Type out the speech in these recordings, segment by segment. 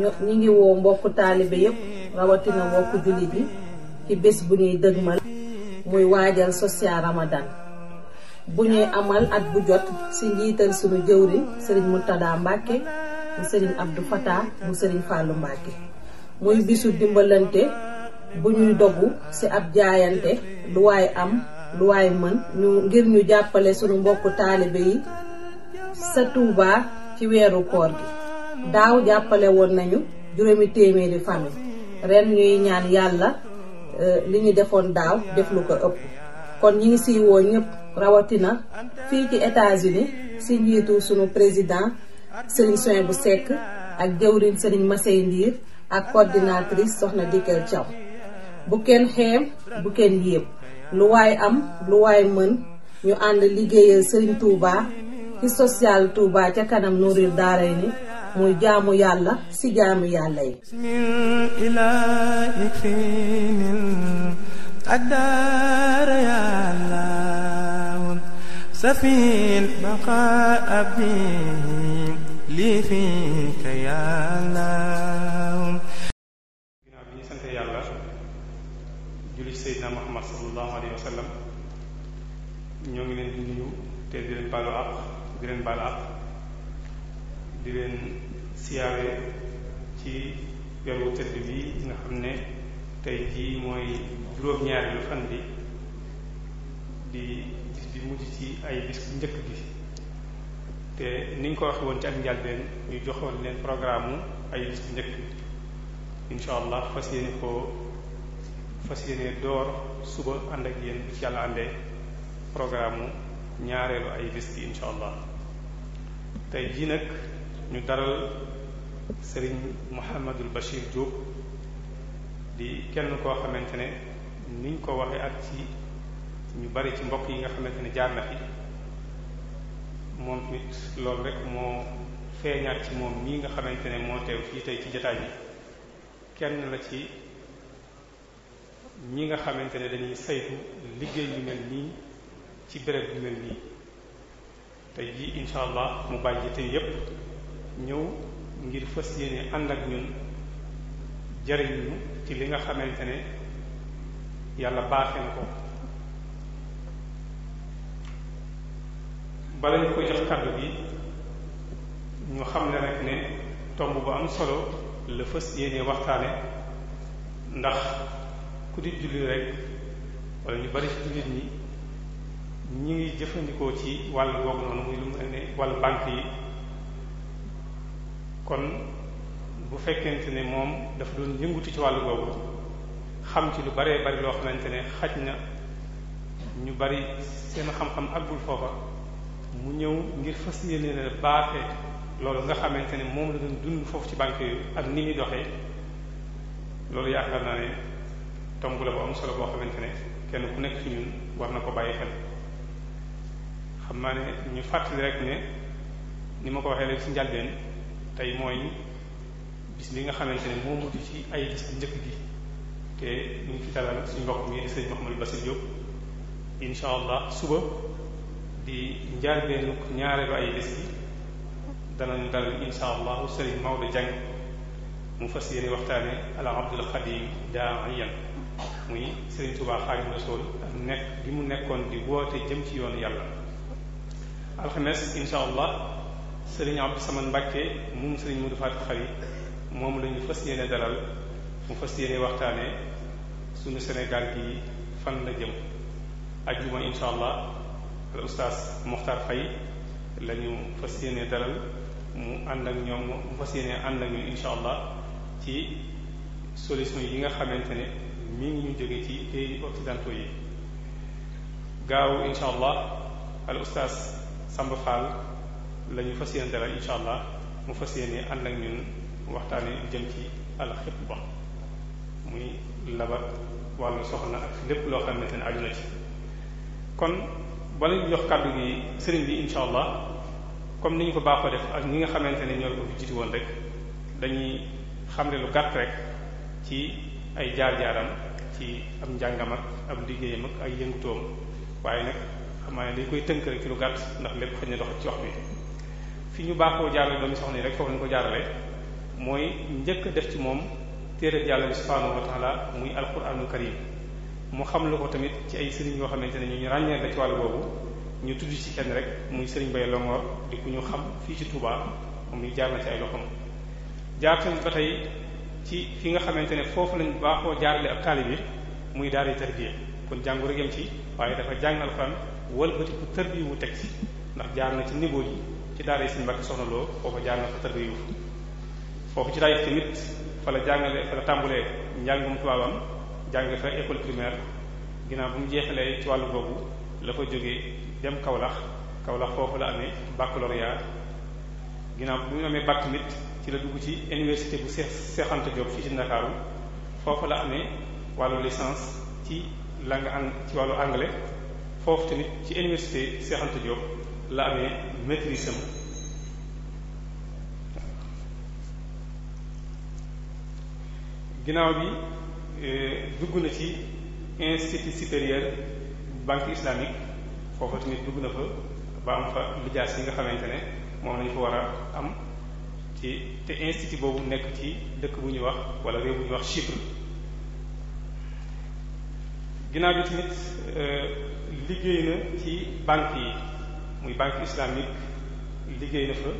ñu ñi ngi woo mbokku taalibe yëpp rawatina mbokku jullit yi ci bés bu ñuy dëgmal muy waajal social ramadan bu ñuy amal at bu jot si njiital suñu jëwriñ sëriñ Moutada Mbacke mu sëriñ Abdou Fatah mu sëriñ Fallou Mbacke muy bisu dimbalante bu ñuy dogu ci ab jaayante lu waay am lu waay mën ngir ñu jàppale suñu mbokku taalibe yi sa Touba ci weeru koor gi daaw jàppale woon nañu juróomi téeméeri famille ren ñuy ñaan yàlla euh, li ñu defoon daaw def lu ko ëpp kon ñi ngi siy ñëpp rawatina fii ci États-Unis si njiitu sunu président Serigne Soin bu Seck ak jëwriñ Serigne Massey Ndiir ak coordinatrice Soxna Dikel Thiaw bu kenn xeem bu kenn yéem lu waay am lu waay mën ñu ànd liggéeyal Serigne Touba ci social Touba ca kanam Nouril Daarayni muy jaamu yàlla si jaamu yàlla yi safin baqa abi lii fika yàlla ginnaaw bi ñu sante yàlla julli ci seydina muhammad sallallahu alayhi wa sallam ñoo ngi leen di nuyu te di leen baalu àq di leen baal àq di leen siyaare ci weer wu tëdd bi nga xam ne tey jii mooy juróom-ñaareelu fan bi di bis bi mujj ci ay gis bu njëkk bi te niñ ko waxe woon ci ak njàlbeen ñu joxoon leen programme mu ay bis bu njëkk bi incha allah fas yéene koo fas yéene door suba ànd ak yéen bu ci yàlla àndee programme ñaareelu ay bis bi incha allah tey jii nag ñu daral sëriñ Mouhamadul Bachir Diop di kenn koo xamante ne niñ ko waxee ak ci ñu bari ci mbokk yi nga xamante ne jaar na fi moom it loolu rek moo feeñaat ci moom mii nga xamante ne moo teew fii tey ci jotaay bi kenn la ci ñi nga xamante ne dañuy saytu liggéey yu mel nii ci béréb yu mel nii tey jii incha allah mu bàyyi tey yépp ñëw. ngir fas yéene ànd ak ñun jariñu ci li nga xamante ne yàlla baaxee na ko bala ñu ko jox kàddu bi ñu xam ne rek ne tomb bu am solo la fas yéene waxtaane ndax ku di julli rek wala ñu bari ci jullit ñi ñi ngi jëfandikoo ci wàll googu noonu muy lu mu ne wàllu banque yi kon bu fekkente ne moom dafa doon yëngutu ci wàllu boobu xam ci lu baree bari loo xamante ne xaj na ñu bari seen xam-xam àggul foofa mu ñëw ngir fas yéene ne baaxe loolu nga xamante ne moom la doon dund foofu ci banque yooyu ak ni muy doxee loolu yaakaar naa ne tomb la bu am solo boo xamante ne kenn ku nekk ci ñun war na ko bàyyi xel xam naa ne ñu fàttali rek ne ni ma ko waxee léegi ci njàlbeen tey mooy bis bi nga xamante ne moo mujj ci ay bis bu njëkk gi te ñu fi dalal suñu mbokk mi sëriñ Mouhamadou Bassir Diop incha allah suba di njaar benn ñaareelu ay bis bi danañ dalal incha allah sëriñ Maodo Diagne mu fas yéene waxtaane ala abdul xadim daaiyan muy sëriñ Tuubaa Xaadimu Rasuul ak nekk bi mu nekkoon di woote jëm ci yoonu yàlla alxames incha allah sëriñ Abdou sama Mbacke moom sëriñ Modou Fatou Khari moom la ñu fas yéene dalal mu fas yéene waxtaanee sunu Sénégal gi fan la jëm. ajjuma incha allah al oustaz Mokhtar Faye la ñu fas yéene dalal mu ànd ak ñoom mu fas yéene ànd ak ñun incha allah ci solution yi nga xamante ne mi ngi ñu jóge ci pays occidentaux yi gaaw incha allah al oustaz Samba Fall. la ñu fas yéene dalal incha allah mu fas yéene ànd ak ñun waxtaane jëm ci alxitba muy labat wàllu soxna ak lépp loo xamante ne aju na ci kon bala ñu jox kàddu gi sëriñ bi incha allah comme ni ñu ko baaxoo def ak ñi nga xamante ni ñoo ko fi woon rek dañuy xam xamle lu gàtt rek ci ay jaar-jaaram ci am njàngam ak am liggéeyam ak ay yëngutoom waaye nag xam naa ne dañ koy tënk rek ci lu gàtt ndax lépp xëy na dox ci wax bi fi ñu baaxoo jaarale doomi soxna yi rek foofu lañ ko jaarale mooy njëkk def ci moom téereb jàll bi subhaanahu wa taala muy alquranul karim mu xam lu ko tamit ci ay sëriñ yoo xamante ne ñu ñu ràññee la ci wàll boobu ñu tudd ci kenn rek muy sëriñ Bay Longoor di ku ñu xam fii ci Touba moom ñu jaar na ci ay loxoom jaar tamit ba tey ci fi nga xamante ne foofu lañ baaxoo jaarale ab taalibe muy daara tarbiya kon jàngu rek ci waaye dafa jàng alxuraan wëlbati ku tarbiya wu teg si ndax jaar ci niveau yi ci daara yi sëñ Mbàkke Soxna Lo foofa jaar na foofu ci Taïf tamit fa la jàngale fa la tàmbulee njàngum tubaabam jàng fa école primaire ginnaaw bu mu jeexalee ci wàllu boobu la fa jógee dem Kaolack Kaolack foofu la amee baccalauréat ginnaaw bu mu amee bac tamit ci la dugg ci université bu Cheikh Cheikh Anta Diop fii ci Ndakaaru foofu la amee wàllu licence ci langue ang ci wàllu anglais foofu tamit ci université Cheikh Anta Diop la amee maîtrise am ginnaaw bi euh, dugg na ci institut supérieur banque islamique foofu tamit dugg na fa ba am fa lijaas yi nga xamante ne moom lañu fa war a am ci te institut boobu nekk ci dëkk bu ñuy wax wala réew bu ñuy wax Chypre ginnaaw bi tamit euh, liggéey na ci banque yi muy banque islamique liggéey na fa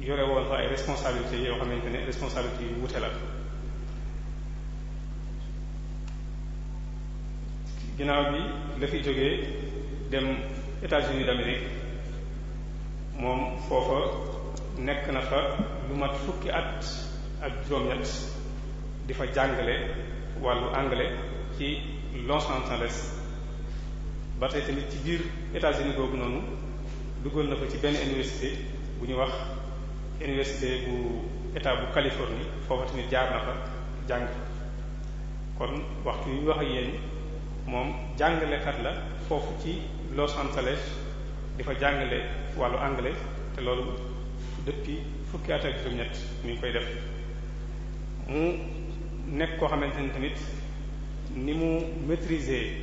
yore woon fa ay responsabilités yoo xamante ne responsabilités yu wute la ginnaaw bi la fi jógee dem États-Unis d'Amérique moom foofa nekk na fa lu mat fukki at ak juróom-ñett di fa jàngale wàllu anglais ci Los Angeles ba tey tamit ci biir états boobu noonu duggoon na ko ci benn université bu ñu wax université bu état bu Californie foofa tamit jaar na fa jàng kon waxtu yu ñu wax ak yéen moom jàngalekat la foofu ci Los Angeles di fa jàngale wàllu anglais te loolu depuis fukki at ak juróom koy def mu nekk koo xamante ni tamit ni mu maîtriser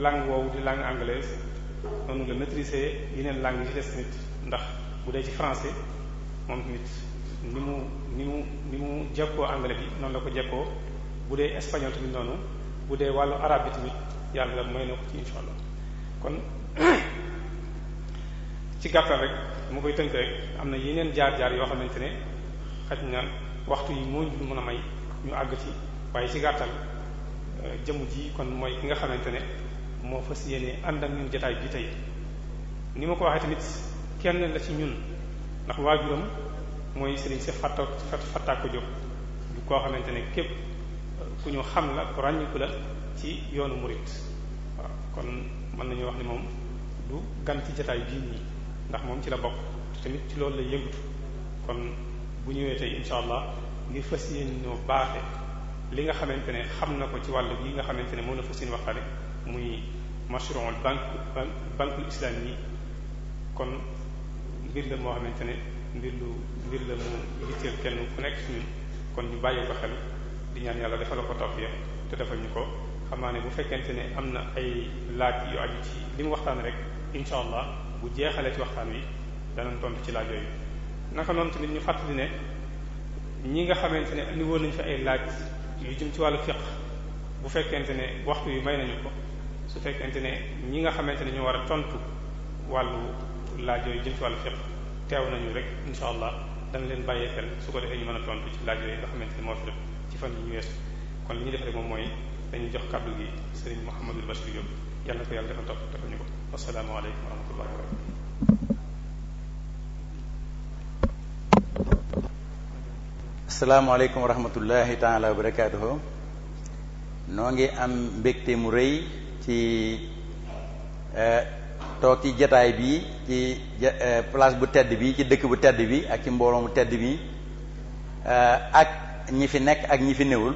langue woowu di langue anglaise noonu la maîtriser yeneen langue yi ci des nit ndax bu dee ci français moom nit ni mu ni mu ni mu jekkoo anglais bi noonu la ko jekkoo bu dee espagnol tamit noonu bu dee wàllu arabe bi tamit yàlla may na ko ci insha kon ci gàttal rek mu koy tënk rek am na yeneen jaar-jaar yoo xamante ne xaj nga waxtu yi moo ñu mën a may ñu àgg ci waaye ci gàttal euh, jëmm ji kon mooy ki nga xamante ne moo fas yéene ànd ak ñun jotaay bi tey ni ma ko waxee tamit kenn la ci ñun ndax waajuram mooy Serigne si fatta fatta ko jóg koo xamante ne képp ku ñu xam la ku ràññiku la ci yoonu morit waaw kon mën nañu wax ni moom du gan ci jotaay bii nii ndax moom ci la bokk te tamit ci loolu la yëngatu kon bu ñëwee tey incha allah ngir fas yéene ñoo baaxe li nga xamante ne xam na ko ci wàll bi nga xamante ne moom la fas yéene waxtaane muy mashruul banque banque islami yi kon mbir la moo xamante ne mbir lu mbir la mu yitteel kenn ku nekk ci kon ñu bàyyi ko xel di ñaan yàlla defal ko tawfiq te defal ñu ko xamaa ne bu fekkente ne am na ay laaj yu aju ci li waxtaan rek incha allah bu jeexalee ci waxtaan wi danañ tontu ci laaj yooyu naka noonu tamit ñu fàttali ne ñi nga xamante ne andi nañ nañu fi ay laaj yu jëm ci wàllu fiq bu fekkente ne waxtu yu may nañu ko su fekkente ne ñi nga xamante ne ñoo war a tontu wàllu laaj yooyu jëm ci wàllu fiqh teew nañu rek incha allah dana leen bàyyee xel su ko defee ñu mën a tontu ci laaj yooyu nga xamante ne moo fi ci fan yi ñu weesu kon li ñu def rek moom mooy dañuy jox kàddu gi sëriñ Mouhamadul Bachir Diop yàlla na yàlla defal topp defal ñu ko wasalaamaaleykum wa rahmatullahi wa barakatuh asalaamaaleykum wa rahmatullahi taala wa noo ngi am mbégte mu rëy ci e, toog ci jataay bi ci e, place bu tedd bi ci dëkk bu tedd bi ak ci mbooloo mu tedd bi e, ak ñi fi nekk ak ñi fi newul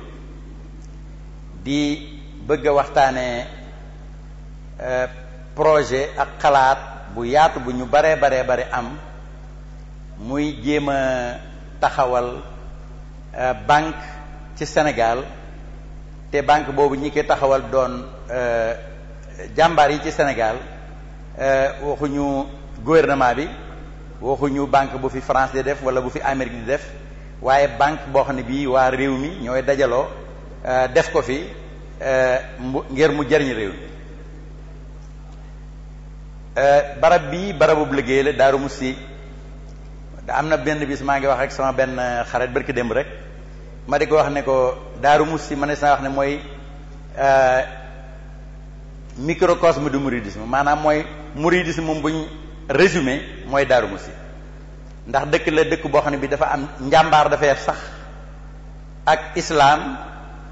di bëgg a waxtaanee projet ak xalaat bu yaatu bu ñu baree baree bare am muy jéem a taxawal banque ci Sénégal te banque boobu ñi koy taxawal doon euh, jàmbaar yi ci Sénégal euh, waxuñu gouvernement bi waxuñu banque bu fi France di def wala bu fi Amérique di def waaye banque boo xam ne bii waa réew mi ñooy dajaloo euh, def ko fi ngir mu jariñ réew mi barab bii barabub liggéey la Daaru Musti da am na benn bis maa ngi wax rek sama benn xarit barki démb rek ma di ko wax ne ko daaru musti mënees naa wax ne mooy euh, microcosme du mouridisme maanaam mooy mouridisme moom bu ñu résumé mooy daaru musti ndax dëkk la dëkk boo xam ne bi dafa am njàmbaar dafay sax ak islaam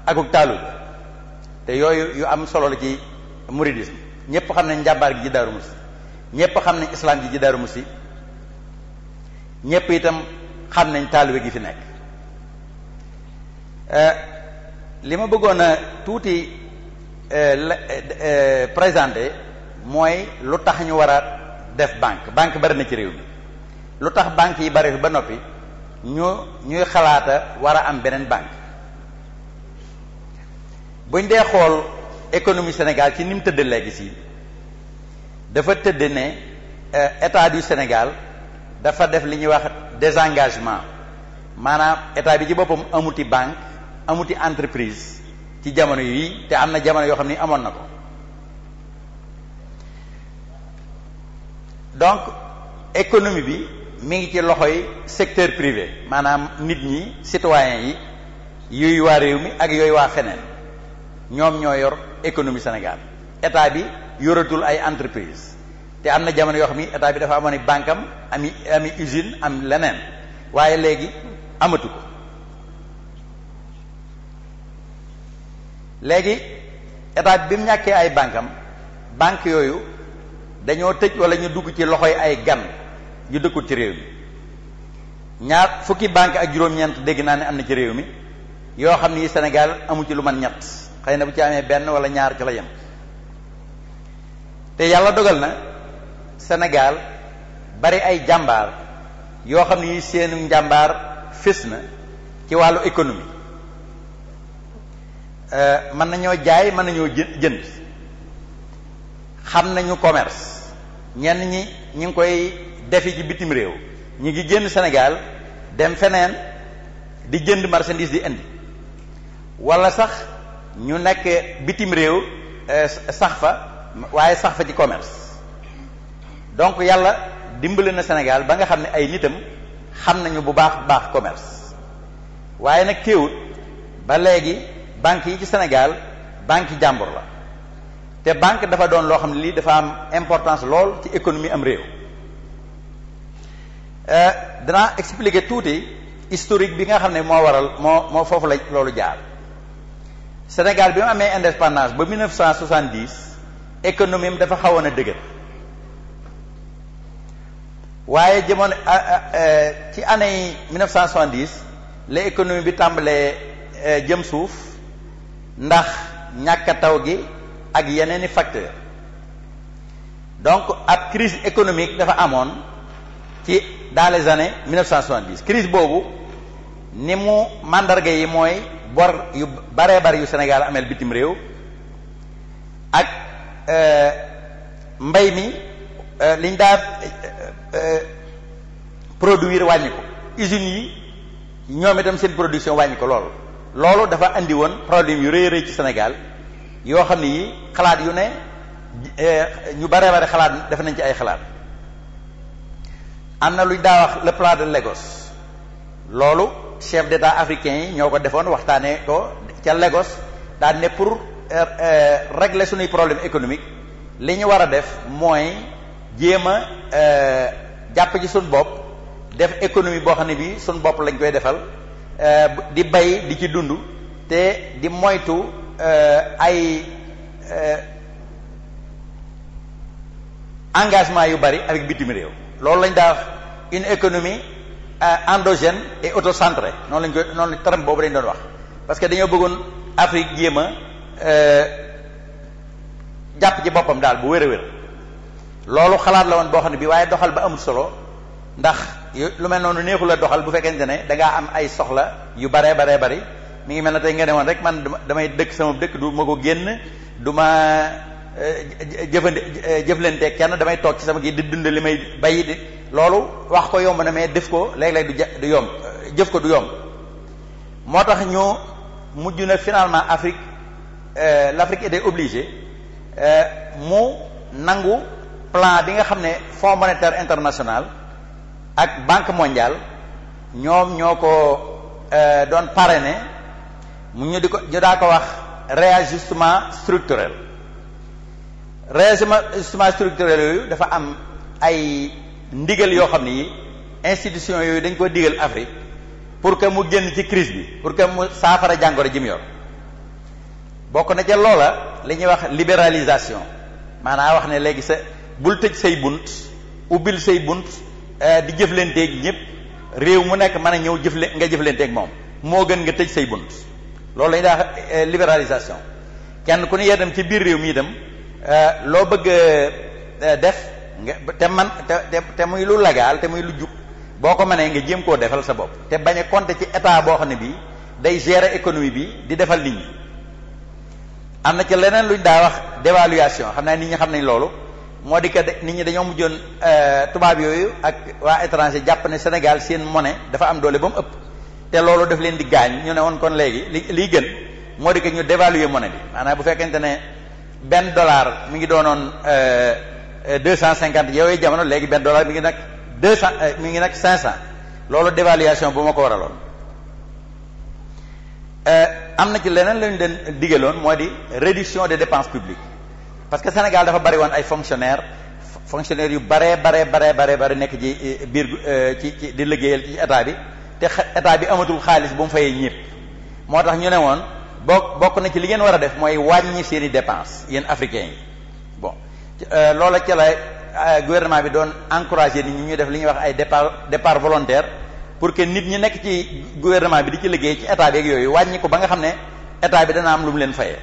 akuk taalu te yooyu yu am solo la ci mouridisme ñëpp xam ne njàmbaar gi ci daaru musti ñëpp xam ne islaam gi ci daaru musti ñëpp itam xam nañ taalibe gi fi nekk euh, li ma bëggoon a tuuti eh, eh, eh, présenté mooy lu tax ñu war a def banque banque bari na ci réew mi lu tax banque yi bari ba noppi ñu ñuy xalaata war a am beneen banque buñ dee xool économie Sénégal ci ni mu tëdd léegi si dafa tëdd ne état du Sénégal dafa def li ñuy wax désengagement maanaam état bi ci boppam amuti banque amuti entreprise ci jamono yii te am na jamono yoo xam ni amoon na ko donc économie bi mi ngi ci loxoy secteur privé maanaam nit ñi citoyens yi yuy waa réew mi ak yooyu waa feneen ñoom ñoo yor économie Sénégal état bi yoratul ay entreprise te am na jamono yoo xam ni état bi dafa amoon i banque am ami usine am leneen waaye léegi amatu ko léegi état bi mu ñàkkee ay bankam banque yooyu dañoo tëj wala ñu dugg ci loxoy ay gan yu dëkkul ci réew mi ñaar fukki banque ak juróom-ñeent dégg naa ni am na ci réew mi yoo xam ni Sénégal amu ci lu man ñett xëy na bu ci amee benn wala ñaar ci la yem te yàlla dogal na senegal bari ay jàmbaar yoo xam ni seenu njàmbaar fés na ci wàllu économie Euh, mën nañoo jaay mën nañoo jënd xam nañu commerce ñenn ñi ñi ngi koy defi ci bitim réew ñi ngi jënd Sénégal dem feneen di jënd marchandise di indi wala sax ñu nekk bitim réew euh, sax fa waaye sax fa ci commerce donc yàlla dimbali na Sénégal ba nga xam ne ay nitam xam nañu bu baax baax commerce waaye nag teewut ba léegi banque yi ci Sénégal banque jàmbur la te banque dafa doon loo xam ne lii dafa am importance lool ci économie am réew euh, danaa expliquer tuuti historique bi nga xam ne moo waral moo moo foofu la loolu jaar Sénégal bi mu amee indépendance ba 1970 économie am dafa xawoon a dëgër waaye jamono ci année 1970 la économie bi tàmbalee euh, jëm suuf ndax ñàkk taw gi ak yeneeni facteur donc ak crise économique dafa amoon ci dans les années 1970 crise boobu ni mu màndarga yi mooy bor yu baree bari yu Sénégal ameel bitim réew ak euh, mbay mi euh, liñ daal euh, produire wàññi ko yi ñoom itam seen production wàññi ko lool loolu dafa indi woon problème yu rëy rëy ci Sénégal yoo xam ne yi xalaat yu ne eh, ñu bare bare xalaat def nañ ci ay xalaat am na luñ daa wax le plan de Lagos loolu chef d'état africain yi ñoo ko defoon waxtaanee ko ca Lagos daan ne pour eh, eh, régler suñuy problème économique li ñu war a def mooy jéem a jàpp ci suñ bopp def économie boo xam ne bii suñ bopp lañ koy defal Eh, di bay di ci dund te di moytu eh, ay eh, engagement yu bari avec bitim réew loolu lañ daal une économie endogène et autocentrée noonu lañ ko noonu terme boobu lañ doon wax parce que dañoo bëggoon Afrique jéem a jàpp ci boppam daal bu wér a loolu xalaat la woon boo xam ne bi waaye doxal ba amul solo ndax lu mel noonu neexu la doxal bu fekkente ne dangaa am ay soxla yu baree baree bari mi ngi mel ne tey nga woon rek man damay dëkk sama dëkk du ma ko génn du ma eh, jëfandi eh, jëflante kenn damay toog ci sama gi di dund li may bay loolu wax ko yomb na mais def ko léeg-léeg du du yomb eh, jëf ko du yomb moo tax ñu mujj na finalement Afrique l'Afrique était obligée mu nangu plan bi nga xam ne Fonds monétaire international ak banque mondiale ñoom ñoo ko euh, doon ne mu ñu di ko ñu daa ko wax réajustement structurel réajustement structurel yooyu dafa am ay ndigal yoo xam ne yi institution yooyu dañ ko digal Afrique pour que mu génn ci crise bi pour que mu saafara jàngoro ji yoon bokk na ca loola li ñuy wax libéralisation maanaa wax ne léegi sa bul tëj say bunt ubbil say bunt Eh, di jëflanteeg ñëpp réew mu nekk mën a ñëw jëfle nga jëflanteeg moom moo gën nga tëj say bunt loolu lañu daa eh, libéralisation kenn ku ne yee dem ci biir réew mi itam eh, loo bëgg def nga te man te te muy lu légal te muy lu jub boo ko mënee nga jéem koo defal sa bopp te bañ a ci état boo xam ne bii day gérer économie bi di defal nit ñi am na ci leneen luñ daa wax dévaluation xam naa nit ñi xam nañ loolu moo di que nit ñi dañoo mujjoon euh, tubaab yooyu ak waa étranger jàpp ne Sénégal seen monnaie dafa am doole ba mu ëpp te loolu daf leen di gaañ ñu ne woon kon léegi li liy gën moo di que ñu dévaluer monnaie bi maanaam bu fekkente ne benn dollar mi ngi doonoon euh, euh, deux cent cinquante yooyu jamono léegi benn dollar mi ngi nag deux cent mi ngi nag cinq cent loolu dévaluation bu ma ko waraloon am na ci leneen lañu leen digaloon moo di réduction des dépenses publiques parce que Sénégal dafa bari woon ay fonctionnaire fonctionnaire yu baree baree bare baree bari nekk ci eh, biir eh, ci ci di liggéeyal ci état bi te état bi amatul xaalis bu mu fayee ñépp moo tax ñu ne woon bokk bokk na ci li ngeen war a def mooy wàññi seen i dépenses yéen africains yi bon euh, loola ca la euh, gouvernement bi doon encourager nit ñu ñuy def li ñuy wax ay départ départ volontaire pour que nit ñu nekk ci gouvernement bi di ci liggéey ci état bi ak yooyu wàññi ko ba nga xam ne état bi dana am lu mu leen fayee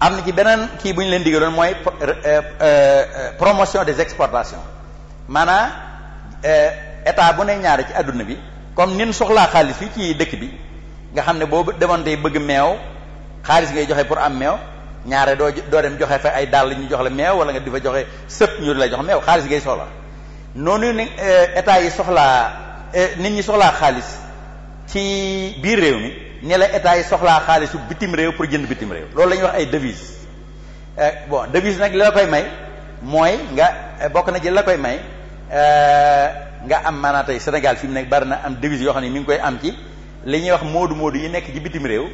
am na ci beneen kii bu ñu leen digaloon mooy euh, euh, euh, promotion des exportations maanaam état bu ne ñaare ci àdduna bi comme nin soxlaa xaalis fii ci dëkk bi nga xam ne boobu demoon tey bëgg meew xaalis ngay joxe pour am meew ñaare doo doo dem joxe fa ay dàll ñu jox la meew wala nga di fa joxe sëpp ñu lay jox meew xaalis ngay soxla noonu ni état yi soxlaa nit ñi soxlaa xaalis ci biir réew mi ne la état yi soxlaa xaalisu bitim réew pour jënd bitim réew loolu la ñuy wax ay devise euh, bon devise nag li la koy may mooy nga euh, bokk na jël la koy may euh, nga am maanaa Sénégal fi mu nekk bari na am devise yoo xam ne mi ngi koy am ci li ñuy wax moodu-moodu yi nekk ci bitim réew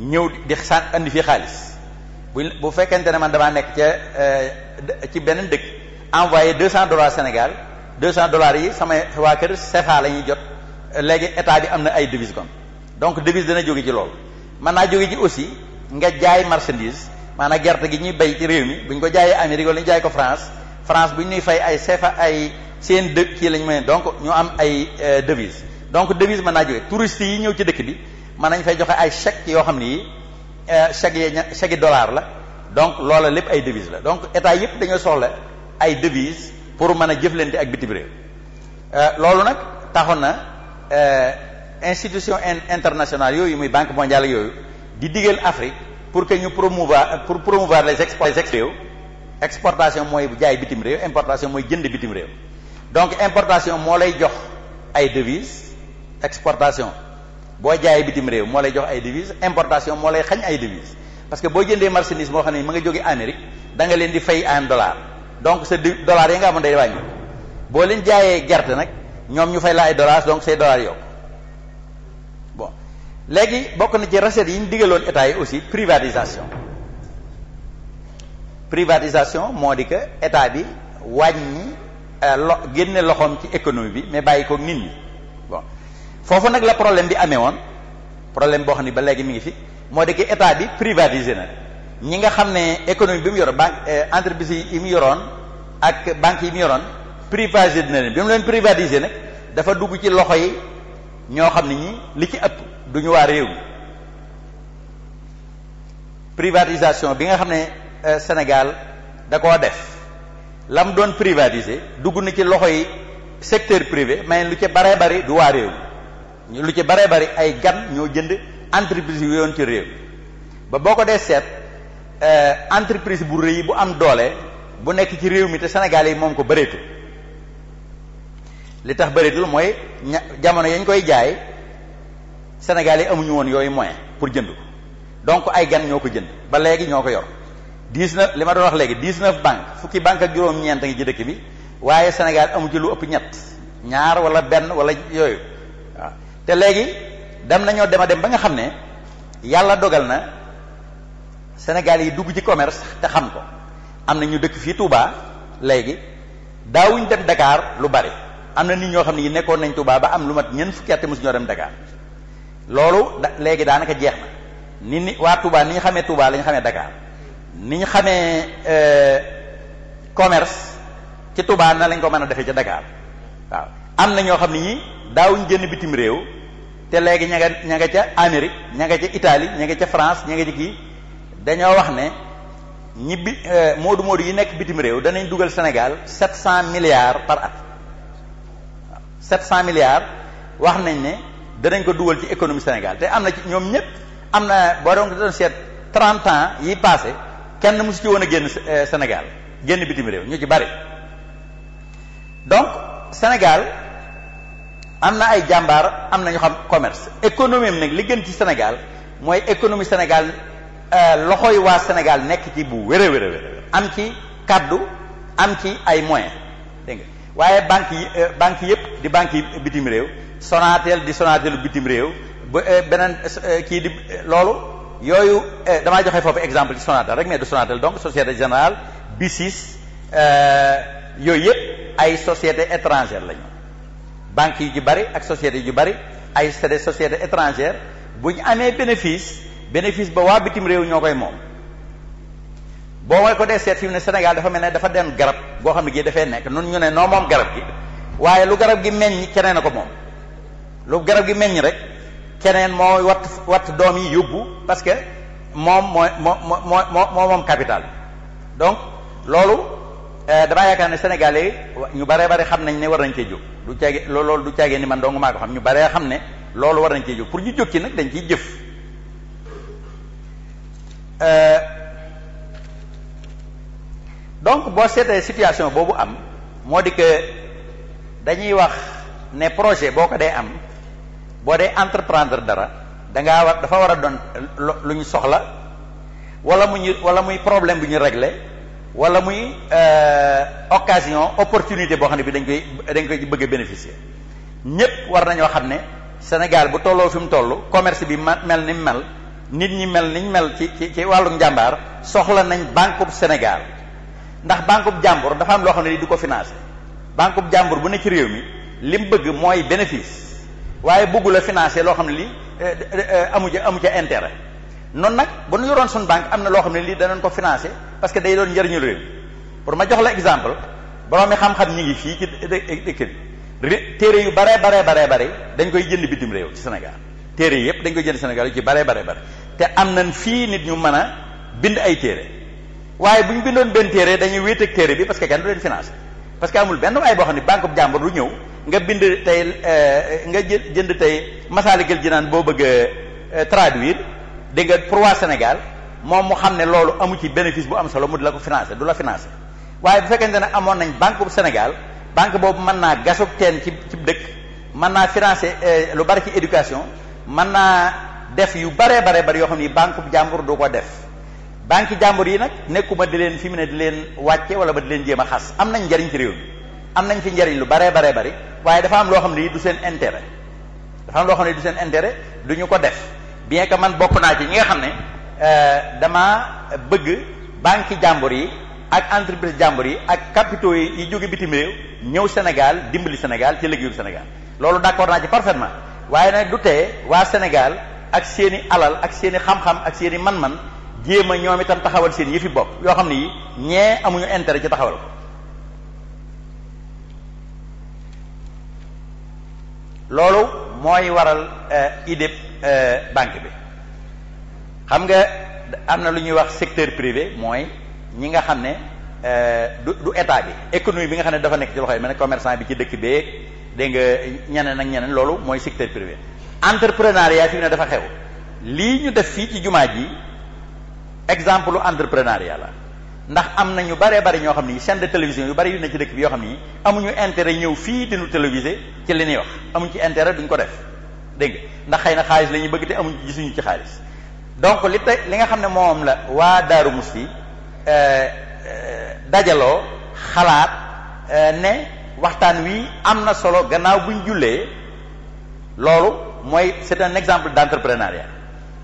ñëw di san indi fii xaalis bu bu fekkente ne man damaa nekk ca ci beneen dëkk envoyé deux cent dollars Sénégal deux cent dollars yi samay waa kër CFA la ñuy jot léegi état bi am na ay devise kon donc devise dana jóge ci loolu mën naa jóge ci aussi nga jaay marchandise maanaam gerte gi ñuy bay ci réew mi bu ñu ko jaayee Amérique wala ñu jaay ko France France bu ñu ñuy fay ay CFA ay seen dëkk kii lañ mën donc ñu am ay euh, devise donc devise man naa jóge touristes yi ñëw ci dëkk bi mën nañ fay joxe ay chèques yoo xam ni euh, chèques yi chèques yi dollar la donc loola lépp ay devise la donc état yëpp dañoo soxla ay devise pour mën a jëflante ak bitim réew euh, loolu nag taxoon na institution internationale yooyu muy banque mondiale yooyu di digal Afrique pour que ñu promouvoir pour promouvoir les expo les exportation mooy jaay bitim réew importation mooy jënd bitim réew donc importation moo lay jox ay devises exportation boo jaayee bitim réew moo lay jox ay devises importation moo lay xañ ay devises parce que boo jëndee marchandise moo xam ne ma nga jóge Amérique danga leen di fay en dollar donc sa dollar yi nga amoon day wàññi boo leen jaayee gerte nag ñoom ñu fay la ay dollars donc léegi bokk na ci recettes yi ñu digaloon état yi aussi privatisation privatisation moo di que état bi wàññi euh, lo génne loxoom ci économie bi mais bàyyi ko nit ñi bon foofu nag la problème bi amee woon problème boo xam ne ba léegi mi ngi fi moo di que état bi privatiser na ñi nga xam ne économie bi mu yoroon banque euh, entreprise yi mu yoroon ak banque yi mu yoroon privatisé na leen bi mu leen privatisé nag dafa dugg ci loxo yi ñoo xam ne ñi li ci ëpp. duñu waa réew mi privatisation bi nga xam ne euh, Sénégal da koo def lam doon privatiser dugg na ci loxo yi secteur privé mais lu ci baree bari du waa réew mi lu ci baree bari ay gan ñoo jënd entreprise yu yoon ci réew ba boo ko dee seet euh, entreprise bu rëy bu am doole bu nekk ci réew mi te Sénégal yi moom ko bëreetul li tax bëreetul mooy ña jamono yañ koy jaay Sénégal yi amuñu woon yooyu moyen pour jënd ko donc ay gan ñoo ko jënd ba léegi ñoo ko yor dix na li ma doon wax léegi na neuf banque fukki banque ak juróom-ñeent ngi ci dëkk bi waaye Sénégal amu ci lu ëpp ñett ñaar wala benn wala yooyu waaw te léegi dem nañoo dem a dem ba nga xam ne yàlla dogal na Sénégal yi dugg ci commerce te xam ko am na ñu dëkk fii Touba léegi daawuñ dem Dakar lu bari am na nit ñoo xam ne yi nekkoon nañ Touba ba am lu at te mosu ñoo dem Dakar. loolu da léegi daanaka jeex na ni ni waa Touba ni ñu xamee Touba la ñu xamee Dakar ni ñu xamee euh, commerce ci Touba na lañ ko mën a defee ca Dakar waaw am na ñoo xam ne ñi daawuñ génn bitim réew te léegi ña nga ña nga ca Amérique ña nga ca itali ña nga ca France ña nga ci kii dañoo wax ne ñibbi bi euh, moodu moodu yi nekk bitim réew danañ dugal Sénégal sept cent milliards par at sept cent milliards wax nañ ne danañ ko dugal ci économie Sénégal te am na ci ñoom ñëpp am na boo doon doon seet 30 ans yi passé kenn mosu ci woon a génn euh, Sénégal génn bitim réew ñu ci bari donc Sénégal am na ay jàmbaar am na ñu xam commerce économie am nag li gën ci Sénégal mooy économie Sénégal euh, loxo yi waa Sénégal nekk ci bu wér a wér am ci kàddu am ci ay moyen waaye banque yi euh, banque yëpp di banque bitim réew Sonatel di Sonatel bitim réew ba euh, beneen euh, kii di loolu yooyu damaa joxe foofu exemple ci Sonatel rek mais du Sonatel donc Société Générale BICIS yooyu yëpp ay société étrangère lañu banques yi ju bari ak sociétés yu bari ay société étrangère bu ñu amee bénéfice bénéfice ba waa bitim réew ñoo koy moom boo way ko dee seet fi mu ne Sénégal dafa mel ne dafa den garab goo xam ne gii dafay nekk nun ñu ne noo moom garab gi waaye lu garab gi meññ keneen a ko moom lu garab gi mel meññ rek keneen moo watt watt doom yi yóbbu parce que moom mooy moo moo moo moo moo moom capital donc loolu euh, damaa yaakaar ne Sénégal yi ñu baree bari xam nañ ne war nañ cee jóg du caage loolu lu caagee ni man dong maa ko xam ñu baree xam ne loolu war nañ cee jóg pour ñu jóg ci nag dañ ciy jëf euh, donc boo seetee situation boobu am moo di que dañuy wax ne projet boo ko dee am boo dee entreprendre dara dangaa war dafa war a doon lu ñu soxla wala mu ñu wala muy problème bu ñu régler wala muy euh, occasion opportunité boo xam ne bi dañ koy dañ koy bëgg bénéficier ñépp war nañoo xam ne Sénégal bu tolloo fi mu toll commerce bi mel ni mel nit ñi mel niñ mel ci ci ci wàllu njàmbaar soxla nañ Banque Sénégal ndax banque bu jàmbur dafa am loo xam ne du ko financé banque bu jàmbur bu ne ci réew mi li mu bëgg mooy bénéfice waaye bëggu la financé loo xam ne li eh, eh, eh, amu ca amu ca intérêt noonu nag bu ñu yoroon suñu banque am na loo xam ne lii danañ ko financé parce que day doon njëriñu réew mi pour ma jox la exemple boroomi xam-xam ñi ngi fii ci dëkk téere yu bare bare bare bare dañ koy jënd bitim réew ci Sénégal téere yëpp dañ koy jënd Sénégal yu ci bare bare bare te am nañ fii nit ñu mën a bind ay téere waaye bu ñu bindoon benn téere dañuy wéet ak téere bi parce que kenn du leen financé parce que amul benn waaye boo xam ne banque bu jàmbur du ñëw nga bind tey euh, nga jënd tey Masaalikul naan boo bëgg a euh, traduire di pour waa Sénégal moom mu xam ne loolu amu ci bénéfice bu am solo mu di la ko financé du la financé waaye bu fekkente ne amoon nañ banque bu Sénégal banque boobu mën naa gasuk teen ci ci dëkk mën naa financé euh, lu bari ci éducation mën naa def yu baree baree bari yoo xam ni banque bu jàmbur du ko def banque jàmbur yi nag nekkuma di leen fi mu ne di leen wàcce wala ba di leen jéem a xas am nañ njariñ ci réew mi am nañ fi njariñ lu baree baree bari waaye dafa am loo xam ne du seen intérêt dafa am loo xam ne du seen intérêt du ñu ko def bien que man bokk naa ci ñi nga xam ne euh, dama bëgg banque jàmbur yi ak entreprise jàmbur yi ak capitaux yi yi jóge bitim réew ñëw Sénégal dimbali Sénégal ci liggéeyu Sénégal loolu d'accord naa ci parfaitement waaye nag du waa Sénégal ak seeni alal ak seeni xam-xam ak seeni man-man jéem a ñoom itam taxawal seen yëfi bopp yoo xam ne yi ñee amuñu intérêt ci taxawal ko loolu mooy waral euh, idée euh, banque bi xam nga am na lu ñuy wax secteur privé mooy ñi nga xam ne euh, du du état bi économie bi nga xam ne dafa nekk ci loxo yi mel ne bi ci dëkk beeg dégg nga ñeneen ak ñeneen loolu mooy secteur privé entrepreneuriat fi mu ne dafa xew li ñu def fii ci jumaa ji exemple entrepreneuriat la ndax am na ñu baree bari ñoo xam ni chaîne de télévision yu bari yu ne ci dëkk bi yoo xam ni amuñu intérêt ñëw fii di nu téléviser ci li ñuy wax amuñ ci intérêt duñ ko def dégg ndax xëy na xaalis lañuy bëgg te amuñ gisuñu ci xaalis donc li tey li nga xam ne moom la waa Daaru Musti euh, euh, dajaloo xalaat euh, ne waxtaan wi am na solo gannaaw buñ jullee loolu mooy c'est un exemple d'entrepreneuriat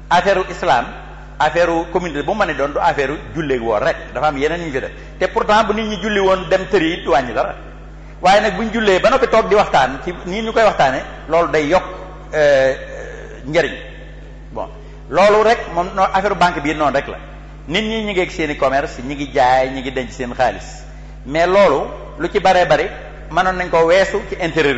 affaire islam. affaire communauté bu mu mën doon du affaire julleeg woor rek dafa am yeneen ñu fi def te pourtant bu nit ñi julli woon dem tëri it wàññi dara waaye nag bu ñu jullee ba noppi toog di waxtaan ci nii ñu koy waxtaanee loolu day yokk euh, njëriñ bon loolu rek moom noonu affaire banque bi noonu rek la nit ñi ñu ngi seeni commerce ñu ngi jaay ñu ngi denc seen xaalis mais loolu lu ci baree bari mënoon nañ ko weesu ci intérêt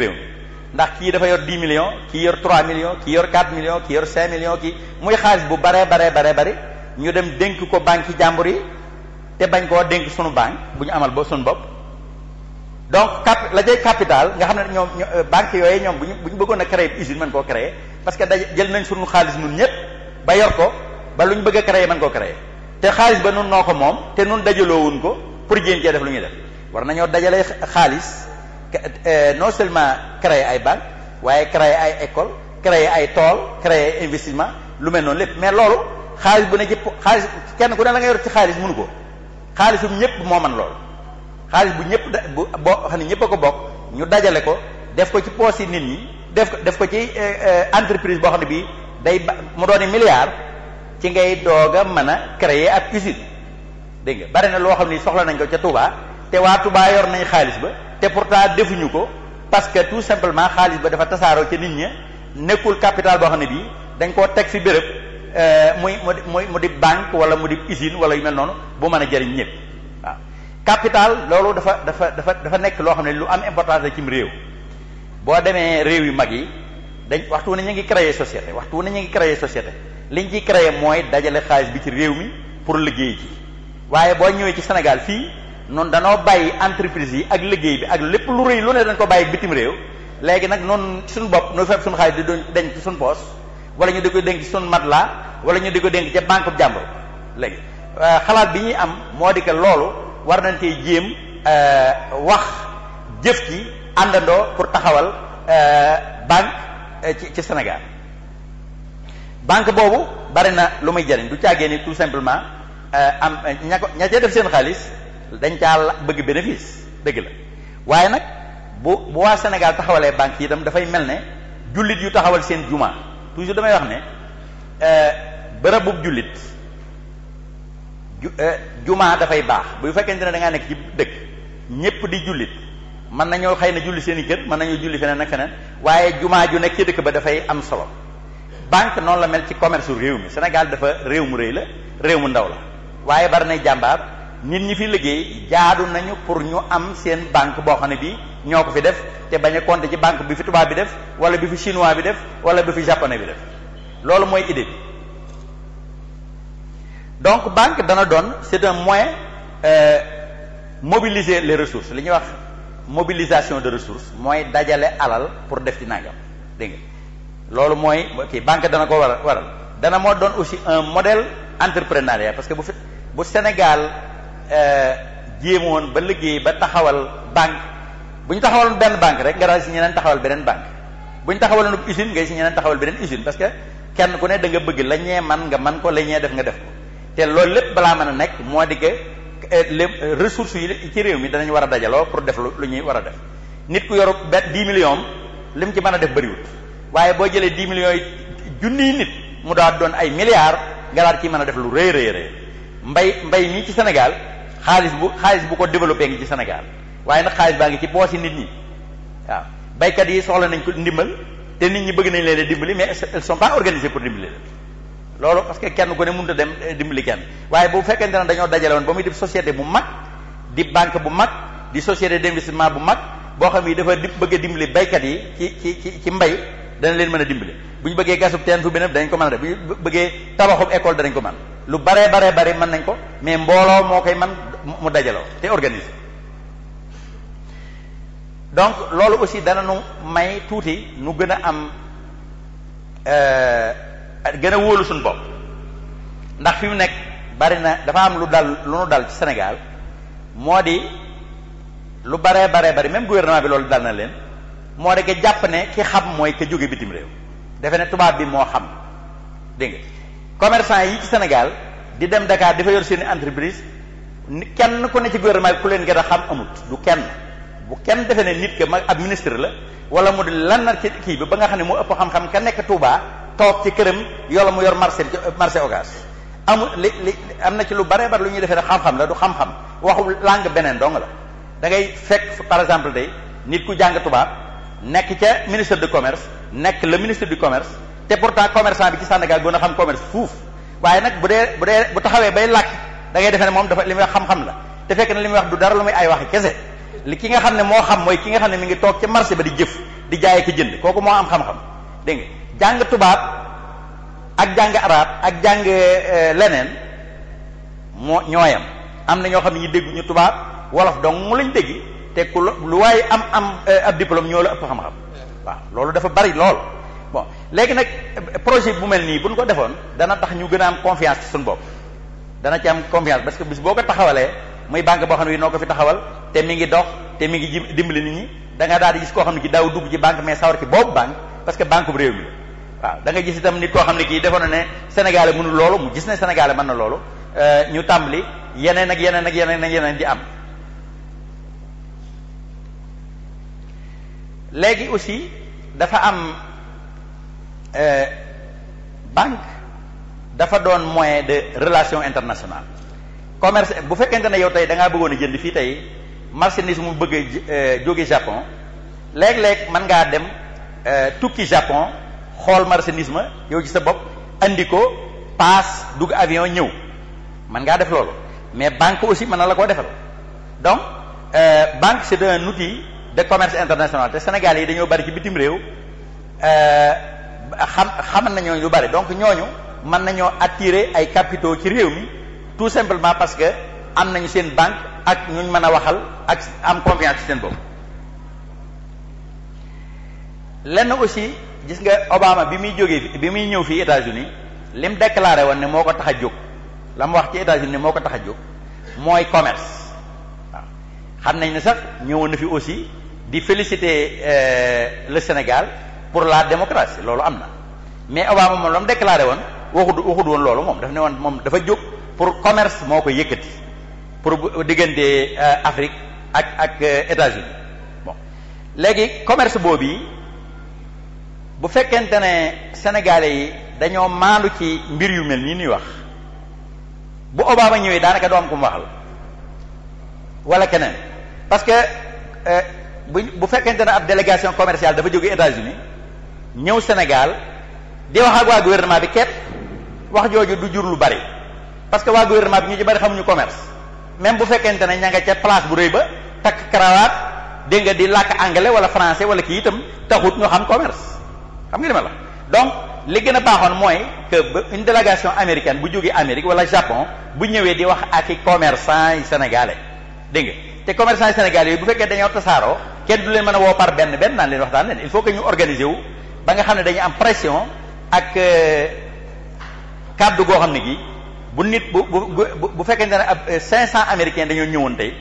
ndax kii dafa yor dix million kii yor 3 millions kii yor 4 millions kii yor 5 millions kii muy xaalis bu baree baree baree bari ñu dem dénk ko banque yi jàmbur yi te bañ koo dénk suñu banque bu ñu amal ba sunu bopp donc cap la jay capital nga xam ne ñoom euh, banque yooyu ñoom bu ñu bu ñu bëggoon a créer usine mën koo créer parce que daj jël nañ sunu xaalis nun ñëpp ba yor ko ba lu ñu bëgg a créer mën koo créer te xaalis ba nun noo ko moom te nun dajaloowuñ ko pour jéem lu ñuy def war nañoo dajale xaalis E, non seulement créer ay banque waaye créer ay école créer ay tool créer investissement lu mel noonu lépp mais loolu xaalis bu ne jëpp xaalis kenn ku ne la nga yor ci xaalis mënu ko xaalisum ñëpp moo man loolu xaalis bu ñëpp da bu boo xam ne ñëpp a ko bokk ñu dajale ko def ko ci poos yi nit ñi def ko def ko ci e, e, entreprise boo xam ne bii day ba mu doon milliard ci ngay doog a mën a créer ab usine dégg nga na loo xam ne soxla nañ ko te pourtant defuñu ko parce que tout simplement xaalis ba dafa tasaaroo ca nit ñi nekkul capital boo xam ne bii dañ koo teg fi béréb euh, muy muy mu di banque wala mu di usine wala yu mel noonu bu mën a jariñ ñëpp waaw capital loolu dafa dafa dafa dafa nekk loo xam ne lu am importance ci cim réew boo demee réew yu mag yi dañ waxtu ne ñu ngi créer société waxtu ne ñu ngi créer société liñ ciy créer mooy dajale xaalis bi ci réew mi pour liggéey ci waaye boo ñëwee ci Sénégal fii noonu danoo bàyyi entreprise yi ak liggéey bi ak lépp lu rëy lu ne dañ ko bàyyi bitim réew léegi nag noonu ci suñu bopp nu fekk suñu xaalis di doon denc ci suñu poos wala ñu di ko denc ci suñu matelas wala ñu di ko denc ca banque bu jàmbur léegi euh, xalaat bi ñuy am moo di que loolu war nañ tey jéem euh, wax jëf ki àndandoo pour taxawal euh, banque ci senegal banque boobu bari na lu may jariñ du càggee ni tout simplement am ña ko ña cee def seen xaalis dañ caa bëgg bénéfice dëgg la waaye nag bu bu waa Sénégal taxawalee banques yi itam dafay mel ne jullit yu taxawal seen jumaa toujours damay wax ne euh, bërëbub jullit euh, juma dafay baax buy fekkente ne da ngaa nekk ci dëkk ñépp di jullit mën nañoo xëy na julli seen i kër mën nañoo julli feneen ak feneen waaye jumaa ju nekk ci dëkk ba dafay am solo banque noonu la mel ci commerce réew mi Sénégal dafa réew mu rëy la réew mu ndaw la waaye bari nay jàmbaar nit ñi fi liggéey jaadu nañu pour ñu am seen banque boo xam ne bii ñoo ko fi def te bañ a compter ci banque bi fi tubaab bi def wala bi fi chinois bi def wala bi fi japonais bi def loolu mooy idée bi donc banque dana doon c'est un moyen euh, mobiliser les ressources li ñuy wax mobilisation de ressources mooy dajale alal pour def ci nangam dégg loolu mooy ok banque dana ko waral waral dana moo doon aussi un modèle entrepreneuriat parce que bu fi bu Sénégal jéemoon ba liggéey ba taxawal banque bu taxawal taxawaloon benn banque rek nga daal si ñeneen taxawal beneen banque bu ñu taxawaloon usine ngay si ñeneen taxawal beneen usine parce que kenn ku ne da nga bëgg la ñee man nga man ko la ñee def nga def ko te loolu lépp balaa mën a nekk moo di que eh, les eh, ressources yi ci réew mi danañ war a dajaloo pour def lu ñuy war a def nit ku yoru bet dix millions li mu ci man a def bëriwut waaye boo jëlee dix millions yi junniy nit mu daal doon ay milliards nga daal mën a def lu rëy rëy mbay mbay mii ci Sénégal xaalis bu xaalis bu ko développé ngi ci Sénégal waaye nag xaalis baa ngi ci poche nit ñi waaw baykat yi soxla nañ ko ndimbal te nit ñi bëgg nañ leen dimbali mais ils sont pas organisés pour dimbali leen loolu parce que kenn ku ne mun a dem eh, dimbali kenn waaye bu fekkente ne dañoo dajale woon ba muy def société bu mag di banque bu mag di société d'investissement bu mag boo xam ni dafa di bëgg a dimbali baykat yi ci ci ci ci mbay dana leen mën a dimbali bu ñu teen fu beneen dañ ko mën a def bu bëggee tabaxub école danañ ko mën lu baree baree bari mën nañ ko mais mbooloo moo koy man mu dajaloo te organiser donc loolu aussi dana nu may tuuti nu gën a am euh, gën a wóolu suñu bopp ndax fi mu nekk bari na dafa am lu dal lu nu dal ci Sénégal moo di lu baree baree bari même gouvernement bi loolu dal na leen moo di ko jàpp ne ki xam mooy ka jóge bitim réew defe ne tubaab bi moo xam dégg nga commerçant yi ci Sénégal di dem Dakar dafa yor seeni entreprise ni kenn ku ne ci gouvernement bi ku leen gën a xam amut du kenn bu kenn defee ne nit ke mag ab ministre la wala mu di lan na ci kii bi ba nga xam ne moo ëpp xam-xam ka nekk Touba toog ci këram la mu yor marché marché ogas amul li li am na ci lu bare bare lu ñuy defee ne xam-xam la du xam-xam waxu langue beneen dong la da ngay fekk par exemple tey nit ku jàng tubaab nekk ca ministre du commerce nekk le ministre du commerce te pourtant commerçant bi ci Sénégal gën a xam commerce fuuf waaye nag bu dee bu dee bu taxawee bay làkk da ngay ne moom dafa li muy wax xam-xam la te fekk na li muy wax du dara lu muy ay waxi kese li ki nga xam ne moo xam mooy ki nga xam ne mu ngi toog ci marché ba di jëf di jaay ak jënd kooku moo am xam-xam dégg nga jàng tubaab ak jàng arab ak jàng euh, leneen moo ñooyam am na ñoo xam ne ñu dégg ñu tubaab wolof donc mu lañu dégg te ku lu waaye am am euh, ab ñoo la ëpp xam waaw loolu dafa bari lool bon léegi nag projet bu mel nii bu buñ ko defoon dana tax ñu gën a am confiance ci suñu bopp dana ci am confiance parce que bis boo ko taxawalee muy banque boo xam ne noo ko fi taxawal te mi ngi dox te mi ngi dimbali nit ñi da nga daal di gis koo xam ne ki daw dugg ci banque mais sawar ci boobu banque parce que banque bu réew mi waaw da gis itam nit koo xam ne kii defoon ne Sénégal munu loolu mu gis ne Sénégal mën na loolu euh, ñu tàmbali yeneen ak yeneen ak yeneen a yeneen di am léegi am Euh, banque dafa doon moyen de relation internationale commerce bu fekkente ne yow tey da ngaa bëggoon a jënd fii tey marchandise mu bëgg a euh, jóge Japon léeg-léeg man ngaa dem euh, tukki Japon xool marchandise yow ci sa bopp andi ko paas dugg avion ñëw mën ngaa def loolu mais banque aussi man na la koo defal donc euh, banque c'est un outil de commerce international te Sénégal yi dañoo bari ci bitim réew. xam xamal nañoo ñooñu lu bari donc ñooñu mën nañoo attirer ay capitaux ci réew mi tout simplement parce que am nañu seen banque ak ñu mën a waxal ak am confiance ci seen bopp. lenn aussi gis nga Obama bi muy jógee bi muy ñëw fii États-Unis lim déclaré woon ne moo ko tax a jóg la mu wax ci États-Unis ne moo ko tax a jóg mooy commerce waaw xam nañ ne sax ñëwoon na fi aussi di féliciter euh, le Sénégal. pour la démocratie loolu am na mais Obama moom la mu déclaré woon waxut waxut woon loolu moom daf ne woon moom dafa jóg pour commerce moo ko yëkkati pour bu diggante euh, Afrique ak ak euh, États-Unis bon léegi commerce boobu yi bu fekkente ne sénégalais yi dañoo maandu ci mbir yu mel nii nuy wax bu Obama ñëwee daanaka doo am ku mu waxal wala keneen parce que euh, bu bu fekkente ne ab délégation commerciale dafa jóge États-Unis ñëw Sénégal di wax ak waa gouvernement bi képp wax jooju du jur lu bari parce que waa gouvernement bi ñu ci bari xamuñu commerce même bu fekkente ne ña nga ca place bu rëy ba takk karawaat dégg nga di làkk anglais wala français wala kii itam taxut ñoo xam commerce xam nga deme la donc li gën a baaxoon mooy que une délégation américaine bu jógee Amérique wala Japon bu ñëwee di wax ak i commerçant yi sénégalais dégg nga te commerçant yi sénégalais yi bu fekkee dañoo tasaaroo kenn a woo par benn benn naan leen ba nga xam ne dañu am pression ak euh, kàddu goo xam ne gi bu nit bu bu bu fekkente ne ab euh, cinq 500 américains dañoo ñëwoon tey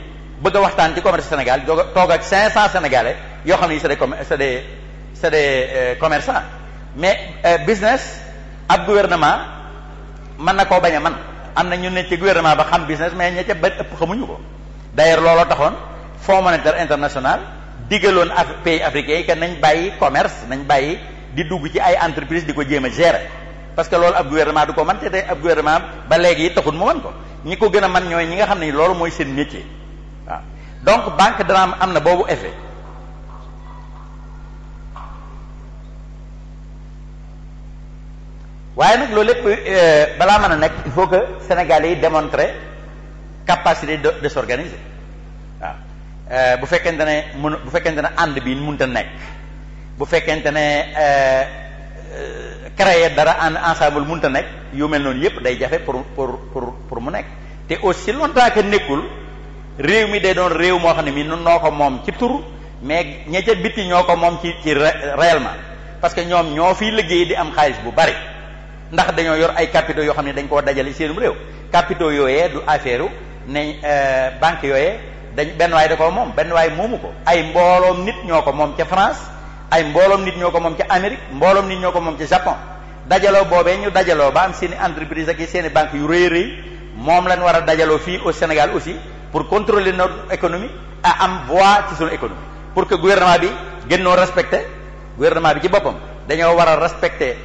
bëgg a waxtaan ci commerce Sénégal doog toog ak 500 sénégalais yoo xam ne yi c'est des com c'est des c'est des euh, commerçants mais business ab gouvernement mën na koo bañ man am na ñu ne ci gouvernement ba xam business mais ña ca ba ëpp xamuñu ko d'ailleurs looloo taxoon Fonds monétaire international digaloon ak pays africains yi que nañ bàyyi commerce nañ bàyyi di dugg ci ay entreprise di ko jéem a gérer parce que loolu ab gouvernement du ko man te ab gouvernement ba léegi taxul mu man ko ñi ko gën a man ñooy ñi nga xam ne loolu mooy seen métier waaw donc banque dana am na boobu effet waaye nag loolu lépp euh, balaa man a nekk il faut que sénégalais yi démontrer capacité de de s'organiser waaw euh, bu fekkente ne mënu bu fekkente ne ànd bii mënut a nekk bu fekkente ne euh, euh, créer dara en ensemble munta nekk yu mel noonu yëpp day jafe pour pour pour pour mu nekk te aussi longtemps que nekkul réew mi day doon réew moo xam ne mi nun noo ko moom ci tur mais ña ca bitti ñoo ko moom ci ci réellement parce que ñoom ñoo fiy liggéey di am xaalis bu bari ndax dañoo yor ay capitaux yoo xam ne dañ koo dajale seenum réew capitaux yooyee du affaire u ne euh, banque yooyee dañ benn waay da koo moom benn waay moomu ko ay mbooloom nit ñoo ko moom ca ay mbooloom nit ñoo ko moom ci Amérique mbooloom nit ñoo ko moom ca Japon dajaloo boobee ñu dajaloo ba am seen entreprise ak seen i banques yu rëy rëy moom lañ war a dajaloo fii au Sénégal aussi pour contrôler notre économie a am voix ci sunu économie pour que gouvernement bi gën noo respecté gouvernement bi ci boppam dañoo war a respecté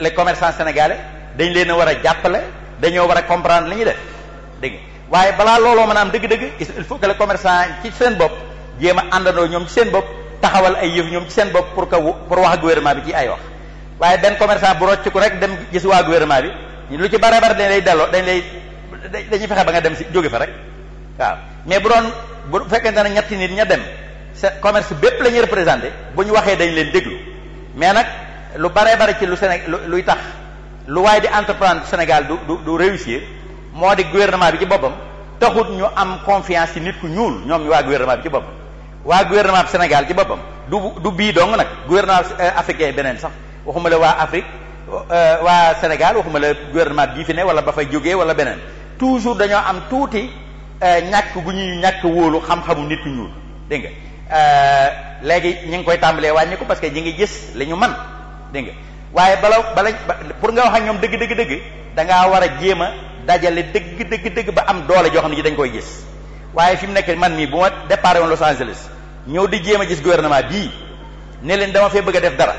les commerçants sénégalais dañ leen a war a jàppale dañoo war a comprendre li ñuy def dégg waaye balaa looloo mën a am dëgg-dëgg il faut que ci seen bopp jéem a àndandoo ñoom seen bopp taxawal ay yëf ñoom ci seen bopp pour que pour wax a gouvernement bi ci ay wax waaye benn commerçant bu rocc ko rek dem gis waa gouvernement bi lu ci bare bare dañ lay delloo dañ lay dañuy fexe ba nga dem si jóge fa rek waaw mais bu doon bu fekkente ne ñetti nit ña dem sa commerce bépp la ñuy représenté bu ñu waxee dañ leen déglu mais nag lu bare bare ci lu Séné luy tax lu waaye di entreprendre Sénégal du du du réussir moo di gouvernement bi ci boppam taxut ñu am confiance ci nit ñuul ñoom ñu waa gouvernement bi ci boppam. waa gouvernement bi Sénégal ci boppam du du bii dong nag gouvernement africain beneen sax waxuma la waa Afrique euh, waa Sénégal waxuma la gouvernement bii fi ne wala ba fay jógee wala beneen toujours dañoo am tuuti euh, ñàkk gu ñu ñàkk wóolu xam-xamu nit ñu ñuul dégg nga euh, léegi ñu ngi koy tàmbalee wàññi ko parce que ñi ngi gis li ñu man dégg nga waaye bala bala pour nga wax ak ñoom dëgg dëgg dëgg da war a jéem a dajale dëgg dëgg dëgg ba am doole joo xam ne ji dañ koy gis waaye fi mu nekk man mii bu ma départ woon Los Angeles ñëw di jéem a gis gouvernement bii ne leen dama fee bëgg a def dara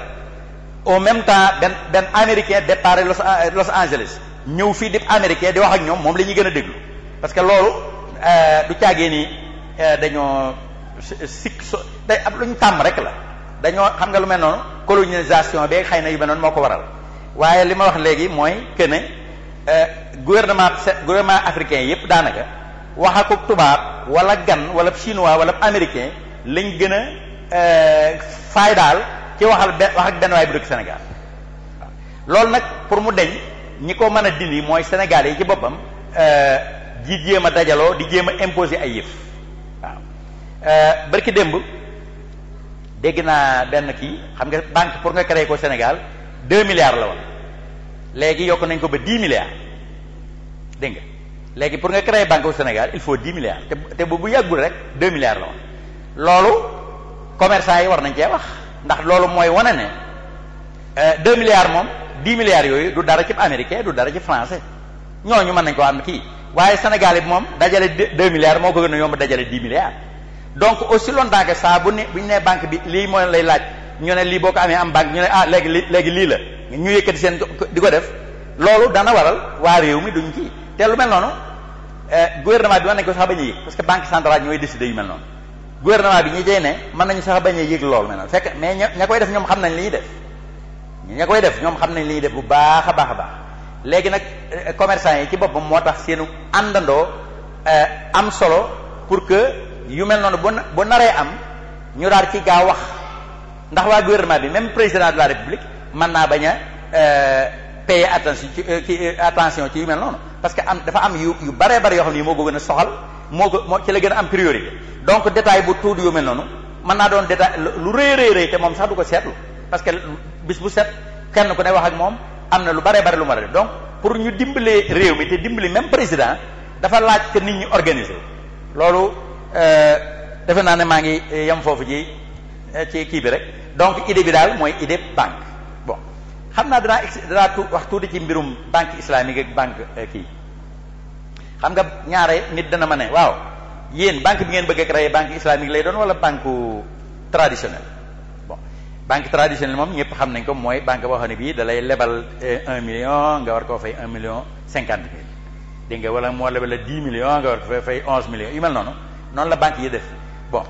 au même temps benn benn américain départ Los euh, Los Angeles ñëw fii di américain di wax ak ñoom moom la ñuy gën a déglu parce que loolu euh, du caagee nii euh, dañoo sikk so day ab lu ñu tàmm rek la dañoo xam nga lu mel noonu colonisation beeg xëy na yu mel noonu moo ko waral waaye li ma wax léegi mooy que ne gouvernement gouvernement africain yépp daanaka. wax akub tubaab wala gan wala chinois wala américain lañ gën a euh, faay daal ci waxal be wax ak benn waay bu dëkk Sénégal waaw loolu nag pour mu deñ ñi ko mën a dindi mooy Sénégal yi ci boppam euh, di jéem a dajaloo di jéem a imposer ay yëf waaw euh, bërki démb dégg naa benn ki xam nga banque pour nga créer ko Sénégal deux milliards la woon léegi yokk nañ ko ba di milliards dégg nga léegi pour nga créer banque au Sénégal il faut dix milliards te te bu yàggul rek deux milliards loolu commerçant yi war nañ cee wax ndax loolu mooy wane ne euh, deux milliards moom dix milliards yooyu du dara ci américain du dara ci français ñooñu mën nañ ko am kii waaye Sénégal yi moom dajale deux milliards moo ko gën a yomb dajale dix milliards donc aussi longtemps que saa bu ne bu ñu nee banque bi lii mooy lay laaj ñu ne lii boo ko amee am banque ñu ne ah léegi léegi lii la ñu yëkkati seen di ko def loolu dana waral waa réew mi duñ kii te lu mel noonu eh, gouvernement bi mën nañ ko sax bañ a yëg parce que banque centrale ñooy décider yu mel noonu gouvernement bi ñu jey ne mën nañu sax bañ a yëg loolu mel noonu fekk mais ña koy def ñoom xam nañ li ñuy def ña koy def ñoom xam nañ li ñuy def bu baax a baax a baax léegi nag eh, commerçant yi ci boppam moo tax seenu àndandoo eh, am solo pour que yu mel noonu bu bu naree am ñu daal ci gaa wax ndax waa gouvernement bi même président de la république mën naa bañ a payer attention ci attention ci mel noonu parce que am dafa am yu yu baree bari yoo xam ne moo ko gën a soxal moo ko moo ci la gën a am priorité donc détail bu tuuti yu mel noonu mën naa doon détail lu rëy rëy rëy te moom sax du ko seetlu parce que bis bu set kenn ku ne wax ak moom am na lu baree bari lu ma a donc pour ñu dimbalee réew mi te dimbali même président dafa laaj que nit ñi organiser loolu euh, defe naa ne maa ngi yem foofu ji ci kii bi rek donc idée bi daal mooy idée banque xam naa danaa ex danaa tu wax tuuti ci mbirum banque islamique ak banque eh, kii xam nga ñaare nit dana ma ne waaw yeen banque bi ngeen bëgg a créer banque islamique lay doon wala banque traditionnelle bon banque traditionnelle moom ñëpp xam nañ ko mooy banque boo ne bii da lay lebal eh, un million nga war koo fay un million cinquante mille dégg nga wala moo lebal la dix million nga war koo fay onze millions yu mel noonu noonu la banque yi def bon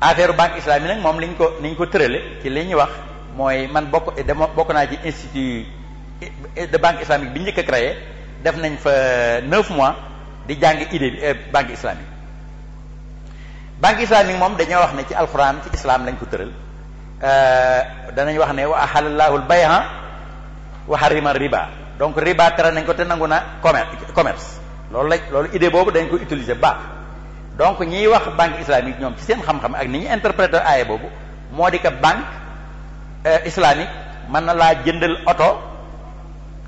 affaire banque islamique moom liñ ko niñ ko tërale ci li ñuy wax. mooy man bokk dama bokk naa ci institut de banque islamique bi njëkk a créé def nañ fa neuf mois di jàng idée bi euh, banque islamique banque islamique moom dañoo wax ne ci alxuraan ci islam lañ ko tëral euh, danañ wax ne wa ahalallahul bay'a wa harrima riba donc riba tere nañ ko te nangu na commerce commerce loolu lañ loolu idée boobu dañ ko utiliser baax donc ñiy wax banque islamique ñoom ci seen xam-xam ak ni ñu interpréter aaya boobu moo di que banque Euh, islamique mën na laa jëndal oto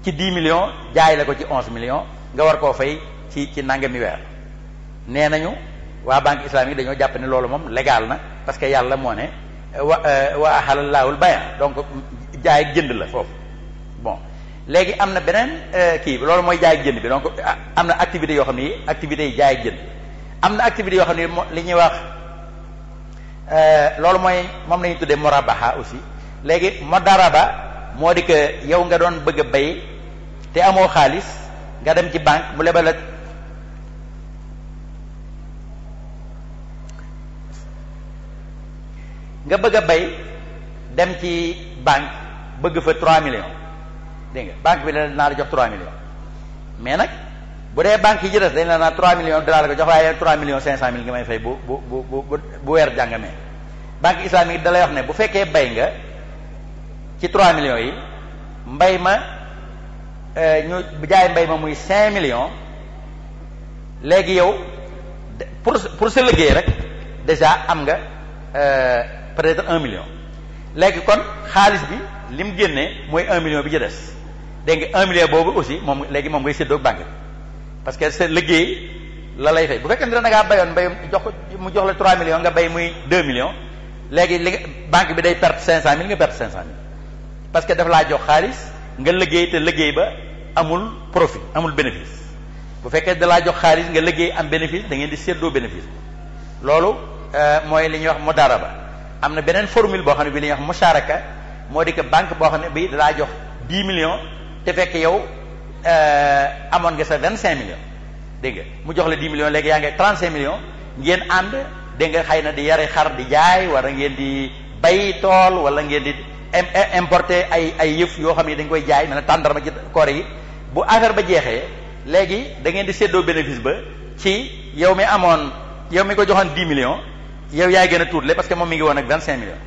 ci dix million jaay la ko ci onze million nga war koo fay ci ci mi weer nee nañu waa banque islamique dañoo jàpp ne loolu moom légal na parce que yàlla moo ne euh, wa euh, wa ahalal laahul bay' donc jaay ak jënd la foofu bon léegi am na beneen kii loolu mooy jaay ak jënd bi donc ah, am na activité yoo xam ne activités yi jaay ak jënd am na activité yoo xam ne li ñuy wax loolu mooy moom la ñuy tuddee murabaha aussi léegi dara ba moo di que yow nga doon bëgg bay te amoo xaalis nga dem ci banque mu lebal la nga bëgg a bay dem ci banque bëgg fa 3 millions dégg nga banque bi la naa la jox 3 millions mais nag bu dee banque yi ci des dañ la naa 3 millions dinaa la ko jox waaye 3 millions 500 mille nga may fay bu bu bu bu weer jàngamee banque islamique da lay wax ne bu fekkee bay nga. ci 3 millions yi mbay ma e, ñu jaay mbay ma muy 5 millions léegi yow pour pour sa liggéey rek déjà am nga e, peut-être 1 million. léegi kon xaalis bi li mu génnee mooy 1 million bi ci des dégg nga 1 million boobu aussi moom léegi moom ngay séddoo banque bi parce que sa liggéey la lay fay bu fekkee ne da bayoon mbay jox ko mu jox la 3 millions nga bay muy 2 millions léegi li banque bi day perte 500000 nga perte 500000. parce que dafa laa jox xaalis nga liggéey te liggéey ba amul profit amul bénéfice bu fekkee da laa jox xaalis nga liggéey am bénéfice da ngeen di séddoo bénéfice loolu euh, mooy li ñuy wax ba am na beneen formule boo xam ne bi li ñuy wax musharaka moo di que banque boo xam ne bi da laa jox dix millions te fekk yow euh, amoon nga sa vingt cinq millions dégg nga mu jox la dix millions léegi yaa ngi trente cinq millions ngeen ànd dégg nga xëy na di yare xar di jaay wala ngeen di bay tool wala ngeen di importé ay ay yëf yoo xam ne dañ koy jaay mel ne tàndarma ci koor yi bu affaire ba jeexee léegi da ngeen di séddoo bénéfice ba ci yow mi amoon yow mi ko joxoon dix millions yow yaay gën a tuutle parce que moom mi ngi woon ak vingt cinq millions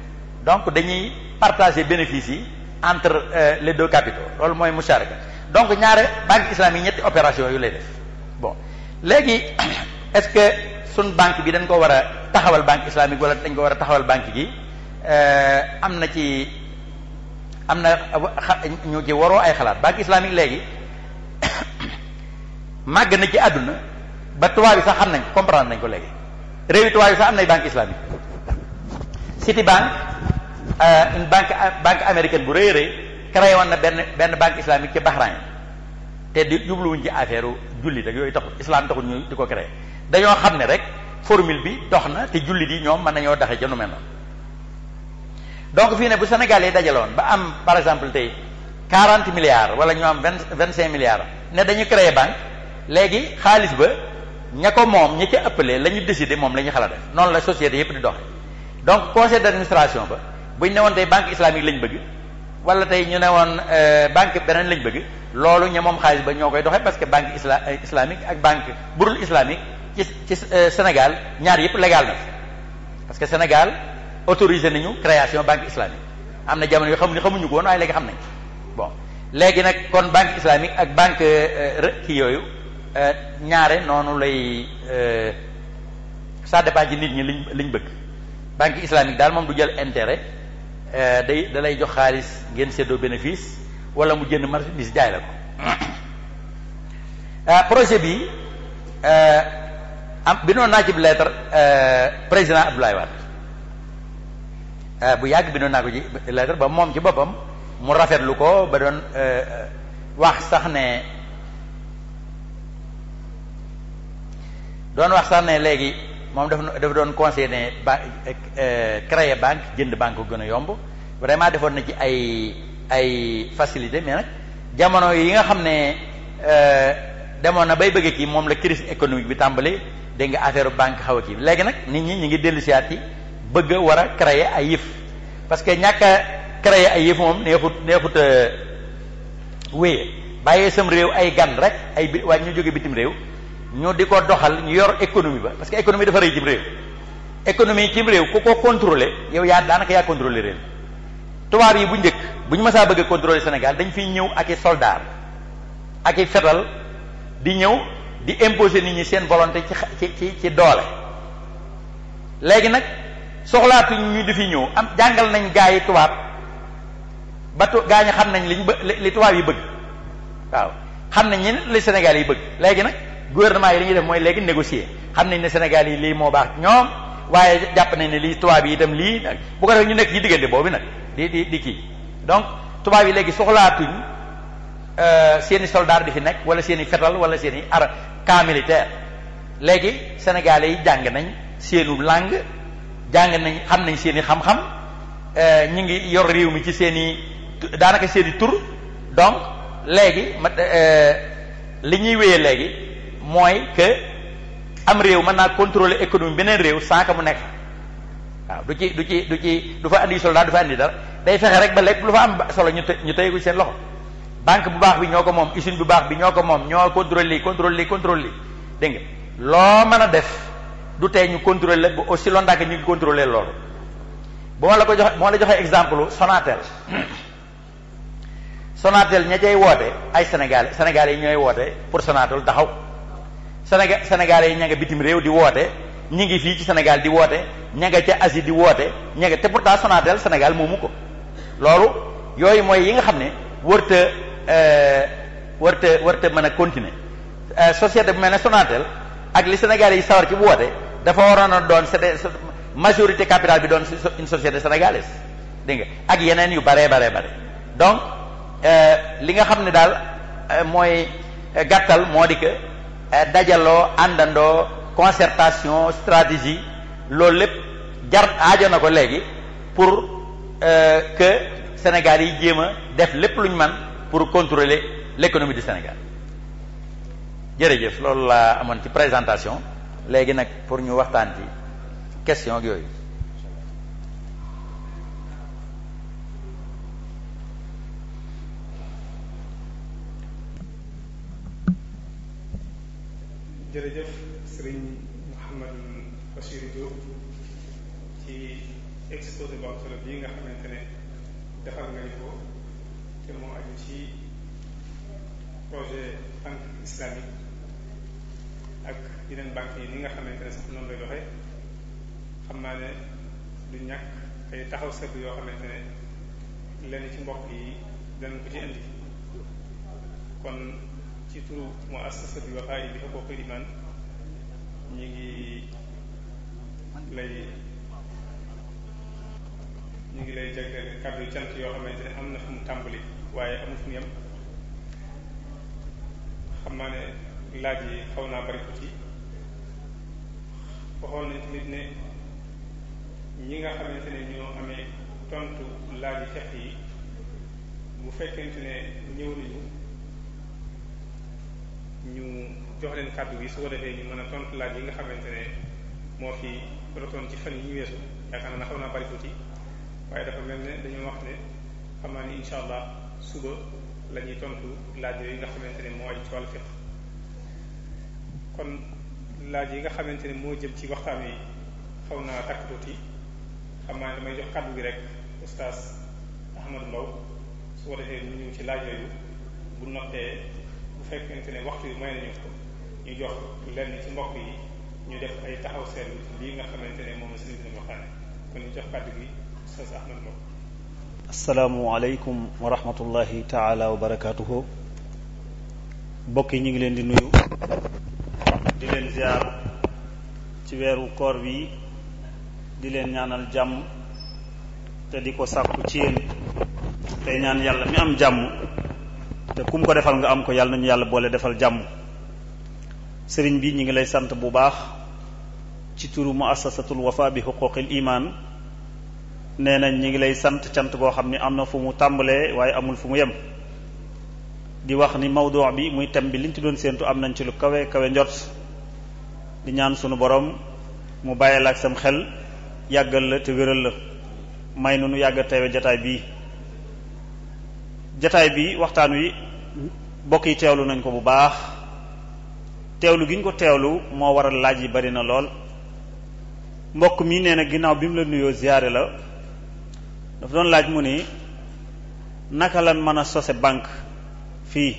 donc dañuy partager bénéfice yi entre euh, les deux capitaux loolu mooy musharaka donc ñaare banque islamique ñetti opération yu lay def bon léegi est-ce que suñ banque bi dañ ko war a taxawal banque islamique wala dañ ko war a taxawal banque gi euh, am na ci am na ñu ci waroo ay xalaat banque islamique léegi màgg na ci àdduna ba tubaab yi sax xam nañ comprendre nañ ko léegi réewi tubaab yi sax am nay banque islamique Citibank banque euh, banque banque américaine bu rëy rëy créé na benn benn banque islamique ci Bahreïn te di jubluwuñ ci affaire julli ak yooyu taxul islam taxul ñu di ko créé dañoo xam ne rek formule bi dox na te jullit yi ñoom mën nañoo daxe ca nu mel donc fii ne bu Sénégal yi dajaloon ba am par exemple tey quarante milliards wala ñu am vingt vingt cinq milliards ne dañu créer banque léegi xaalis ba ña ko moom ñi ca ëppale la ñu décider moom la ñu xalaat def noonu la société yëpp di doxe donc conseil d'administration ba bu ñu ne woon tey banque islamique lañ bëgg wala tey ñu ne woon euh, banque beneen lañ bëgg loolu ña moom xaalis ba ñoo koy doxee parce que banque isla euh, islamique ak banque burul islamique ci ci euh, Sénégal ñaar yëpp légal na parce que Sénégal autorisé nañu création banque islamique am na jamono yoo xam ne xamuñu ko woon waaye léegi xam nañ bon léegi nag kon banque islamique ak banque euh, kii yooyu euh, ñaare noonu lay euh, ça dépend yi nit ñi liñ liñ bëgg banque islamique daal moom du jël intérêt day da lay jox xaalis ngeen séddoo bénéfice wala mu jënd marchandise jaay la ko ah, projet bi am bi noonu naa ci lettre président Abdoulaye Wade Eh, bu yàgg bindoon naa ko ci lettre ba moom ci boppam mu rafetlu ko ba doon eh, wax sax ne doon wax sax ne léegi moom daf dafa doon conseillé ne ba eh, créer banque jënd banque ko gën a yomb vraiment defoon na ci ay ay facilité mais nag jamono yi nga xam ne demoon na bay bëgg kii moom la crise économique bi tàmbali dégg nga affaire banque xaw a kii léegi nag nit ñi ñu ngi dellu siyaat yi bëgg war a créer ay yëf parce que ñàkk a créer ay yëf moom neexut neexut a wéye bàyyee sam réew ay gan rek ay bi waaye ñu jóge bitim réew ñu di ko doxal ñu yor économie ba parce que économie dafa rëy cim réew économie cim réew ku ko contrôler yow yaa daanaka yaa contrôler réew tubaab yi bu njëkk bu ñu mësaa bëgg a contrôler Sénégal dañ fiy ñëw ak i soldaar ak i fetal di ñëw di imposer nit ñi seen volonté ci ci ci doole léegi nag soxlaatuñ ñu di fi ñëw am jàngal nañ gaa yi tubaab ba tu gaa ñi xam nañ liñ li tubaab yi bëgg waaw xam nañ ñenn li Sénégal yi bëgg léegi nag gouvernement yi li ñuy def mooy léegi négocier xam nañ ne Sénégal yi lii moo baax ñoom waaye jàpp nañ ne lii tuwaab yi itam lii bu ko defee ñu nekk ci diggante boobu nag di di di kii donc tubaab yi léegi soxlaatuñ euh, seeni soldat di fi nekk wala seeni fetal wala seeni ara camp militaire léegi Sénégalais yi jàng nañ seenu langue. jàng nañ xam nañ seeni i xam-xam euh, ñu ngi yor réew mi ci seen i daanaka seen i tur donc léegi ma euh, li ñuy wéyee léegi mooy que am réew mën naa contrôler économie beneen réew sans que mu nekk waaw du ci du ci du ci du fa andi soldat du fa andi dara day fexe rek lépp lu fa am solo ñu ñu tey ko seen loxo banque bu baax bi ñoo ko moom usine bu baax bi ñoo ko moom ñoo contrôler lii contrôler lii contrôler lii dégg nga loo mën a def. du tey ñu contrôler ba aussi londaak ñu ngi contrôler loolu boo ma la ko joxe bu la joxee exemple Sonatel Sonatel ña cay woote ay Sénégalais Sénégalais yi ñooy woote pour Sonatel taxaw Sénégal Sénégalais yi ña nga bitim réew di woote ñu ngi fii ci Sénégal di woote ña nga ca Asie di woote ña nga te pourtant Sonatel Sénégal moomu ko loolu yooyu mooy yi nga xam ne wërta euh, wërta wërta mën a continuer euh, société bu mel ne Sonatel ak li Sénégalais yi sawar ci bu woote dafa waroon a doon majorité capitale bi doon une société sénégalaise dégg nga ak yeneen yu baree baree bare donc euh, li nga xam ne daal euh, mooy euh, gàttal moo di que dajaloo àndandoo concertation stratégie loolu lépp jar aajo na ko léegi pour que Sénégal yi jéem a def lépp lu ñu man pour contrôler l'économie du Sénégal jërëjëf loolu laa amoon ci présentation léegi nag pour ñu waxtaan ci question ak yooyu jërëjëf sëriñ Mouhamed Bachir Diop ci exposé bu am nga xamante ne defal nga ñu ko te moo aju ci projet banque islamique yeneen bànk yi ni nga xamante ne sax noonu lay doxee xam naa ne du ñàkk ay taxaw seetlu yoo xamante ne lenn ci mbokk yi danañ ko ci indi kon ci turu mu assasat bi waxaa yi bi fa kooku iman ñi ngi lay ñu ngi lay jagleel kàddu cant yoo xamante ne am na fu mu waaye amul fu mu yem xam naa ne laaj yi xaw naa bari ko ci waxoon na tamit ne ñi nga xamante ne ñoo amee tontu laaji fiq yi bu fekkent ne ñëw nañu ñu jox leen kàddu bi su ko defee ñu mën a tontu laaj yi nga xamante ne moo fi rotoon ci fan yi ñu weesu yaakaar na xaw naa bari tuuti waaye dafa mel ne dañoo wax ne xam naa allah suba lañuy ñuy tontu laaj yi nga xamante ne moo aju ci wàllu fiq kon laaj yi nga xamante ne moo jëm ci waxtaan yi xaw naa takk tuuti xam naa damay jox kàddu gi rek oustaz Ahmadou Mbow su defee ñu ñëw ci laaj bu noppee bu fekkente ne waxtu yu may nañu ko ñu jox lenn ci mbokk yi ñu def ay taxaw seetlu lii nga xamante ne moom la sëriñ bi dama waxtaane kon ñu jox kàddu gi oustaz Ahmadou Mbow asalaamualeykum wa rahmatullahi taala wa barakaatuhu mbokk yi ñu ngi leen di nuyu di leen ziar ci weeru koor wi di leen ñaanal jàmm te di ko sàkku ci yéen tey ñaan yàlla mi am jàmm te kum ko defal nga am ko yàlla nañu yàlla boole defal jàmm sëriñ bi ñu ngi lay sant bu baax ci turu muassasatul wafa bi xuquqil iman nee nañ ñu ngi lay sant cant boo xam ni am na fu mu tàmbalee waaye amul fu mu yem di wax ni mawduu bi muy thème bi liñ ci doon séentu am nañ ci lu kawe kawe njot di ñaan sunu boroom mu bàyyil ak sam xel yàggal la te wéral la may nu nu yàgg teewe jataay bii jataay bi waxtaan wi bokk yi teewlu nañ ko bu baax teewlu gi ñu ko teewlu moo waral laaj yi bari na lool mbokk mi nee na ginnaaw bi mu la nuyoo ziyaare la dafa doon laaj mu ni naka lan mën a sose bànk fii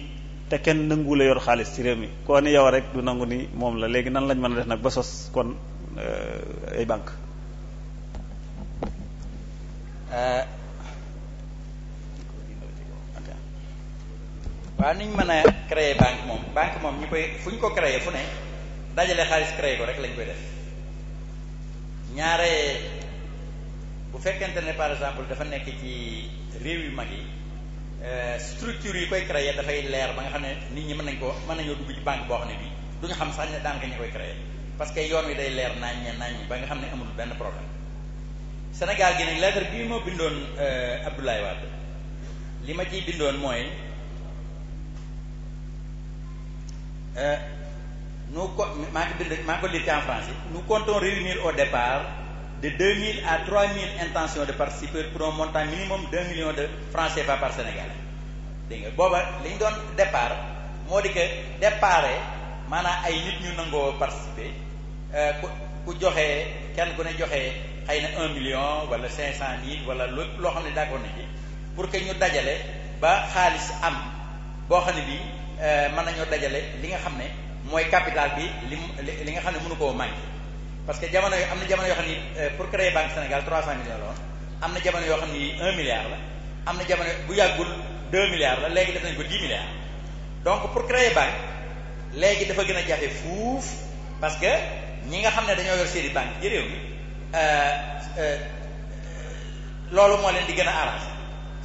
te kenn nangu la yor xaalis ci réew mi koo ni rek du nangu ni moom la léegi nan lañ mën a def nag ba sos kon euh, ay banque euh, waaw ni mën a créer banque moom banque moom ñu koy fu ñu ko créer fu ne dajale xaalis créer ko rek lañ koy def ñaare bu fekkente ne par exemple dafa nekk ci réew yu mag yi Euh, structure yi koy créer dafay leer ba nga xam ne nit ñi mën nañ koo mën nañoo dugg ci banque boo xam ne bii du ñu xam sax ne daanaka ñu koy créer parce que yoon wi day leer naññ naññ ba nga xam ne amul benn problème Sénégal gi nag lettre bii moo bindoon euh, Abdoulaye Wade li ma ci bindoon mooy euh, nous co maa ngi bind maa ko lire ci en français nous comptons réunir au départ de 2000 à 3000 intention de participer pour un montant minimum d'un million de francs CFA par Sénégalais dégg nga booba li ñu doon départ moo di que départ maanaam ay nit ñu nangoo participer euh, ku ku joxe kenn ku ne joxe xëy na un million wala cinq cent mille wala loo loo xam ne d'accord na ci pour que ñu dajale ba xaalis am boo xam ne bii euh, mën nañoo dajale li nga xam ne mooy capital bi li li nga xam ne mënu koo manqué. parce que jamono am na jamono yoo xam ni euh, pour créer banque Sénégal trois cent la am na jamono yoo xam ni un milliard la am na jamono bu yàggul deux milliards la léegi def nañ ko dix milliards donc pour créer banque léegi dafa gën a jafe fuuf parce que ñi nga xam ne dañoo yor seeni banque ci réew mi euh, euh, loolu moo leen di gën a arrangé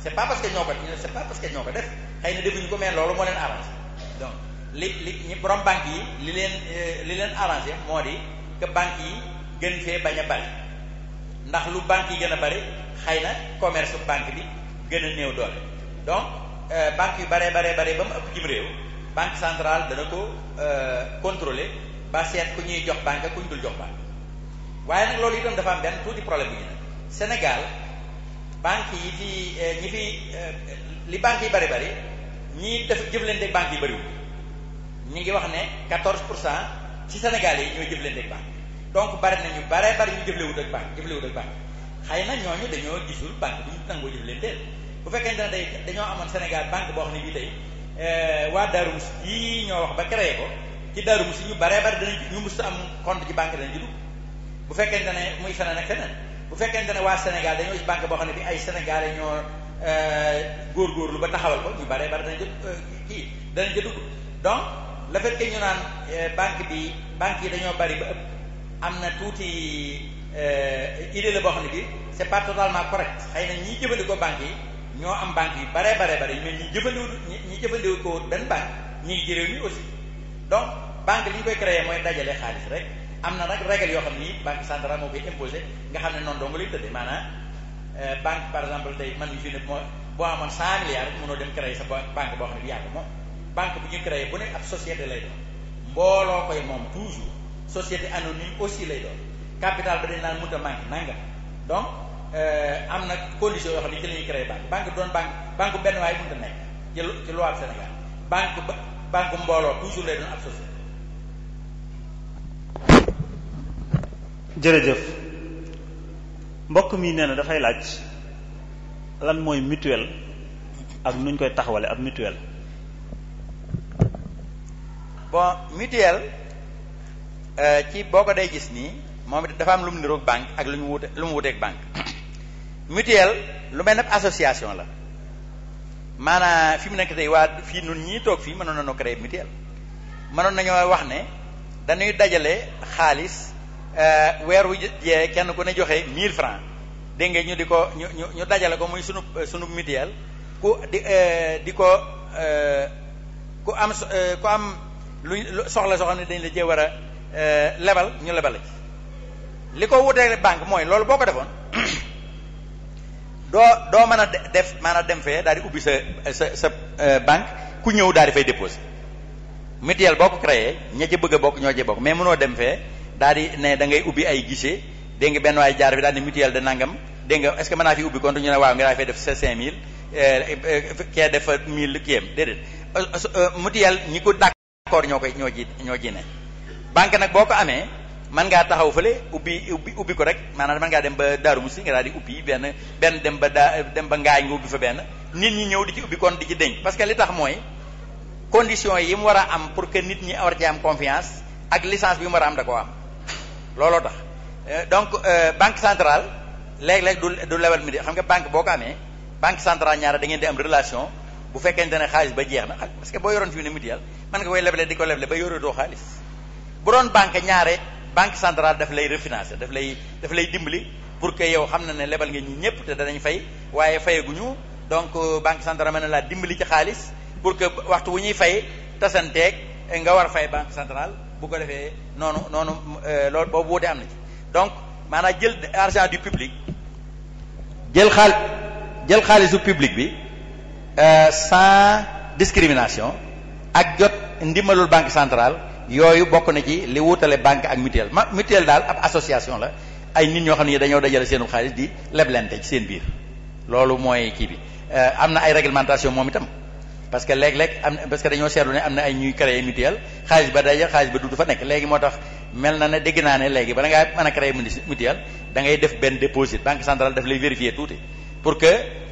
c'est pas parce que ñoo ko c'est pas parce que ñoo ko def xëy na defuñu ko mais loolu moo leen arrangé donc li li ñi borom banque yi li lee li leen arrangé moo di que yi gën fee bañ a bari ndax lu banques yi gën a bari xëy na commerce banque bi gën a néew doole donc euh, banques yu baree baree baree ba mu ëpp jim réew banque centrale dana ko euh, contrôler ba seet ku ñuy jox banque ku ñu dul jox banque waaye nag loolu itam dafa am benn tuuti problème bu ñu nag Sénégal banque yi fi euh, ñi fi li banques yi bari bari ñii def jëflante banque yi bariwul ñu ngi wax ne 14 pour cent ci Sénégalais yi ñoo jëflante ak banque donc bari nañu bare bari ñu jëflewut ak banque jëflewut ak banque xay na ñooñu dañoo gisul banque bu ñu nangoo jëflanteel bu fekkee ne day dañoo amoon Sénégal banque boo xam ne bii tey euh, waa Darou Mouhty ñoo wax ba créé ko ci Darou Mouhty ñu bare bari danañ am compte ci banque danañ ci dugg bu fekkee ne muy feneen ak feneen bu fekkee ne waa Sénégal dañoo gis banque boo xam ne bi ay Sénégalais ñoo góor euh, góorgóorlu ba taxawal ko ñu bare bari danañ jël euh, kii dañ ca dugg donc le fait que ñu naan euh, banque bi banque yi dañoo bari ba ëpp am na tuuti euh, idée la boo xam ne bi c'est pas totalement correct xëy na ñiy jëfandikoo banque yi ñoo am banque bare baree baree bari mais ñu jëfandiwu ñi jëfandikoo benn banque ñi ngi jëréew mi aussi donc banque li ñu koy créer mooy dajale xaalis rek am na nag règle yoo xam ni banque centrale moo koy imposé nga xam ne noonu dong lay tëddee maanaam euh, banque par exemple tey man mi fi moo boo amoon cent milliards mënoo dem créer sa banque boo xam ne bi yàgg banque bu ñu créé bu nekk ab société lay doon mbooloo koy moom toujours société anonyme aussi lay doon capital ba dañ naan mënut a manqué nanga donc euh, am na condition yoo xam ne ci la ñuy créé banque banque doon banque banque benn waaye mënut a nekk ci ci loi Sénégal banque ba banque mbooloo toujours lay doon ab société. jërëjëf mbokk mi nee na dafay laaj lan mooy mutuelle ak nuñ koy taxawale ab mutuelle. bon mutuelle euh, ci boo ko day gis nii moom dafa am lu mu niroog banque ak lu ñu wute lu mu wuteeg banque mutuelle lu mel ne association la maanaam fi mu nekk tey waa fii nun ñii toog fii mënoon nañoo créer mutuelle mënoon nañoo wax ne dañuy dajale xaalis euh, weer wu jee kenn ku ne joxe 1000 francs dégg nga ñu di ko ñu ñu dajale ko muy sunu euh, sunu mutuelle ku di di ko ku am ku am. luy soxla soo xam ne dañ la cee war a eh, lebal ñu lebal la ci li ko wuteeg banque mooy loolu boo ko defoon doo doo mën a def maanaam dem fee daal di ubbi sa sa sa eh, banque ku ñëw daal di fay déposer mutuelle boo ko créé ña bëgg a bokk ñoo cee bokk mais mënoo dem fee daal di ne da ngay ubbi ay guichet dégg nga benn waay jaar bi daal di mutuelle de nangam dégg nga est que mën naa fi ubbi compte ñu ne waaw nga daal fay def sa 5000 eh, kee def 1000 kii yam déedéet euh, euh, mutuelle ñi ko dàq accord ñoo koy ñoo ji ñoo ji ne banque nag boo ko amee mën ngaa taxaw fële ubbi ubbi ubbi ko rek maanaam mën ngaa dem ba Daaru Musi nga daal di ubbi benn benn dem ba daa dem ba Ngaañ nga ubbi fa benn nit ñi ñëw di ci ubbi kon di ci dénk parce que li tax mooy condition yi mu war a am pour que nit ñi war ci am confiance ak lisance bi mu war a am da koo am looloo tax euh, donc euh, banque centrale léeg-léeg du du lebal mi xam nga banque boo ko amee banque centrale ñaara da ngeen di am relation bu fekkente ne xaalis ba jeex na ah, parce que boo yoroon fi mu ne mutuelle mën nga koy leble di ko leble ba yoratoo xaalis bu doon banque ñaare centrale daf lay refinancer daf lay daf lay dimbali pour que yow xam na ne lebal nga ñi ñëpp te danañ fay waaye fayaguñu donc euh, banque centrale mën na laa dimbali ci xaalis pour que waxtu wu ñuy fay tasanteeg eh, nga war a fay banque centrale bu ko defee noonu noonu euh, loolu boobu wuute am na ci donc maanaa jël argent du public jël xaal jël xaalisu public bi. Euh, sans discrimination ak jot ndimbalul banque centrale yooyu bokk na ci li wutale banque ak mutuelle ma daal ab association la ay nit ñoo xam ne dañoo dajale seenu xaalis di leblente ci seen biir loolu mooy kii bi euh, am na ay réglementation moom itam parce que léeg-léeg am parce que dañoo seetlu ne am na ay ñuy créer mutuelle xaalis ba daja xaalis ba du fa nekk léegi moo tax mel na ne dégg naa ne léegi bala ngaa mën a créer mutuelle da def benn dépos banque centrale daf lay vérifier tuuti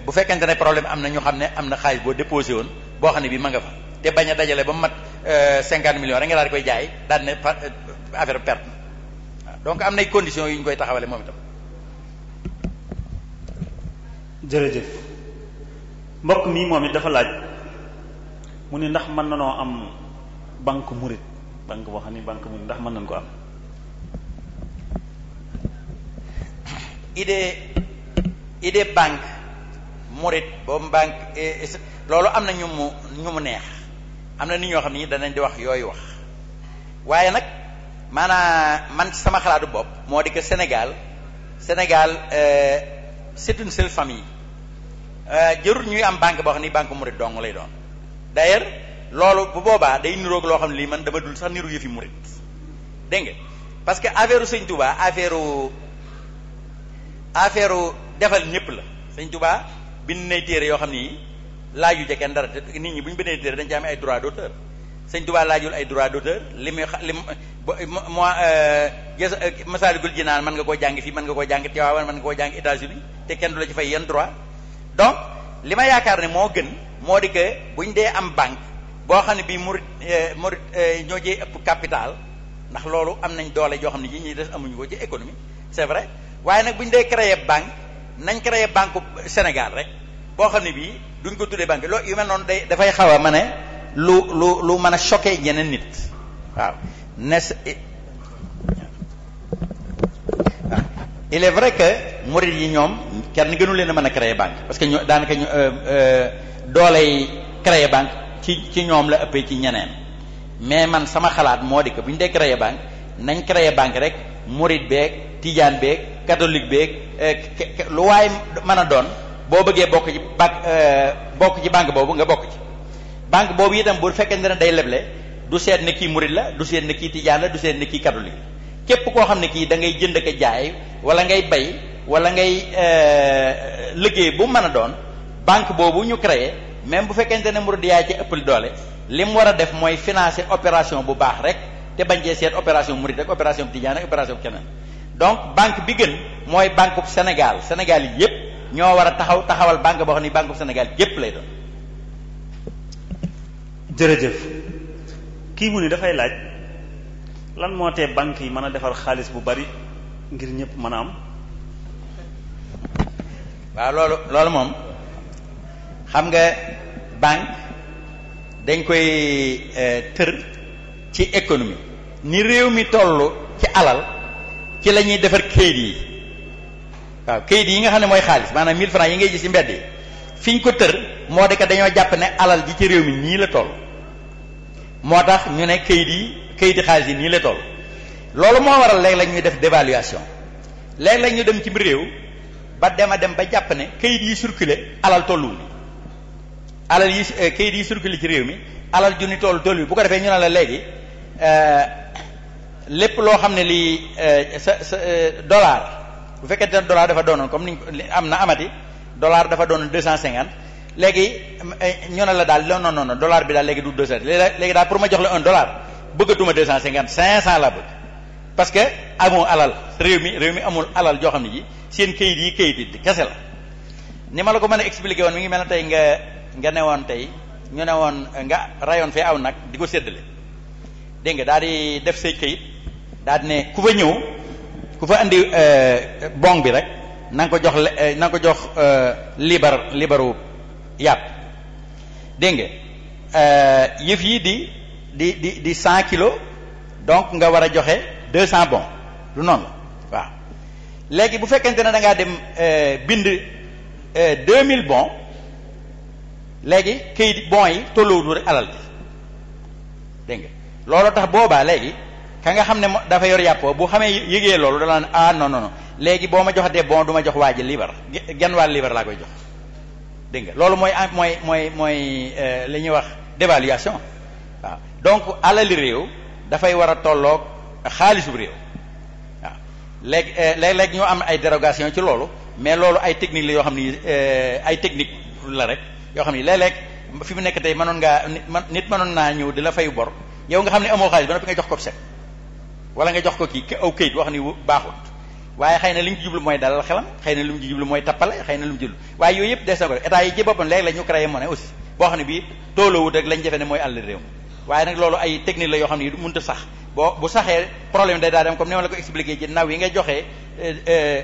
bu fekkente ne problème am na ñu xam ne am na xaalis boo déposé woon boo xam ne bii ma nga fa te bañ a dajale ba mu mat euh, cinquante millions rek nga daal di koy jaay daal ne euh, affaire perte na donc am nay conditions yu ñu koy taxawale moom itam. mbokk mi moom it dafa laaj mu ne ndax mën na noo am banque murit banque boo xam ne banque murit ndax mën nañ ko am. idée idée banque murit ba mbank e, e, loolu am na ñu mu ñu mu neex am na ni ñoo xam ni danañ di wax yooyu wax waaye nag maanaam man sama xalaatu bopp moo di que Sénégal Sénégal euh, c'est une seule famille euh, jërul ñuy am banque boo xam ni banque murit dong lay doon d'ailleurs loolu bu boobaa day niroog loo xam ne lii man dama dul sax niru yëfi murit dégg nga parce que affaire Sëñ Touba affaire affaire defal ñëpp la Sëñ Touba bind nay téere yoo xam ne ni laaju ca kenn dara te nit ñi bu ñu bindee téere dañ ca am ay droit d'auteur sëñ Tuubaa laajul ay droit d'auteur li muy li moi euh, euh, Masaalikul Jinaan mën nga koo jàng fii mën nga koo jàng Tiwaawan mën nga koo jàng états te kenn du la ci fay yan droit li ma yaakaar ne moo gën moo di que buñ dee am banque boo xam ne bii murit euh, murit ñoo jee ëpp capital ndax loolu am nañ doole joo xam ne yi ñuy des amuñu ko ci économie c'est vrai waaye nag buñ dee créer banque nañ créé banque Sénégal rek boo xam ne bii duñ ko tuddee banque loolu yu mel noonu day dafay xaw a mën a lu lu lu mën a choqué ñeneen nit waaw ne il est que murid yi ñoom kenn gënu leen a mën a créer banque parce que ñoo daanaka ñu euh, euh, dooley créer banque ci ci ñoom la ëppee ci ñeneen mais man sama xalaat moo di ko bu ñu dee créer banque nañ créer banque rek murid beeg tijaan beeg catholique beeg eh, lu waay mën a doon boo bëggee bokk ci ba eh, bokk ci banque boobu nga bokk ci banque boobu itam bu fekkente ne day leble du seet ne kii murid la du seet ne kii tijaan la du seet ne kii catholique képp koo xam ne kii da ngay jënd ak jaay wala ngay bay wala ngay eh, liggéey bu mën a doon banque boobu ñu créer même bu fekkente ne murid yaay ci ëppal doole li mu war a def mooy financer opération bu baax rek te bañ cee seet opération murid rek opération tijaan rek opération keneen donc banque bi gën mooy banque bu Sénégal Sénégal yi yépp ñoo war a taxaw taxawal banque boo xam ne banque bu Sénégal yépp lay doon jërëjëf kii mu ni dafay laaj lan moo tee banque yi mën a defar xaalis bu bari ngir ñépp mën a am waaw loolu loolu moom xam nga banque dañ koy euh, tër ci économie ni réew mi tollu ci alal ci la ñuy defar kayit yi waaw kayit yi nga xam ne mooy xaalis maanaam 1000 francs yi ngay gis si mbedd yi fi ñu ko tër moo di dañoo jàpp ne alal ji ci réew mi nii la toll moo tax ñu ne kayit yi kayiti xaalis yi nii la toll loolu moo waral léeg la ñuy def dévaluation léeg la ñu dem ci réew ba dem a dem ba jàpp ne kayit yi surculer alal tolluwul alal yi kayit yi surculer ci réew mi alal junni toll toll bi bu ko defee ñu ne la léegi euh, lépp loo xam ne lii euh, sa sa euh, dollar bu fekkente ne dollar dafa doonoon comme ni am na amati dollar dafa doonoon deux cent cinquante léegi euh, ñu ne la daal non non non dollar bi daal léegi du deux cent léegi daal pour ma jox la un dollar bëggatuma deux cent cinquante cinq cent laa bëgg parce que amoo alal réew mi réew mi amul alal joo xam ne ji seen kayit yi kayit yi kese la ni ma la ko mën a expliqué woon mi ngi mel na tey nga nga ne woon tey ñu ne woon nga rayoon fee aw nag di ko séddale dégg nga daal di def say daal ne ku fa ñëw ku fa indi euh, bon bi rek na ko jox na nga ko jox euh, euh, libar libaru yàpp dégg nga yëf yi di di di di cent kilos donc nga war a joxe deux cent bon lu noonu la waaw léegi bu fekkente ne dangaa ngaa dem bind deux mille bon léegi këyit bon yi tolluwutul rek alal bi dégg nga looloo tax boobaa léegi ka nga xam ne dafa yor yàppoo bu xamee yëgee loolu da ne ah non no non léegi boo ma joxatee bon du ma jox waa ji libar genn wàll libar laa koy jox dégg nga loolu mooy mooy mooy mooy euh, li ñuy wax dévaluation waaw donc alali réew dafay war a tolloog xaalisu réew waaw léegi euh, léeg-léeg am ay dérogation ci loolu mais loolu ay technique la yoo xam ni euh, ay technique la rek yoo xam ni léeg-léeg fi mu nekk tey mënoon ngaa nit mënoon naa ñëw di la fay bor yow nga xam ne amoo xaalis ba noppi nga jox ko chèque wala nga jox ko kii aw kayit wax ni baaxut waaye xëy na li ñu jublu mooy dalal xelam xëy na lu mu jublu mooy tappale xëy na lu mu jublu waaye yooyu yëpp des na ko état yi ci boppam léegi la ñu créé monnaie aussi boo xam lañ jafe ne mooy àll réew waaye nag loolu ay technique yoo xam ne mënut a sax boo bu saxee problème day daal dem comme ni ma la ko expliqué ci naw yi nga joxee euh, euh,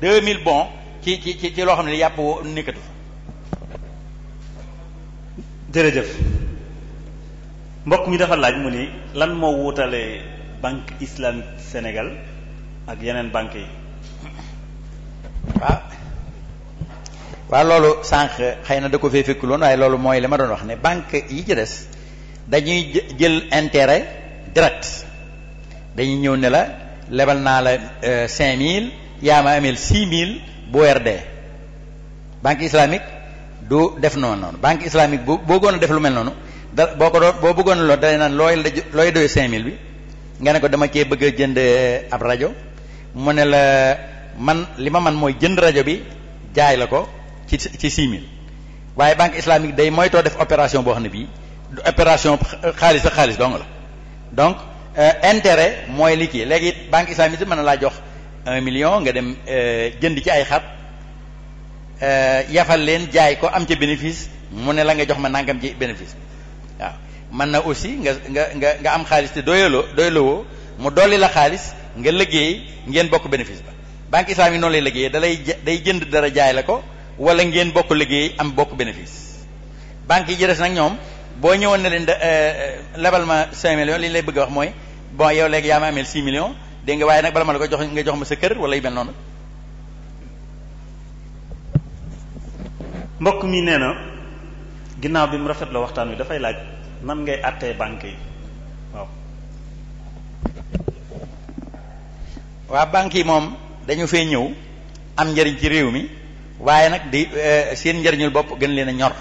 deux mille bons ci ci ci ci loo xam ne yàpp nekkatu jërëjëf mbokk mi dafa laaj mu ni lan moo wutale banque islamique Sénégal ak yeneen banque yi waaw waaw loolu sànq xëy na da ko fee fekkuloon waaye loolu mooy li ma doon wax ne banque yi ci des dañuy jël intérêt direct dañuy ñëw ne la lebal naa la euh, cinq mille yaa ma ameel six mille bu weer banque islamique du def noonu noonu banque islamique bu boo gën def lu mel noonu da boo ko doon boo bëggoon loolu da naan looy looy doy bi nga ne ko dama cee bëgg a jënd ab rajo mu ne la man li ma man mooy jënd rajo bi jaay la ko ci ci six mille waaye banque islamique day mooy too def opération boo xam ne bii opération xaalis ak xaalis dong la donc euh, intérêt mooy li kii léegi banque islamique bi mën na laa jox un million nga dem euh, jënd ci ay xar euh, yafal leen jaay ko am ci bénéfice mu ne la nga jox ma nangam ci bénéfice waaw mën na aussi nga nga nga nga am xaalis te doyaloo doyaloo mu dolli la xaalis nga liggéey ngeen bokk bénéfice ba banque islamique noonu lay liggéeyee dalay day jënd dara jaay la ko wala ngeen bokk liggéey am bokk bénéfice banque yi jëres nag ñoom boo ñëwoon ne leen da euh, euh, lebal ma 5 millions li lay bëgg a wax mooy bon yow léegi yaa ma ameel 6 millions dégg nga waaye nag bala ma la ko jox nga jox ma sa kër wala yu mel noonu. mbokk mi nee na ginnaaw bi mu rafet la waxtaan wi dafay laaj. nan ngay àttee banque yi waaw. waa banque yi moom dañu fee ñëw am njariñ ci réew mi waaye nag di eh, seen njariñul bopp gën leen a ñor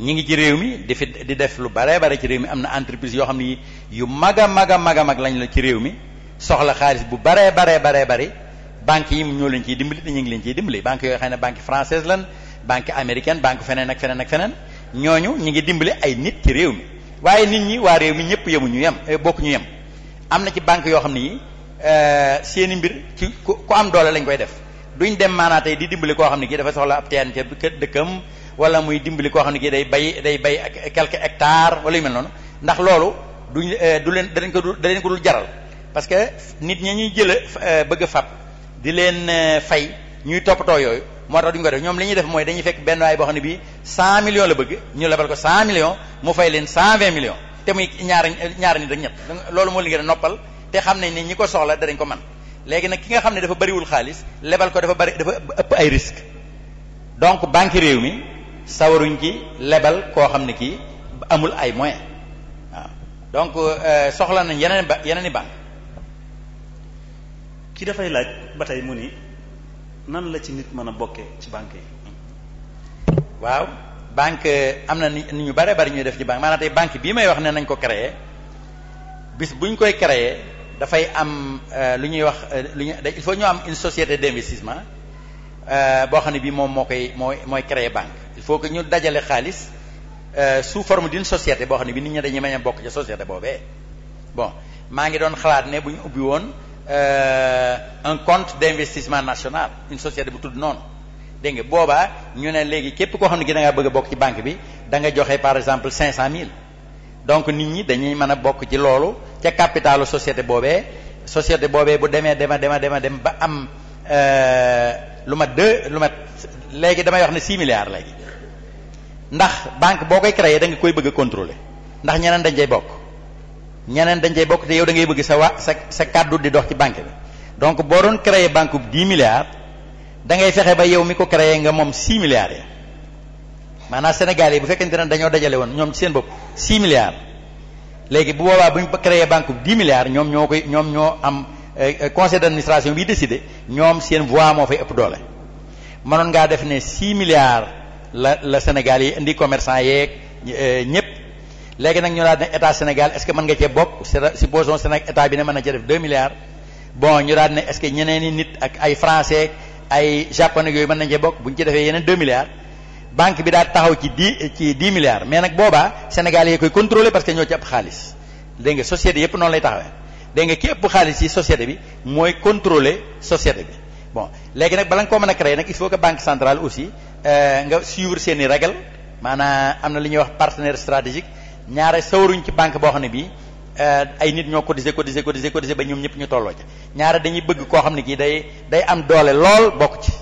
ñi ngi ci réew mi di fi di def lu bare bare ci réew mi am na entreprise yoo xam ne yu mag a mag a mag a lañ la ci réew mi soxla xaalis bu baree baree baree bari banque yi ñoo leen ciy dimbali te ñu ngi leen ciy dimbali banque yooyu xam ne banque française lan banque américaine banque feneen ak feneen ak feneen ñooñu ñu ngi dimbale ay nit ci réew mi waaye nit ñi waa réew mi ñëpp yemu ñu yem eh, bokk ñu yem am na ci banque yoo xam ne yi eh, seeni mbir ci ku ku am doole lañ koy def duñ dem maanaa tey di dimbali koo xam ne kii dafa soxla ab teen ca dëkkam wala muy dimbali koo xam ne kii day bay day bay ak quelques hectares wala yu mel noonu ndax loolu duñ eh, du leen danañ ko dul danañ ko dul jaral parce que nit ñi ñuy jël bëgg a fab di leen fay ñuy toppatoo yooyu moo tax duñ ko def ñoom li ñuy def mooy dañuy fekk benn waay boo xam ne bi 100 millions la bëgg ñu lebal ko 100 millions mu fay leen 120 millions te muy ñaar ñaar nit ak ñett loolu moo li ngeen noppal te xam nañ ne ñi ko soxla danañ ko man léegi nag ki nga xam ne dafa bariwul xaalis lebal ko dafa bari dafa ëpp ay risque donc banque réew mi sawaruñ ci lebal koo xam ne kii amul ay moyen waaw donc euh, soxla nañ yeneen ba yeneen i banque ki dafay laaj ba mu ni nan la ci nit mën a bokkee ci banque yi waaw banque am na ni ñu bare bari ñuy def ci banque maanaam banque bii may wax ne nañ ko créer bis bu koy créer dafay am euh, lu ñuy wax euh, lu ñuy il faut ñu am une société d'investissement euh, boo xam ne bii moom moo koy mooy mooy créer banque il faut que ñu dajale xaalis sous forme d'une société boo xam ne bi nit ñi dañuy mën bokk ci société boobee bon maa ngi doon xalaat ne bu ñu ubbi woon Euh, un compte d'investissement national une société bu tudd noonu dégg nga boobaa ñu ne léegi képp koo xam ne gi da bëgg bokk ci banque bi da nga joxe par exemple cinq cent mille donc nit ñi dañuy mën a bokk ci loolu ca capitalu société boobee société boobee bu demee dema dema dema dem ba am euh, lu ma deux lu ma léegi damay wax ne six milliards léegi ndax banque boo koy créer da koy bëgg a contrôler ndax ñeneen dañ cay bokk ñeneen dañ cay bokk te yow da ngay bëgg sa wa sa sa kàddu di dox ci banque bi donc boo doon créer banque bu 10 milliards da ngay fexe ba yow mi ko créer nga moom 6 milliards ya maanaa Sénégal yi bu fekkente ne dañoo dajale woon ñoom ci seen bopp 6 milliards léegi bu boobaa bu ñu créer banque bu 10 milliards ñoom ñoo koy ñoom ñoo am euh, euh, conseil de d'administration bi décidé ñoom seen voix moo fay ëpp doole mënoon ngaa def ne 6 milliards la la Sénégal yi indi commerçant yeeg euh, ñëpp léegi nag ñu daal ne état Sénégal est-ce que mën nga cee bokk supposons Sénégal état bi ne mën na cee def bon ñu daal ne est que ñeneen i nit ak ay français ay japonais yooyu mën nañ cee bokk bu ci defee yeneen 2 milliards banque bi daal taxaw ci 10 ci 10 milliards mais nag boobaa Sénégal yee koy contrôler parce que ñoo ci xaalis dégg nga société yëpp noonu lay taxawee dégg nga ki xaalis ci société bi mooy contrôler société bi bon léegi nag bala koo mën a créer nag il faut que banque centrale aussi euh, nga suivre seen i règles maanaam am na lu ñuy wax partenaire stratégique ñaare sawaruñ ci banque boo xam ne bii eh, ay nit ñoo cotiser cotiser cotiser cotiser ba ñoom ñëpp ñu tolloo ca ñaare dañuy bëgg koo xam ne kii day day am doole lool bokk ci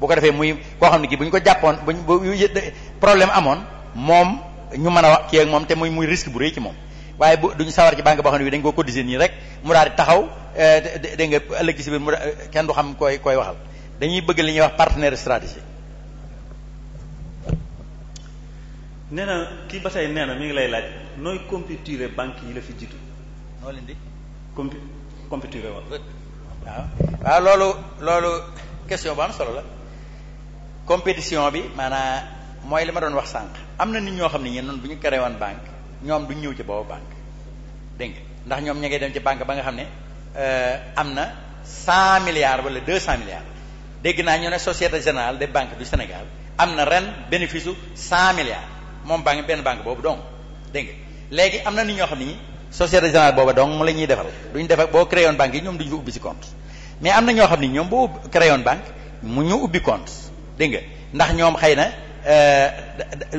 boo ko defee muy koo xam ne kii bu ñu ko jàppoon buñ problème amoon moom ñu mën a kii ak moom te muy muy risque bu rëy ci moom waaye bu duñu sawar ci banque boo xam ne bii dañ ko cotiser nii rek mu daal di taxaw eh, dégg nga ëllëg ci biir mu kenn du xam koy koy waxal dañuy bëgg li ñuy wax partenaire stratégique neena kii ba tey nee na mi ngi lay laaj nooy compéturer banque yi la fi jiitu. noo leen di. compu compéturer waaw. waaw waaw loolu loolu question bu am solo la compétition bi maanaam mooy li ma doon wax sànq am na nit ñoo xam ne ñun noonu bu ñu créé woon banque ñoom duñ ñëw ci boobu banque dégg nga ndax ñoom ña ngay dem ci banque ba nga xam ne euh, am na cent milliards wala deux cent milliards dégg naa ñu ne société générale des banque du Sénégal am na ren bénéfice su cent milliards. moom banque benn banque boobu donc dégg léegi am na nit ñoo xam ni société générale booba donc la ñuy defal duñ defal boo créé woon yi ñoom duñ fa ubbi compte mais am na ñoo xam ni ñoom boo créé woon mu ñu ubbi dégg nga ndax ñoom xëy na euh,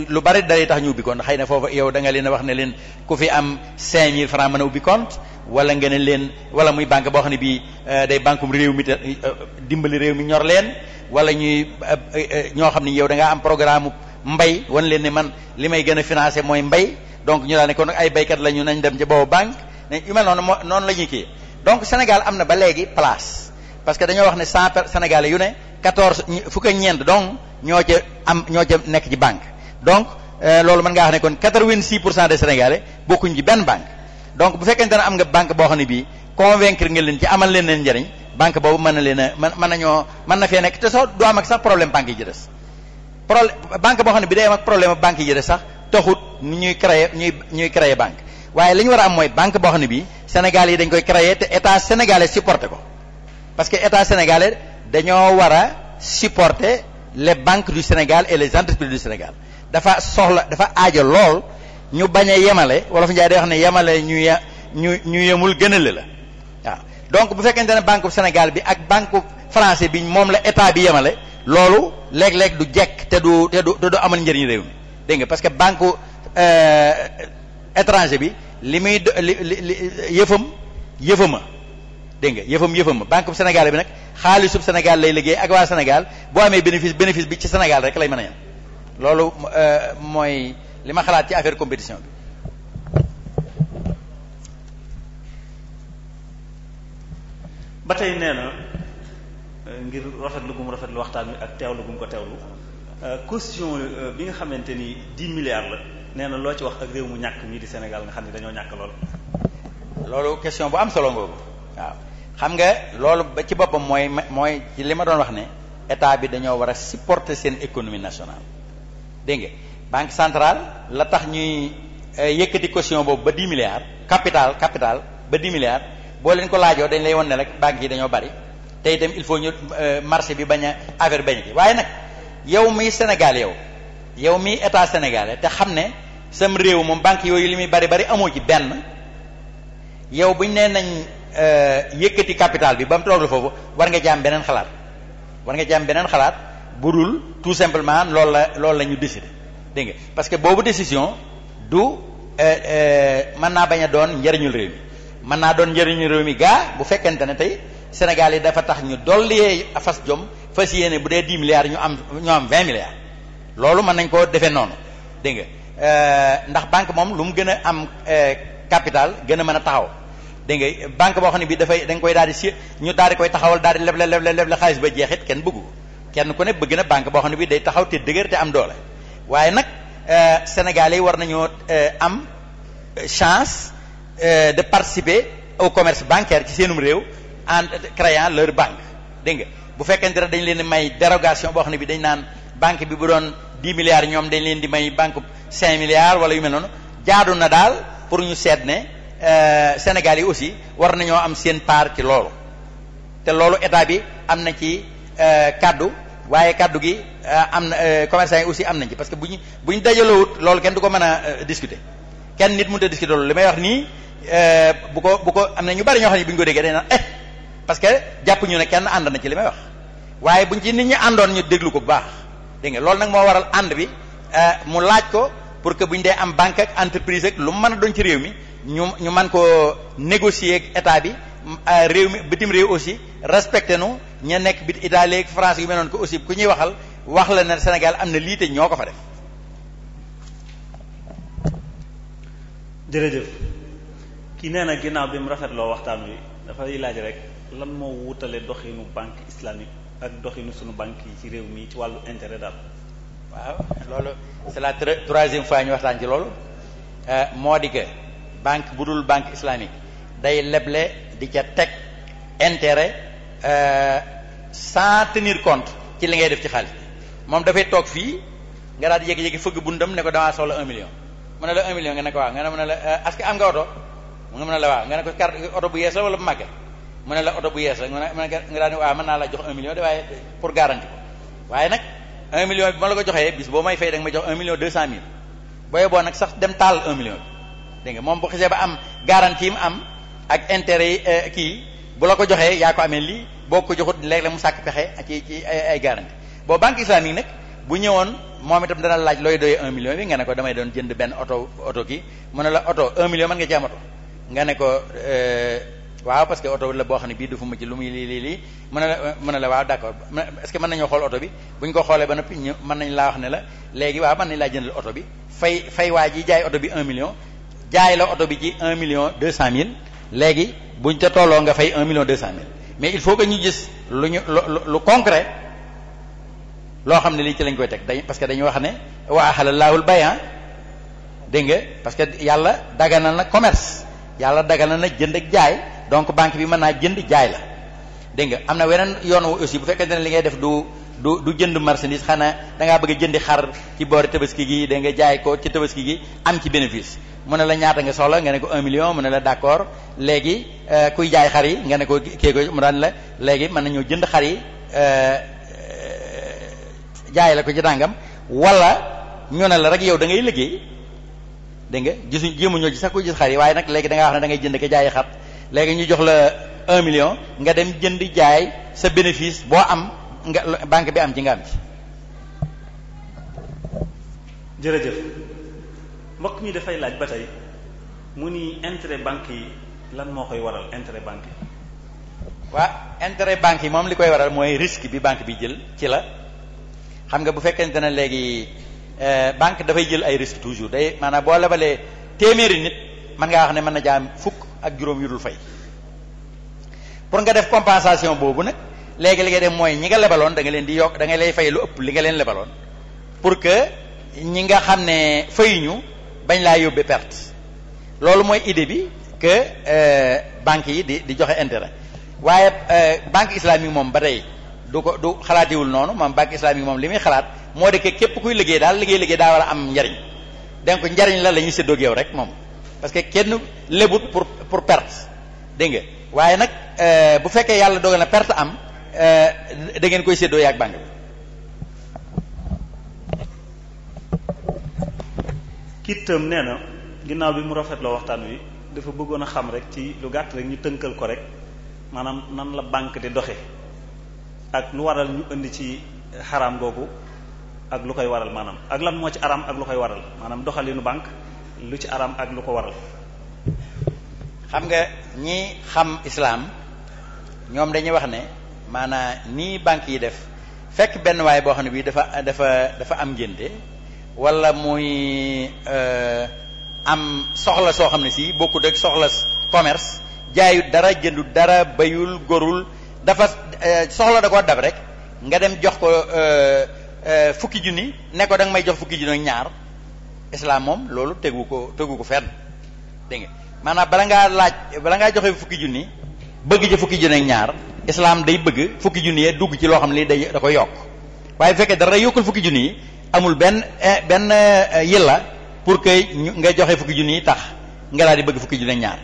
lu bari dalay tax ñu ubbi compte xëy na foofu yow da nga leen wax ne leen ku fi am 5000 francs mën a ubbi compte wala nga ne leen wala muy banque boo xam ne bii euh, day bankum réew mi te euh, dimbali réew mi ñor leen wala ñuy ñoo xam ne yow da ngaa am programme mbay wan leen ne man li may gën a financé mooy mbay donc ñu daal ne kon ay baykat la ñu nañ dem ci boobu banque ne ma mel noonu moo noonu la ñuy kii donc Sénégal am na ba léegi place parce que dañoo wax ne cent Sénégalais yu ne quatorze fukk ak ñeent donc ñoo ca am ñoo ca nekk ci banque donc euh, loolu mën ngaa wax ne kon quatre-vingt-six pour cent des Sénégalais bokkuñ ci benn banque donc bu fekkente ne am nga banque boo xam ne bii convaincre nga leen ci amal leen leen njariñ banque boobu mën na leen a mën mën nañoo mën na fee nekk te soo du ak sax problème banque yi problème banque boo xam ne bi day am ak problème banque yi de sax taxut ñuy créer ñuy ñuy créer banque waaye li ñu war a am mooy banque boo xam ne bii Sénégal yi dañ koy créer te état sénégalais supporté ko parce que état sénégalais dañoo war a supporter les banques du Sénégal et le entreprises du Sénégal dafa soxla dafa aajo lool ñu bañ a yemale wolof Njaay day wax ne yemale ñu ye ñu ñu yemul gënale la waaw donc bu fekkente ne banque Sénégal bi ak banque français bi moom la état bi yemale loolu léeg-léeg du jekk te du te du te du amal njëriñ réew mi dégg nga parce que banque euh, étranger bi li muy li li yëfam yëfama dégg nga yëfam yëfama banque bu Sénégal bi nag xaalisub Sénégal lay liggéey ak waa Sénégal boo amee bénéfice bénéfice bi ci Sénégal rek lay mën a yem loolu euh, mooy li ma xalaat ci affaire compétition bi. ba tey nee ngir rafetlu gum lu waxtaan wi ak teewlu gum ko teewlu euh, caution euh, bi nga xamante ni di milliards la nee na loo ci wax ak réew mu ñàkk mii di Sénégal nga xam ne dañoo ñàkk lool. loolu question bu am solo ngoogu waaw xam nga loolu ba ci boppam mooy mooy ci li ma doon wax ne état bi dañoo war a supporter seen économie nationale dégg nga banque centrale la tax ñuy euh, yëkkati caution boobu ba 10 milliards capital capital ba 10 milliards boo leen ko laajoo dañ lay won rek banques yi dañoo bari tey itam il faut ñu euh, marché bi bañ a bañ a waaye nag yow mi Sénégal yow yow miy état sénégalais te xam ne sam réew moom banque yooyu li muy bari bari amoo ci benn yow buñ nee nañ euh, yëkkati capital bi ba mu tooglu foofu war nga ci beneen xalaat war nga ci beneen xalaat bu dul tout simplement lool la loolu la ñu décider dégg parce que boobu décision du euh, mën naa bañ a doon njariñul réew mi mën naa doon njariñul réew mi gaa bu fekkente ne tey. Sénégal yi dafa tax ñu dolli fas jom fas yéene bu dee 10 milliards ñu am ñu am 20 milliards loolu mën nañ koo defee noonu dégg nga euh, ndax banque moom lu mu gën a am euh, capital gën a mën a taxaw dégg nga banque boo xam ne bii dafay da koy daal di si ñu daal koy taxawal daal leb leble leb leble xaalis ba jeexit kenn bëggu ko kenn ku ne bëgg na banque boo xam ne bii day taxaw te dëgër te am doole waaye nag euh, Sénégal yi war nañoo am chance de participer au commerce bancaire ci seenum réew. en créant leur banque dégg nga bu fekkente ne dañ leen di may dérogation boo xam ne bi dañ naan banque bi bu doon dix milliards ñoom dañ leen di may banque cinq milliards wala yu mel noonu jaadu na daal pour ñu seet ne euh, Sénégal yi aussi war nañoo am seen part ci loolu te loolu état bi am na ci euh, kaddu waaye kaddu gi euh, am na commerçant yi aussi am nañ ci parce que bu ñu bu ñu dajalowut loolu kenn du ko mën a discuter kenn nit mënut a discuter loolu li may wax nii bu ko bu ko am na ñu ñoo xam ko déggee day naan eh, parce que jàpp ñu ne kenn ànd na ci li may wax waaye buñ ci nit ñi àndoon ñu déglu ko bu baax dégg nga loolu nag moo waral ànd bi euh, mu laaj ko pour que buñ dee am banque ak entreprise ak lu mu mën a doon ci réew mi ñu ñu mën koo négocier ak état bi euh, réew mi bitim réew aussi respecté nu ña nekk bi Italie ak France yu mel ko aussi ku ñuy waxal wax la na Sénégal am na lii te ñoo ko fa def. jërëjëf kii nee na ginnaaw bi mu rafetloo waxtaan wi dafay laaj rek. lan moo wutale doxinu banque islamique ak doxinu suñu banque yi ci réew mii ci wàllu intérêt dal waaw loolu c'est la troisième fois ñu waxtaan ci loolu euh, moo di que banque bu dul banque islamique day leble di ca teg intérêt euh, sans tenir compte ci li ngay def ci xaalis moom dafay toog fii nga daal di yéegi-yéegi fëgg bundam ne ko damaa soxla un million mu ne la un million nga ne ko waaw nga ne mu ne la euh, est am nga oto mu ne la waaw nga ne ko carte oto mu ne la oto bu yees rek nga ne nga naa la jox un million de waaye pour garantie waaye nag un million bi la ko joxee bis boo may fay da ma jox un million deux cent mille booyee boo nag sax dem taal un million bi dégg nga moom bu xisee ba am garantie yi mu am ak intérêt yi euh, kii bu la ko joxee yaa ko amee lii boo ko joxut léeg la mu sàkk pexe ci ci ay garantie boo banque islamique nag bu ñëwoon moom itam dana laaj looy doyee un million bi nga ne ko damay doon jënd benn oto oto kii mu ne la oto un million mën nga ci am oto nga ne ko euh, waaw parce que oto la boo xam ne bii du fu ma ci lu muy lii lii lii mën na la mën na la waaw d'accord est-ce que mën nañoo xool oto bi bu ñu ko xoolee ba noppi ñu mën nañ laa wax ne la léegi waaw man nañ laa jëndal oto bi fay fay waa ji jaay oto bi un million jaay la oto bi ci un million deux cent mille léegi buñ ca tolloo nga fay un million deux cent mille mais il faut que ñu gis lu ñu lu lu lu concret loo xam ne lii ci lañ koy teg dañ parce que dañu wax ne waa xala laawul bayan dégg nga parce que yàlla daganal na commerce yàlla daganal na jënd ak jaay donc banque bi mën naa jënd jaay la dégg nga am na weneen yoonu wu aussi bu fekkente ne li ngay def du du du jënd marchandise xanaa da ngaa bëgg a jëndi xar ci boori tabaski gi da nga jaay ko ci tabaski gi am ci bénéfice mu ne la ñaata nga soxla nga ne ko un million mu ne la d'accord léegi euh, kuy jaay xar yi nga ne ko kii mu daan la léegi mën nañoo jënd xar yi euh, jaay la ko ci dàngam wala ñu ne la rek yow da ngay liggéey dégg nga gisuñ jéemuñoo ci sax ku gis xar yi waaye nag léegi danga ngaa wax ne da ngay jënd ko jaayi xar léegi ñu jox la un million nga dem jënd jaay sa bénéfice boo am nga banque bi am ci nga am ci. jërëjëf mbokk mi dafay laaj ba tey mu ni intérêt banque yi lan moo koy waral intérêt banque yi. waa intérêt banque yi moom li koy waral mooy risque bi banque bi jël ci la xam nga bu fekkente ne léegi euh, banque dafay jël ay risque toujours day maanaa boo lebalee téeméeri nit mën ngaa wax ne mën a jaam fukk ak juróom yu dul fay pour nga def compensation boobu nag léegi li ngay def mooy ñi nga lebaloon da leen di yokk danga lay fay lu ëpp li nga leen lebaloon pour que ñi nga xam ne fayuñu bañ laa yóbbee perte loolu mooy idée bi que euh, banques yi di di joxe intérêt waaye euh, banque islamique moom ba tey du ko du xalaatiwul noonu moom banque islamique moom li muy xalaat moo de que képp kuy liggéey daal liggéey liggéey daa war a am njariñ donc njariñ la la ñuy séddoo yow rek moom parce que kenn lebut pour pour perte dégg waaye nag euh, bu fekkee yàlla dogal na perte am euh, da ngeen koy séddoo yaak banque bi kiitam nee na ginnaaw bi mu rafet rafetloo waxtaan wi dafa bëggoon a xam rek ci lu gàtt rek ñu tënkal ko rek maanaam nan la banque di doxe ak lu waral ñu indi ci xaraam googu ak lu koy waral maanaam ak lan moo ci aram ak lu koy waral maanaam doxalinu bànk lu ci araam ak lu ko waral xam nga ñi xam islaam ñoom dañuy wax ne maanaa nii banque yi def fekk benn waay boo xam ne bii dafa dafa dafa am ngénte walla muy euh, am soxla soo xam ne si bokkut ak soxla commerce jaayut dara jëndut dara bayul gorul dafa euh, soxla da koo dab rek nga dem jox ko euh, fukki junni ne ko da may jox fukki junni ak ñaar islam moom loolu tegu ko tegu ko fenn dégg nga maanaam bala ngaa laaj bala ngaa joxe fukki junni bëgg ci fukki junni ak ñaar islam day bëgg fukki junni yee dugg ci loo xam ne day da ko yokk waaye bu fekkee dara yokkul fukki junni yi amul benn eh, benn eh, yilla pour que nga joxe fukki junni yi tax nga daal di bëgg fukki junni ak ñaar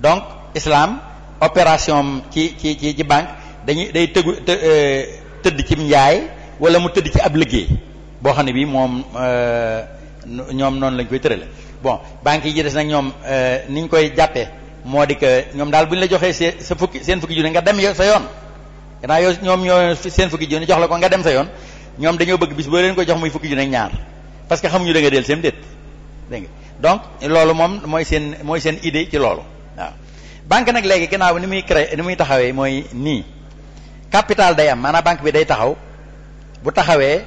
donc islam opération ci ci ci ci banque dañuy day tëgu eh, tëdd ci njaay wala mu tëdd ci ab liggéey boo xam ne bii moom. ñoom noonu lañ koy tërale bon banque yi des nag ñoom euh, ni ñu koy jàppee moo di que ñoom daal bu ñu la joxee see sa fukki seen fukki junni nga dem sa yoon gannaaw yow ñoom ñoo seen fukki junni jox la ko nga dem sa yoon ñoom dañoo bëgg bis boo leen ko jox muy fukki junni ak ñaar parce que xamuñu da nga del seen déet dégg nga donc loolu moom mooy seen mooy seen idée ci loolu waaw banque nag léegi gannaaw ni muy créé ni muy taxawee mooy nii capital day am maanaa banque bi day taxaw bu taxawee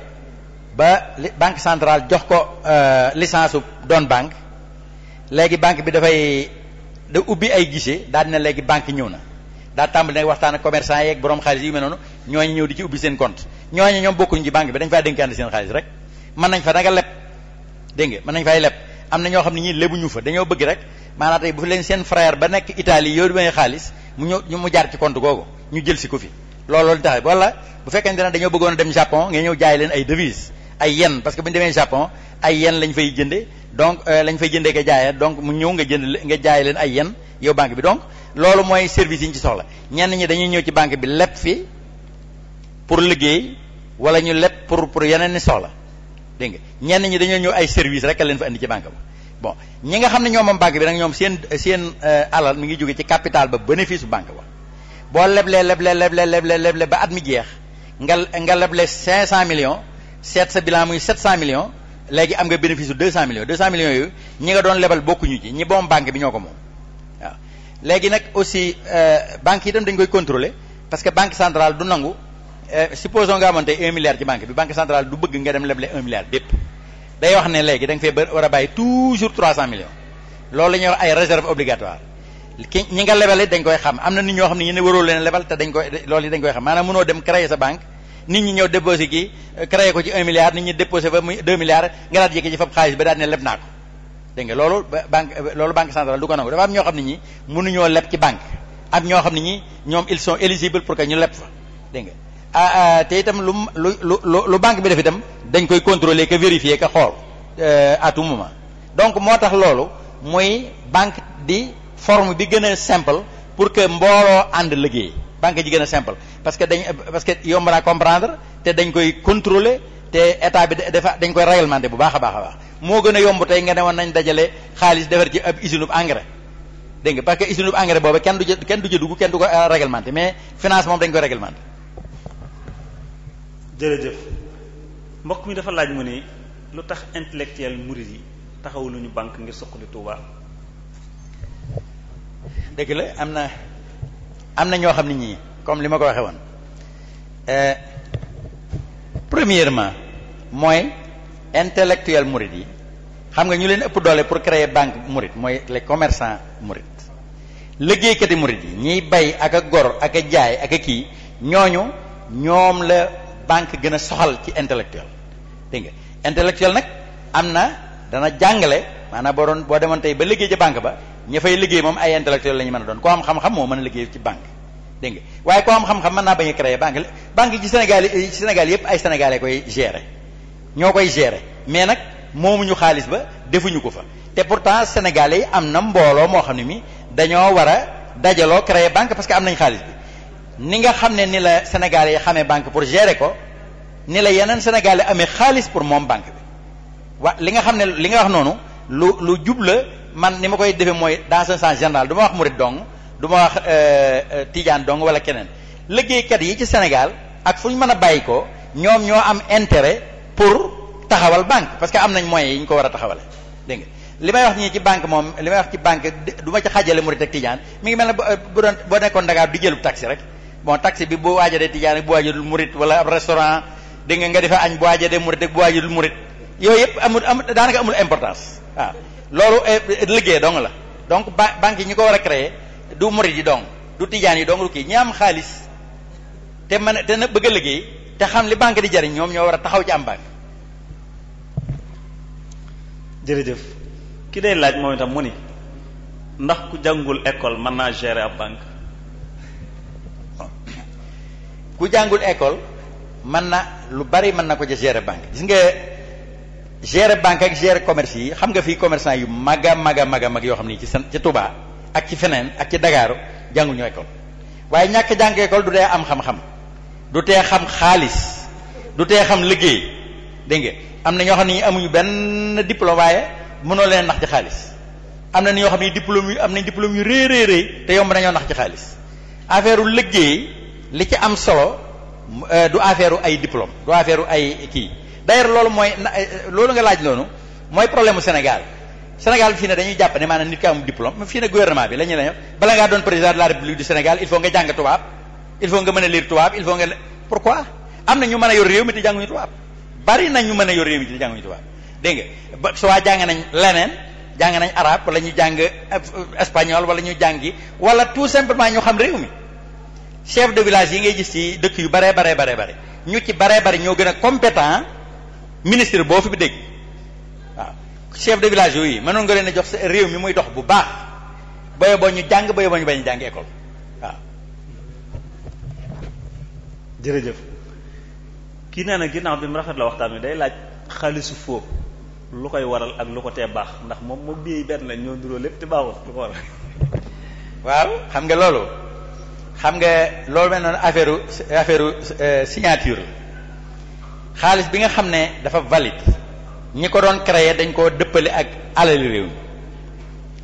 ba banque centrale jox ko euh, licence su doon banque léegi banque bi dafay da ubbi ay guichet daal dina léegi banque ñëw na daa tàmbali nag waxtaan ak commerçant yeeg borom xaalis yi mel noonu ñoo ñëw di ci ubbi seen compte ñooñu ñoom bokkuñu ci banque bi dañ faa dénkaandi seen xaalis rek mën nañ fa danga leb dégg nga mën nañ fay leb am na ñoo xam ne ñii ñu fa dañoo bëgg rek maanaam tey bu leen seen frère ba nekk Italie yooyu may xaalis mu ñëw mu jaar ci compte ñu jël si ko fi loolu loolu wala bu fekkee ne dañoo bëggoon dem Japon ñëw jaay leen ay devises ay yen parce que bu ñu demee Japon ay yen lañ fay jënde donc euh, lañ fay jëndee nga jaayee donc mu ñëw nga jënd nga jaay leen ay yen yow banque bi donc loolu mooy service yi ñu ci soxla ñen ñi dañuy ñëw ci banque bi leb fi pour liggéey wala ñu leb pour pour yeneen ni soxla dégg nga ñenn ñi dañoo ñëw ay service rek a leen fa indi ci banque ba bon ñi nga xam ne ñoom moom banque bi nag ñoom seen seen euh, alal mu ngi jóge ci capital ba bénéfice banque ba boo leblee leble leble leble leble ba at mi jeex nga nga leble 500 millions seet sa bilan muy 700 millions léegi am nga bénéfice bu 200 millions 200 millions yooyu ñi nga doon lebal bokkuñu ci ñi boom banque bi ñoo ko moom waaw. léegi nag aussi euh, banque yi itam dañ koy contrôler parce que banque centrale du nangu euh, supposons nga amante 1 milliard ci banque bi banque centrale du bëgg nga dem leble 1 milliard bépp day wax ne léegi da nga fee ba war a bàyyi toujours 300 millions loolu la ñuy wax ay réserve obligatoire ki ñi nga lebal leen lebal te dañ koy loolu yi dem créer sa banque. nit ñi ñëw déposé kii créé ko ci un milliard nit ñi déposé ba muy deux milliards nga daal yëkki ci fab xaalis ba daal ne leb naa ko dégg nga loolu banque loolu banque centrale du ko nangu dafa am ñoo xam ne ñi mënuñoo leb ci banque am ñoo xam ne ñi ñoom ils sont éligibles pour que ñu leb fa dégg nga ah, ah, te itam lu lu lu lu banque bi def itam dañ koy contrôler que vérifier que xool euh, à tout moment donc moo tax loolu mooy banque di forme bi gën a simple pour que mbooloo ànd liggéey banque jigéen a simple parce que dañ parce que yomb naa comprendre te dañ koy contrôler te état bi dafa dañ koy réglementer bu baax a baax a baax moo gën a yomb tey nga ne woon nañ dajale xaalis defar ci ab usine bu engrais dégg nga parce que usine bu engrais boobu kenn du kenn du ca dugg ko euh, réglementer mais finance moom dañ koy réglementer. jërëjëf mbokk mi dafa laaj mu ne lu tax intellectuel murid yi taxawu ñu banque ngir suqali Touba. dëgg la am na. am na ñoo xam ne ñii comme li ma ko waxee woon euh, premièrement mooy intellectuel murid yi xam nga ñu leen ëpp doole pour créer banque murid mooy les commerçants murid liggéeykati murid yi ñiy bay ak a gor ak a jaay ak a kii ñooñu ñoom la banque gën a soxal ci intellectuel dégg nga intellectuel nag am na dana jàngale maanaam boo doon boo demoon tey ba liggéey ca banque ba ña fay liggéey moom ay intellectuel la ñu mën a doon ko am xam-xam moo mën a liggéey ci banque dégg nga waaye koo am xam-xam mën naa bañ a créer banque banque ci Sénégal yi Sénégal yëpp ay sénégalais koy gérer ñoo koy gérer mais nag moomuñu xaalis ba defuñu ko fa te pourtant sénégalais am na mbooloo moo xam ne mi dañoo war a dajaloo créer banque parce que am nañ xaalis bi ni nga xam ne ni la sénégalais yi xamee banque pour gérer ko ni la yeneen sénégalais amee xaalis pour moom banque bi wa li nga xam ne li nga wax noonu lu lu jub la man ni ma koy defee mooy dans un sens général du ma wax murid dong du ma wax euh, euh, tijaan dong wala keneen liggéeykat yi ci Sénégal ak fu ñu mën a bàyyi ko ñoom ñoo am intérêt pour taxawal banque parce que am nañ moyens yi ñu ko war a taxawale dégg nga li may wax ñii ci banque moom li may wax ci banque du ma ci xajale murid ak tijaan mi ngi mel na euh, bu doon boo nekkoon Dakar di jëlub taxi rek bon taxi bi boo waajalee tijaan ak bu waajadul murid wala ab restaurant dégg añ bu waajadee murid ak bu waajadul yooyu yëpp amul amul daanaka amul importance waaw loolu eh, liggéey dong la donc ba banque yi ñi ko war a créer du murid yi dong du tijaan yi dong du kii ñi am xaalis te mën te na bëgg a liggéey te xam li banque di jariñ ñoom ñoo war a taxaw ci am banque. jërëjëf ki day laaj moom itam mu ni ndax ku jàngul école mën naa gérer ab banque. ku jàngul école mën na lu bari mën na ko ca gérer banque gis nga. gérer banque ak gérer commerce yi xam nga fii commerçant yu mag a mag a mag a mag yoo xam ni ci ci Touba ak ci feneen ak ci Dakar jànguñu école waaye ñàkk jàng école du tee am xam-xam du tee xam xaalis du tee xam liggéey dégg nga am na ñoo xam ne amuñu benn diplôme mënoo leen nax ci xaalis am na ñoo xam ne diplôme yu am nañ diplôme yu rëy rëy rëy te yomb nañoo nax ci xaalis affaire liggéey li ci am solo euh, du affaire ay diplôme du affaire ay kii. d'ailleurs loolu mooy na eh, loolu nga laaj loonu mooy problème Sénégal Sénégal fii ne dañuy jàpp ne maanaam nit ki am diplôme fii ne gouvernement bi la ñu ne bala ngaa doon président de la république du Sénégal il faut nga jàng tubaab il faut nga mën a lire tubaab il faut nga pourquoi am na ñu mën a yor réew mi te jànguñu tubaab bari nañ ñu mën a yor réew mi te jànguñu tubaab dégg nga ba soit jàng nañ leneen jàng nañ arabe wala ñu jàng eh, espagnol wala ñu jàngi wala tout simplement ñu xam réew mi chef de village yi ngay gis ci dëkk yu baree baree baree bare ñu ci baree bari ñoo gën a compétent ministre boo fi dégg waaw chef de village yooyu mënoon nga leen a jox réew mi muy dox bu baax boyo boo ñu jàng boyo boo ñu bañ a jàng école waaw jërëjëf kii nee na ginnaaw bi mu rafet la waxtaan wi day laaj xaalisu foo lu koy waral ak lu ko tee baax ndax moom moo bii benn la ñoo duroo lépp te baaxul lu ko waral waaw xam nga loolu xam nga loolu mel noonu affaire affaire euh, signature la xaalis bi nga xam ne dafa valide ñi ko doon créer dañ koo dëppale ak alali réew mi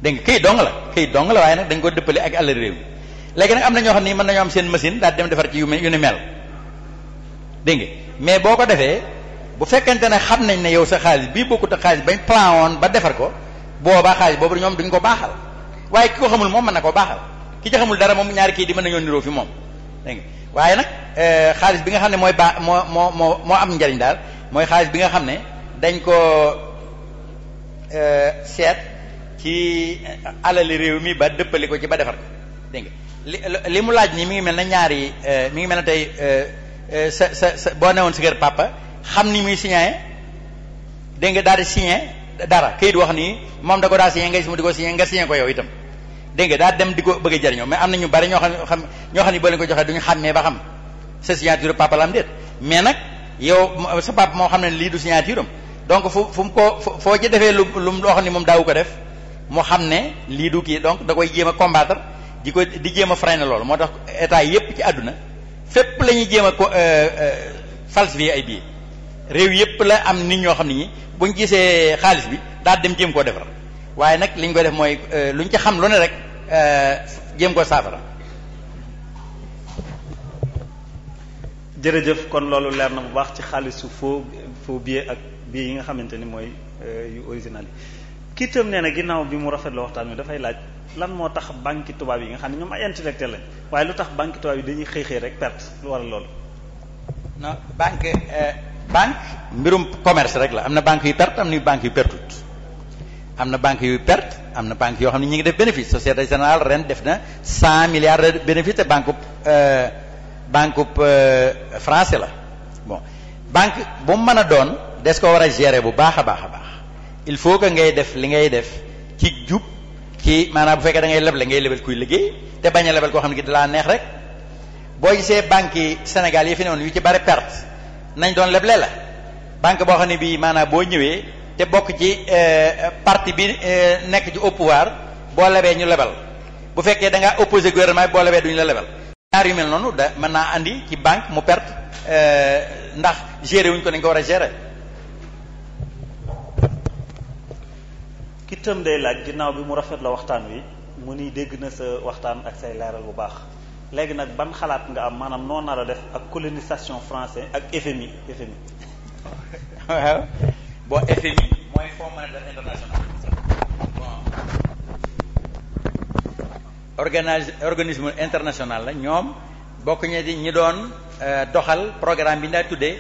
dégg nga këyit dong la këyit dong la waaye nag dañ koo dëppale ak alali réew mi léegi nag am na ñoo xam ne mën nañoo am seen machine daal dem defar ci yu yu ni mel dégg nga mais boo ko defee bu fekkente ne xam nañ ne yow sa xaalis bii bokkut ak xaalis bañ plan woon ba defar ko boobaa xaalis boobu ñoom duñ ko baaxal waaye ki ko xamul moom mën na ko baaxal ki ci xamul dara moom ñaari kii di mën nañoo niroo fi moom dégg waaye nag euh, xaalis bi nga xam ne mooy baa moo moo moo moo am njariñ daal mooy xaalis bi nga xam ne dañ ko euh, seet ci alali réew mi ba dëppali ko ci ba defar ko dégg nga li li mu laaj nii mi ngi mel na ñaari euh, mi ngi mel na tey sa sa sa boo woon si kër papa xam ni muy signé dégg nga daal di signé dara këyit wax nii moom da ko daa signé ngay si mu di ko signé nga signé ko yow itam dégg nga daa dem di ko bëgg a jariñoo mais am na ñu bari ñoo xam ñoo xam ne boo leen ko joxee du ñu xàmmee ba xam sa signature papa la mais nag yow sa papa moo xam ne lii du signature am donc fu fu mu ko foo ci defee lu lu loo xam ne moom daawu ko def mu xam ne lii du kii donc da koy jéem a combattre di ko di jéem a freiner loolu moo tax état yépp ci àdduna fépp la ñuy jéem a ko euh, euh, falsifier ay bii réew yépp la am nit ñoo xam ne ñi buñ gisee xaalis bi daal dem jéem koo defar. waaye nag li ñu koy def mooy euh, lu ñu ci xam lu ne rek euh, jëm ko saafara. jërëjëf kon loolu leer na bu baax ci xaalisu faux faux billet ak bii yi nga xamante ni mooy euh, yu original yi kii itam nee na ginnaaw bi mu rafet rafetlu waxtaan wi dafay laaj lan moo tax banque tubaab yi nga xam ne ñoom ay intellectuel lañ waaye lu tax banque tubaab yi dañuy xëy xëy rek pert lu a loolu. non banque banque. mbirum commerce rek la am na banque yu perte am ni banque yu pertut am na banque yuy perte am na banque yoo xam ne ñu ngi def bénéfice société générale ren def na cent milliards de bénéfice te banque euh, banque euh, français la bon banque bu mu mën a doon des ko war a gérer bu baax a baax a baax il faut que ngay def li ngay def ci jub ci maanaam bu fekkee da ngay leble ngay lebal kuy liggéey te bañ koo xam ne gi dalaa neex rek boo gisee banque yi Sénégal yi fi ne woon yu ci bari perte nañ doon leble la banque boo xam ne bii maanaam boo ñëwee. te bokk ci eh, parti bi eh, nekk ci au pouvoir boo lebee ñu lebal bu fekkee da ngaa opposé gouvernement boo lebee duñu la lebal. ñaar yu mel noonu da mën naa andi ci banque mu perte eh, ndax gérer wuñ ko dañ ko war a gérer. kitam itam day laaj ginnaaw bi mu rafet la waxtaan wi mu ni dégg na sa waxtaan ak say leeral bu baax léegi nag ban xalaat nga am maanaam noo nar a def ak colonisation français ak FMI FMI. boo FMI mooy Fonds monétaire international organisme international la ñoom bokk ñe di ñi doon euh, doxal programme bi ndaa tuddee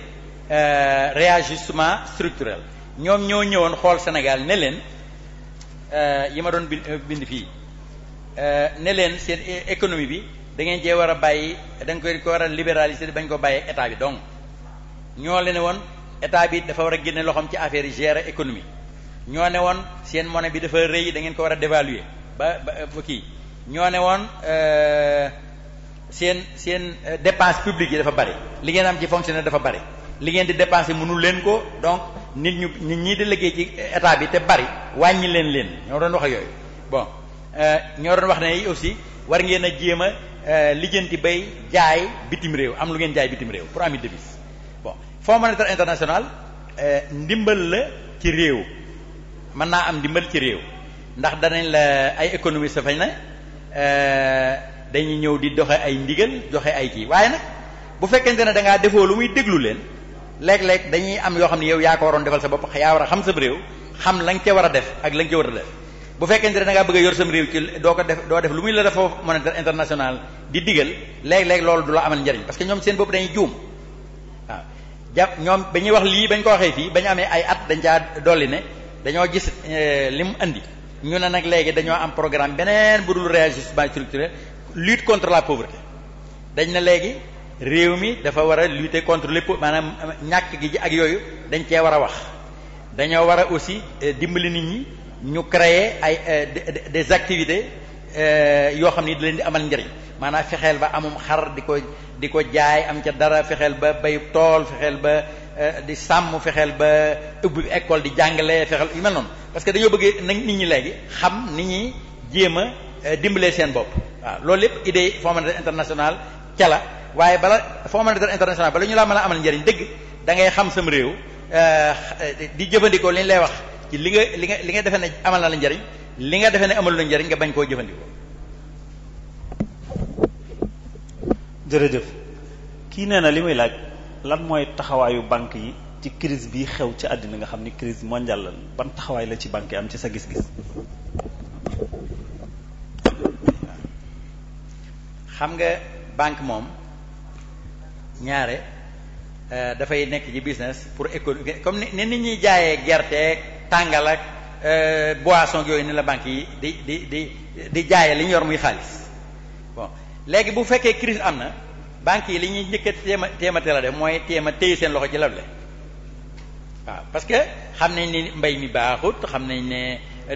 euh, réajustement structurel ñoom ñoo ñëwoon xool Sénégal ne leen euh, yi ma doon bind fii ne leen seen économie bi dangay ngeen war a bàyyi da nga koy ko war a libéraliser bañ ko bàyyee état bi donc ñoo leen woon état bi dafa war a génne loxoom ci affaire yi gérer économie ñoo ne woon seen mone bi dafa rëy da ngeen ko war a dévaluer ba ba kii ñoo ne woon euh, seen seen euh, dépense publique yi dafa bari li ngeen am ci fonctionnaire dafa bari li ngeen di dépenser mënul leen ko donc nit ñu nit ñi di liggéey ci état bi te bari wàññi leen leen ñoo doon wax ak yooyu bon euh, ñoo doon wax ne aussi war ngeen a jéem a lijjanti bay jaay bitim réew am lu ngeen jaay bitim réew pour ami foo monétaire international eh, ndimbal la ci réew mën naa am ndimbal ci réew ndax danañ la ay économistes fañ ne eh, dañuy ñëw di doxe ay ndigal joxe ay kii waaye nag bu fekkente ne da ngaa defoo lu muy déglu leen léeg-léeg dañuy am yoo xam ne yow yaa ko waroon defal sa bopp xam sam réew xam la nga ca war a def ak la nga ca war a def bu fekkente ne da ngaa yor sam réew ci doo ko def doo def lu muy la defoo monétaire international di digal léeg-léeg loolu du la amal njariñ parce que seen bopp dañuy juum jàpp ñoom ba ñuy wax lii bañ ko waxee fii ba ñu amee ay at dañ caa dolli ne dañoo gis eh, li mu indi ñu ne nag léegi dañoo am programme beneen bu dul réajustement structurel lute contre la pauvreté dañ na léegi réew mi dafa war a lutter contre lépp maanaam eh, ñàkk gi ji ak yooyu dañ cee war a wax dañoo war a aussi eh, dimbali nit ñi ñu créer ay des activités Eh, yoo xam ni di leen di amal njariñ maanaa fexeel ba amum xar di ko di ko jaay am ca dara fexeel ba bay tool fexeel ba eh, di sàmm fexeel ba ubbi ecole di jàngale fexeel yi mel noonu parce que dañoo bëgg nag nit ñi léegi xam ni ñuy jéem a eh, dimbalee seen bopp waaw loolu lépp idée Fonds monétaire international ca la waaye bala Fonds monétaire international bala ñu laa mën a amal njariñ dëgg da ngay xam sama réew di jëfandikoo li ñu lay wax ci li nga li nga li nga defee na la njariñ li nga defee ne amul lu njariñ nga bañ koo jëfandikoo. jërëjëf kii nee na li muy laaj lan mooy taxawaayu banque yi ci crise bi xew ci àddina nga xam ni crise mondiale la ban taxawaay la ci banque am ci sa gis-gis. xam nga banque moom ñaare eh, dafay nekk ci business pour économie comme ni nit ñuy jaayee gerte tàngal ak Euh, boisson yooyu ni la banque yi di di di di jaaye li ñu yor muy xaalis bon léegi bu fekkee crise am na banque yi li ñuy njëkk a téema téema teel a def mooy téema téye seen loxo ci leble waaw parce que xam nañ ni mbay mi baaxut xam nañ ne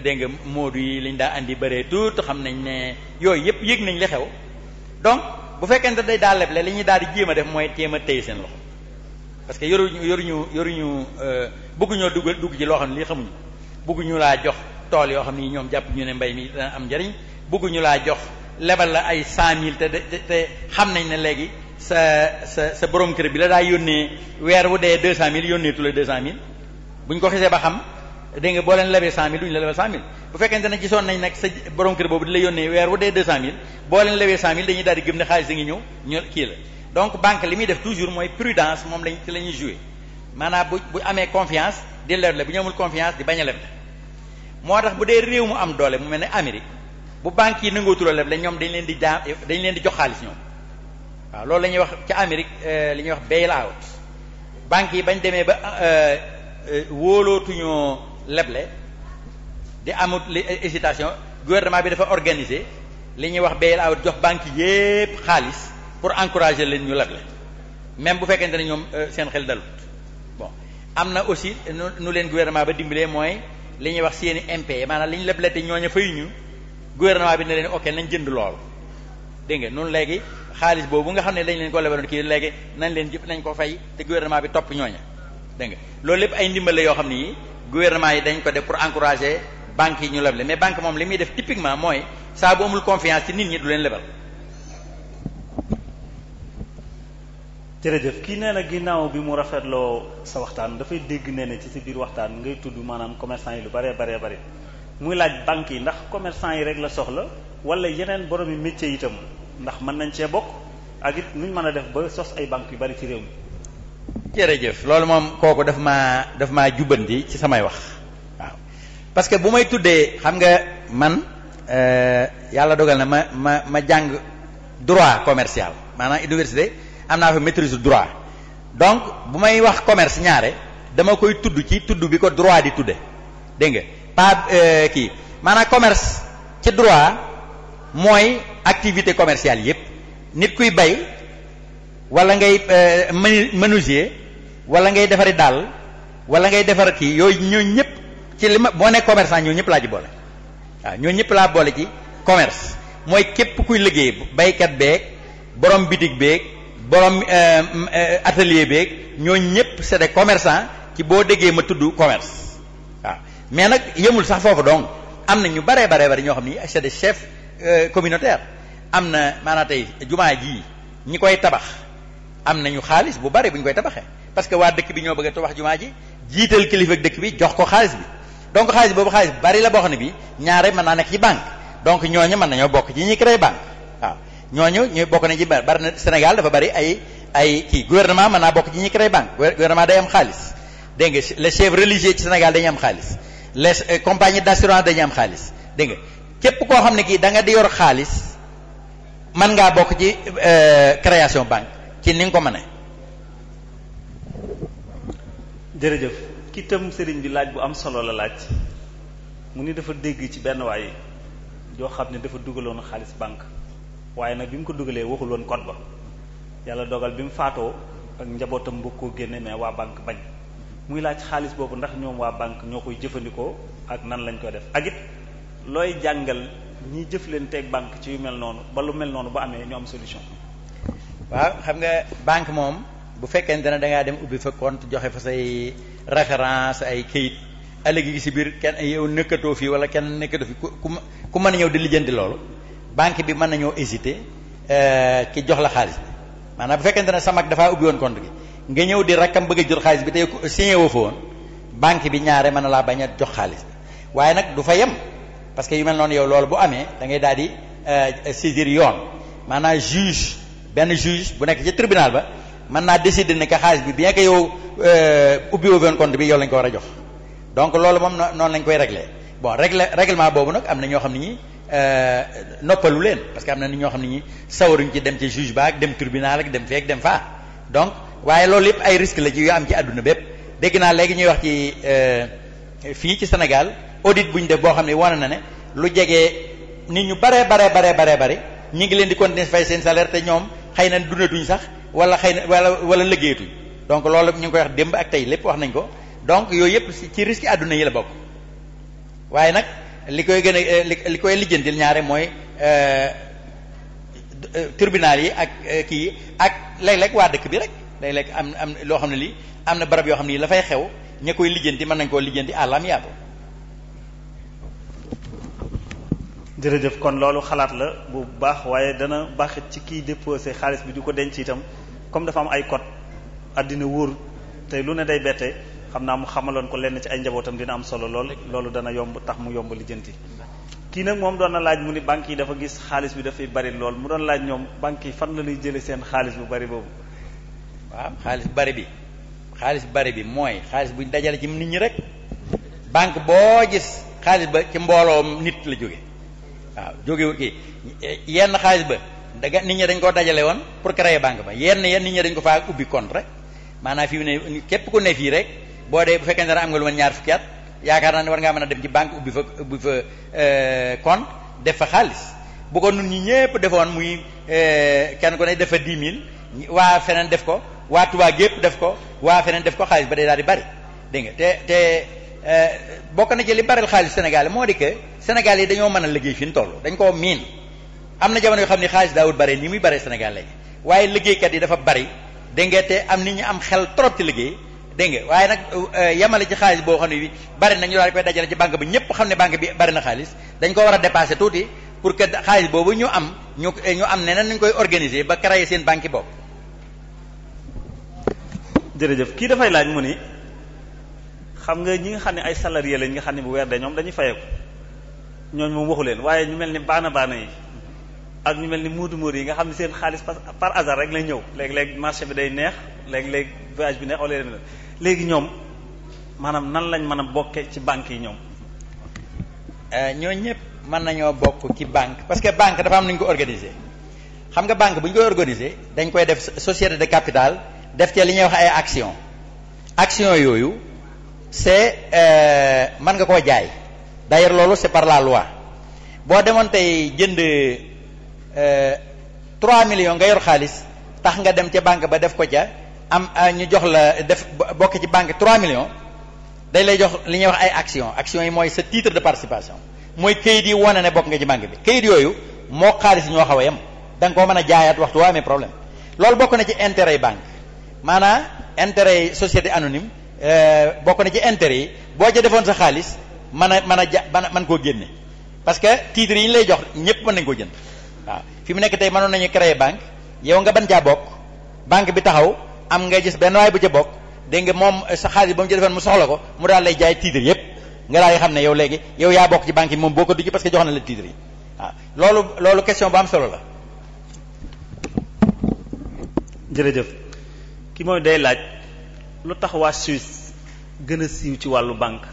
dégg nga moodu yi liñ daa indi bëree tuut xam nañ ne yooyu yëpp yëg nañ li xew donc bu fekkente day daal leble li ñu daal di jéem a def mooy téem a téye seen loxo parce que yoruñu yoruñu yoruñu euh, bëgguñoo dugg dugg ci loo xam ne lii xamuñu bëgguñu laa jox tool yoo xam ni ñoom jàpp ñu ne mbay mi dana am njariñ bëgguñu laa jox lebal la ay cent mille te te xam nañ ne léegi sa sa sa borom kër bi la daa yónnee weer wu dee deux cent mille yónnee tu la deux cent mille ko xisee ba xam dégg nga boo leen lebee cent mille du la lebal bu fekkente ne gisoon nañ nag sa borom kër la yónnee weer dee deux cent mille boo leen lebee cent mille dañuy daal di xaalis da ngi ñëw ñu kii la donc banque li muy def toujours mooy prudence moom lañ ci la ñuy jouer maanaam bu bu amee confiance di leble bu ñu amul confiance di bañ a leble moo tax bu dee réew mu am doole mu mel ne Amérique bu banque yi nangootuloo leb la ñoom dañ leen di daa dañ leen di jox xaalis ñoom waaw loolu la ñuy wax ca Amérique euh, li ñuy wax bail out banque yi bañ demee ba euh, euh, wóolootuñoo leble di amut li gouvernement bi dafa organiser li ñuy wax bail jox banque yépp xaalis pour encourager leen ñu leble même bu fekkente ne ñoom seen xel dalut bon am na aussi nu leen gouvernement ba dimbalee mooy li ñuy wax seeni impayés maanaam li ñu leblete ñooñu ñu gouvernement bi na leen ok nañ jënd lool dégg nga noonu léegi xaalis boobu nga xam ne dañ leen ko lebaloon kii léegi nañ leen jëpp nañ ko fay te gouvernement bi topp ñooña dégg nga loolu lépp ay ndimbal yoo xam ne ni gouvernement yi dañ ko def pour encourager banques yi ñu leble mais banque moom li muy def typiquement mooy saa bu amul confiance ci nit ñi du leen lebal jërëjëf kii nee na ginnaaw bi mu rafetloo sa waxtaan dafay dégg nee na ci si biir waxtaan ngay tudd maanaam commerçant yi lu baree bare bëri muy laaj banques yi ndax commerçant yi rek la soxla wala yeneen borom yi métier itam ndax mën nañ cee bokk ak it nuñ mën a def ba sos ay banques yu bari ci réew mi. jërëjëf loolu moom kooku dafa maa daf maa jubbanti ci samay wax waaw parce que bu may tuddee xam nga man euh, yàlla dogal na ma ma ma jàng droit commercial maanaam am naa fa maîtrise droit donc bu may wax commerce ñaare dama koy tudd ci tudd bi ko droit di tudde dégg nga pas euh, kii maanaa commerce ci droit mooy activité commerciale yépp nit kuy bay wala ngay euh, menuisier wala ngay defari daal wala ngay defar kii yooyu ñoo ñépp ci li ma boo ne commerçant ñoo ñépp laa ci boole waaw ñoo ñépp laa boole ci commerce mooy képp kuy liggéey baykat beeg borom bitig beeg borom euh, euh, atelier beeg ñoo ñëpp c'est des commerçants ci boo déggee ma tudd commerce waaw mais nag yemul sax foofu donc am na ñu baree bare bari ñoo xam ni c'est des chefs euh, communautaires am na maanaam tey jumaa jii ñi koy tabax am nañu xaalis bu bari bu ñu koy tabaxee parce que waa dëkk bi ñoo bëgg a tabax jumaa ji jiital kilifa dëkk bi jox ko xaalis bi donc xaalis boobu xaalis bari la boo xam ne bi ñaare mën naa nekk ci banque donc ñooñu mën nañoo bokk ci ñu créé banque waaw ñooñu ñu bokk nañ ci bari na Sénégal dafa bari ay ay kii gouvernement mën naa bokk ci ñi créé banque gouvernement day am xaalis dégg nga les chefs religieux ci Sénégal dañuy am xaalis les euh, compagnies d'assurance dañuy am xaalis dégg nga képp koo xam ne kii danga di yor xaalis man ngaa bokk ci euh, création banque ci ni nga ko mane jërëjëf ki itam sëriñ bi laaj bu am solo la laaj mu ni dafa dégg ci benn waay joo xam ne dafa dugaloon xaalis banque. waaye nag bi mu ko dugalee waxul woon code ba yàlla dogal bi mu faatoo ak njabootam bëgg koo génne mais waa banque bañ muy laaj xaalis boobu ndax ñoom waa banque ñoo koy jëfandikoo ak nan lañ koy def ak it looy jàngal ñiy jëf leen teeg banque ci yu mel noonu ba lu mel noonu bu amee ñu am solution. waaw xam nga banque moom bu fekkente ne da ngaa dem ubbi fa compte joxe fa say référence ay kayit ëllëg gi si biir kenn yow nekkatoo fii wala kenn nekkatoo fi ku ku mën a ñëw di lijjanti loolu. banque bi mën nañoo hésiter euh, ki jox la xaalis bi maanaam bu fekkente ne sa mag dafa ubbi woon compte gi nga ñëw di rakkam bëgg a jot xaalis bi te signé woo fa woon banque bi ñaaree mën na laa bañ a jox xaalis bi waaye nag du fa yem parce que yu mel noonu yow loolu bu amee dangay ngay daal di euh, saisir yoon maanaam juge benn juge bu nekk ci tribunal ba mën naa décider ne que xaalis bi bien que yow euh, ubbi woo fa woon compte bi yow lañ ko war a jox donc loolu moom noonu lañ koy régler bon règle règlement boobu nag am na ñoo xam ne ñi Euh, noppalu leen parce que am na ni ñoo xam ne ñi sawaruñ ci dem ci juge ba ak dem tribunal ak dem feek dem faa donc waaye loolu yëpp ay risque la ci yu am ci àdduna bépp dégg naa léegi ñuy wax ci euh, fii ci Sénégal audit bu ñu def boo xam ne wane na ne lu jege nit ñu baree baree baree baree bare ñu ngi leen di continuer fay seen salaire te ñoom xëy na dundatuñ sax wala xëy na wala wala liggéeyatuñ donc loolu ñu ngi koy wax démb ak tey lépp wax nañ ko donc yooyu yëpp ci risque àdduna yi la bokk li koy gën a eh, li koy lijjantil ñaare mooy eh, eh, tribunal yi ak kii ak léeg-léeg waa dëkk bi rek léeg-léeg am am loo xam ne lii am na barab yoo xam ne la dafay xew ña koy lijjanti mën nañ koo lijjanti àllam yàlla. jërëjëf kon loolu xalaat la bu baax waaye dana baaxit ci kiy déposé xaalis bi di ko denc itam comme dafa am ay code àddina wóor te lu ne day bette. xam naa mu xamaloon ko lenn ci ay njabootam dina am solo lool loolu dana yomb tax mu yomb lijjanti kii nag moom doon na laaj mu ni banques yi dafa gis xaalis bi dafay bari lool mu doon laaj ñoom banques yi fan la ñuy jëlee seen xaalis bu bari boobu. waaw xaalis bari bi xaalis bari bi mooy xaalis buñ dajale ci nit ñi rek banque boo gis xaalis ba ci mbooloom nit la jóge waaw jóge kii yenn xaalis ba daga nit ñi dañ koo dajale woon pour créer banque ba yenn yenn nit ñi dañ ko faa ubbi rek maanaam fi mu képp ku ne fii rek. boo dee bu fekkee ne dara am nga lu ma ñaar fukki at yaakaar naa ne war ngaa mën a dem ci banque ubbi fa ubbi fa euh, compte def fa xaalis bu ko nun ñi ñëpp defoon muy euh, kenn ku ne def fa di mille waa feneen def ko waa Tuubaa gépp def ko waa feneen def ko xaalis ba day daa di bari dégg nga te te euh, bokk na ci li baral xaalis Sénégal moo di que Sénégal yi dañoo mën a liggéey fi ñu toll dañ koo miin am na jamono yoo xam ne xaalis daa daawul bare ni muy bare Sénégal lañ waaye liggéeykat yi dafa bari dégg nga te am nit ñi am xel trop liggéey dégg nga waaye nag euh, yemale ci xaalis boo xam ne bi bari na ñu daal di koy dajale ci banque bi ñëpp xam ne banque bi bari na xaalis dañ ko war a dépasser tuuti pour que xaalis boobu ñu am ñu ñu am ne nan ñu koy organiser ba créer seen banque bopp. jërëjëf kii dafay laaj mu ni xam nga ñi nga xam ne ay salarié lañ nga xam ne bu weer de ñoom dañuy fayeku ñooñ moom waxu leen waaye ñu mel ni baana baana yi ak ñu mel ni muutu muur yi nga xam ne seen xaalis par hasard rek lay ñëw léeg-léeg marché bi day neex léeg-léeg voyage bi neex wala léegi ñoom maanaam nan lañ mën a bokkee ci banque yi ñoom. Euh, ñoo ñëpp mën nañoo bokk ci banque parce que banque dafa am nañ ko organiser xam nga banque bu ñu koy organiser dañ koy def société de capital def ci li ñuy wax ay action action yooyu c'est euh, mën nga koo jaay d'ailleurs loolu c'est par la loi boo demoon tey jënd 3 euh, millions nga yor xaalis tax nga dem ca banque ba def ko ca am euh, ñu jox la def bokk ci banque 3 millions dañ lay jox li ñuy wax ay action action yi mooy sa titre de participation mooy kayit yi wane ne bokk nga ci banque bi kayit yooyu moo xaalis ñoo xaw a yem danga koo mën a jaayaat waxtu waa amee problème loolu bokk na ci intérêt yi banque maanaam intérêt yi société anonyme euh, bokk na ci intérêt yi boo ca defoon sa xaalis mën a mën a ja mën koo génne parce que titres yi ñu lay jox ñëpp mën nañ koo jënd waaw fi mu nekk tey mënoon nañu créer banque yow nga ban caa bokk banque bi taxaw am nga gis benn waay bu ca bokk dégg nga moom eh, sa xaalis ba mu ci defoon mu soxla ko mu daal lay jaay titre yëpp nga daal di xam ne yow léegi yow yaa bokk ci banque yi moom boo ko dugg parce que jox na la titre yi ah, loolu loolu question am solo ki mooy day laaj lu tax waa gën a siiw ci wàllu banque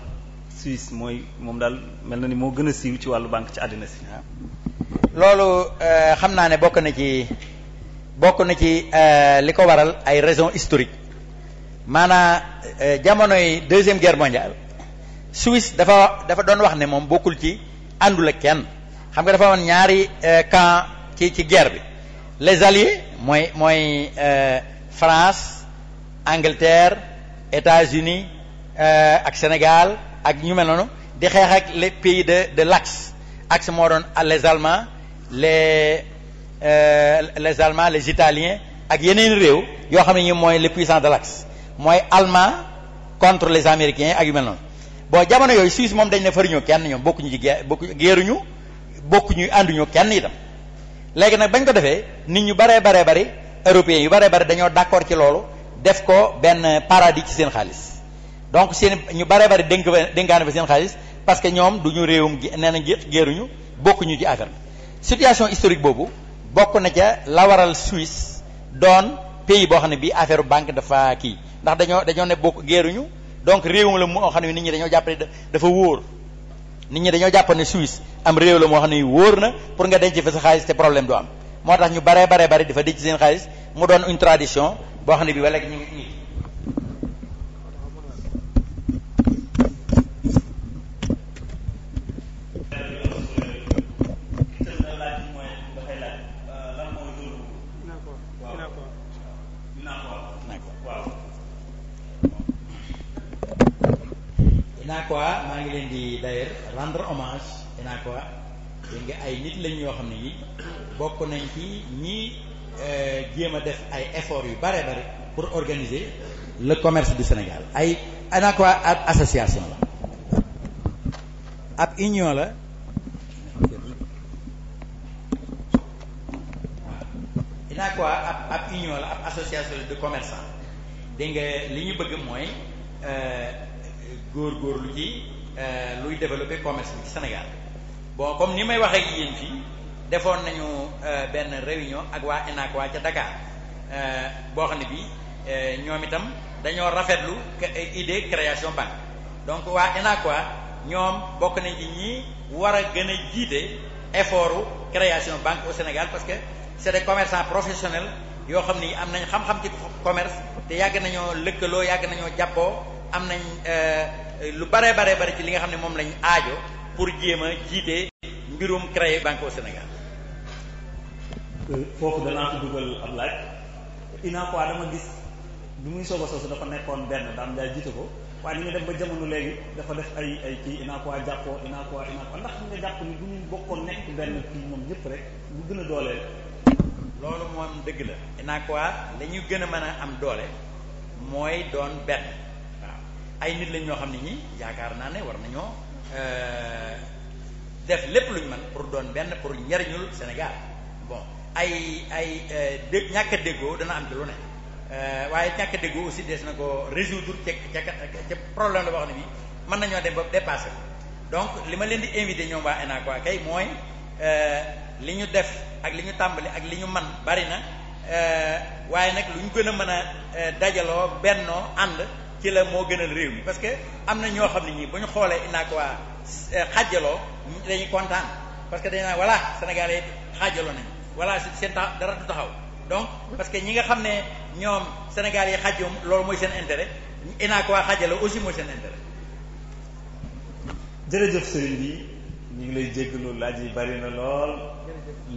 Suisse mooy moom daal mel na ni moo gën a siiw ci wàllu banque ci àddina si. Ah. loolu eh, xam naa ne bokk na ci. bokk na ci euh, li ko waral ay raisons historiques maanaa euh, jamonoy deuxième guerre mondiale Suisse dafa dafa doon wax ne moom bokkul ci àndul kenn xam nga dafa woon ñaari kan euh, ci ci guerre bi les alliés mooy mooy France Angleterre États-Unis ak Sénégal ak ñu mel noonu di xeex les pays de de l'axe axe moo doon les Allemands Euh, les allemands les italiens ak yeneen réew yoo xam ne ñi mooy les puissants de l'axe mooy allemand contre les américains ak yu mel noonu boo jamono yooyu Suisse moom dañ ne fariñoo kenn ñoom bokkuñu ci guerre géeruñu bokkuñu ànduñu kenn itam léegi nag bañ ko defee nit ñu baree baree bari européens yu baree bari dañoo d'accord ci loolu def ko benn paradis ci seen xaalis donc seen ñu bare bari dénk dénkaane fa seen xaalis parce que ñoom du ñu réewum nee na géeruñu bokkuñu ci affaire situation historique boobu bokk na ca la waral Suisse doon pays boo xam ne bii affaire banque dafa kii ndax dañoo dañoo ne bokk géeruñu donc réew la moo xam ne nit ñi dañoo jàpp ne dafa wóor nit ñi dañoo jàpp ne am réew la moo xam ne wóor na pour nga denc fa sa xaalis te problème du am moo tax ñu baree baree bari dafa denc seen xaalis mu doon une tradition boo xam ne bii wala ñu UNACOIS maa ngi leen di d'ailleurs rendre hommage UNACOIS dégg nga ay nit lañ yoo xam ne yi bokk nañ ci ñi euh, jéem a def ay efforts yu bare bare pour organiser la commerce du Sénégal ay UNACOIS ab association la ab union la UNACOIS ab ab union la ab association de commerçants dégg nga li ñu bëgg mooy euh, góorgóorlu ci euh, luy développer commerce bi ci Sénégal bon comme ni may waxee ak fii defoon nañu euh, benn réunion ak waa ENAC waa ca Dakar euh, boo xam ne bii ñoom itam dañoo rafetlu idée création banque donc waa ENAC ñoom bokk nañ ci ñi war a gën a jiite effort création banque au Sénégal parce que c'est des commerçants professionnels yoo xam ni am nañ xam-xam ci commerce te yàgg nañoo lëkkaloo yàgg nañoo jàppoo am nañ. Eh, lu bare bare bare ci li nga xam ne moom lañu aajo pour jéem a jiite mbirum créer banque au Sénégal euh, foofu danaa ko dugal ab laaj ina quoi dama gis bi muy soog a soosu dafa nekkoon benn daam daay jiite ko waaye ni ñu dem ba jamono léegi dafa def ay ay kii ina quoi jàppoo ina quoi ina quoi ndax xam nga jàpp ni bu bokkoon nekk benn kii moom ñëpp rek lu gën a dooleel loolu moom dëgg la ina quoi la gën a mën a am doole mooy doon benn ay nit lañ ñoo xam ne ñi yaakaar naa ne war nañoo euh, def lépp luñ mën pour doon benn pour njariñul Sénégal bon ay ay euh, dégg ñàkk a déggoo dana am ci lu ne euh, waaye ñàkk a déggoo aussi des na ko résoudre ca ca ca problème la boo xam ne bi mën nañoo dem ba dépassé ko donc li ma leen di invité ñoom waa ENAC waa kay mooy li ñu def ak li ñu tàmbali ak li ñu man bari na waaye nag lu ñu gën a mën a dajaloo bennoo ànd ci la moo gënal réew mi parce que am na ñoo xam ne ñii bu ñu xoolee inaak waa euh, xaajaloo dañuy kontaan parce que dañ naan voilà sénégalais xaajaloo nañ voilà seen tax dara du taxaw donc parce que ñi nga xam ne ñoom sénégal yi xajjom loolu mooy seen intérêt inaak waa aussi mooy seen intérêt jërëjëf sëriñ bi ñu ngi lay jéggalu laaj yi bari na lool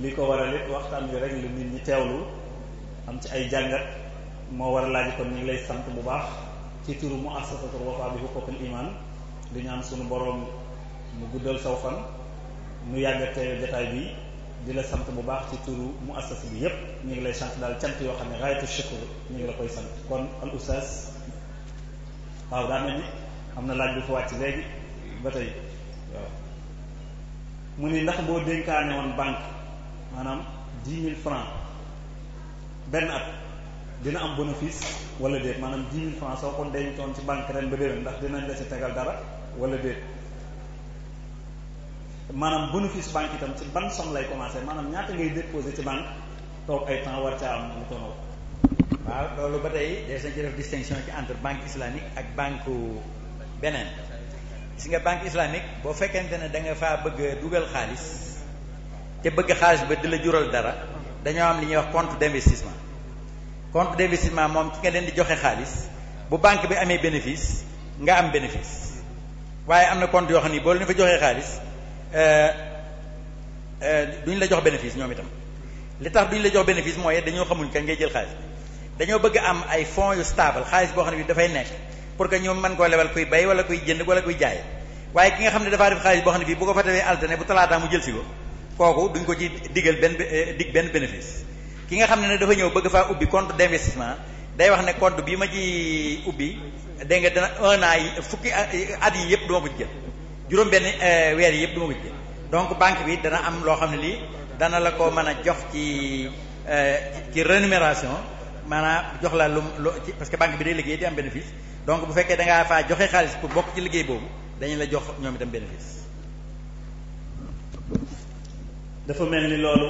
li ko war a it waxtaan bi rek lu nit ñi lu am ci ay jàngat moo war a laaj kon ñu ngi lay sant bu baax ci turu mu assasatul wafa bi huquqil iman di ñaan sunu borom mu guddal saw fan nu yàgg teewe jotaay bi di la sant bu baax ci turu mu assas bi yépp ñu ngi lay sant daal cant yoo xam ne raayatu shukr ñu ngi la koy sant kon al oustaz waaw daa ni am na laaj bu fa wàcc léegi ba tey waaw mu ni ndax boo dénkaane woon banque maanaam dix mille francs benn at dina am bénéfice wala déet maanaam di mille francs soo ko dencoon ci banque ren ba déwén ndax dinañ la ci tegal dara wala déet maanaam bénéfice banque itam ci ban somme lay commencer maanaam ñaata ngay déposer ci banque toog ay temps war caa am lu tono waaw loolu ba tey des nañ ci def distinction ci entre banque islamique ak banque beneen si nga banque islamique boo fekkente ne da nga faa bëgg dugal xaalis te bëgg xaalis ba di la jural dara dañoo am li ñuy wax compte d'investissement compte d'investissement moom ci nga leen di joxe xaalis bu banque bi amee bénéfice nga am bénéfice waaye am na compte yoo xam ni boo ñu fa joxee xaalis euh, euh, duñ la jox bénéfice ñoom itam li tax duñu la jox bénéfice mooy dañoo xamuñ kañ ngay jël xaalis dañoo bëgg am ay fonds yu stable xaalis boo xam ne bi dafay nekk pour que ñoom mën koo lebal kuy bay wala kuy jënd wala kuy jaay waaye ki nga xam ne dafaa def xaalis boo xam ne bii bu ko fa tewee alterné bu talaataa jël si ko kooku duñ ko ci digal benn euh, dig benn bénéfice ki nga xam ne dafa ñëw bëgg faa ubbi compte d'investissement day wax ne compte bi ma ji ubbi dégg nga dana un an yi fukki at yi yëpp duma ko jël juróom benn euh, weer yi yëpp duma ko jël donc banque bi dana am loo xam ne lii dana la ko mën a jox ci euh, ci rémunération maanaam jox la lu lu parce que banque bi day liggéey di am bénéfice donc bu fekkee dangaa ngaa faa joxe xaalis pour bokk ci liggéey boobu dañu la jox ñoom itam bénéfice. dafa mel ni loolu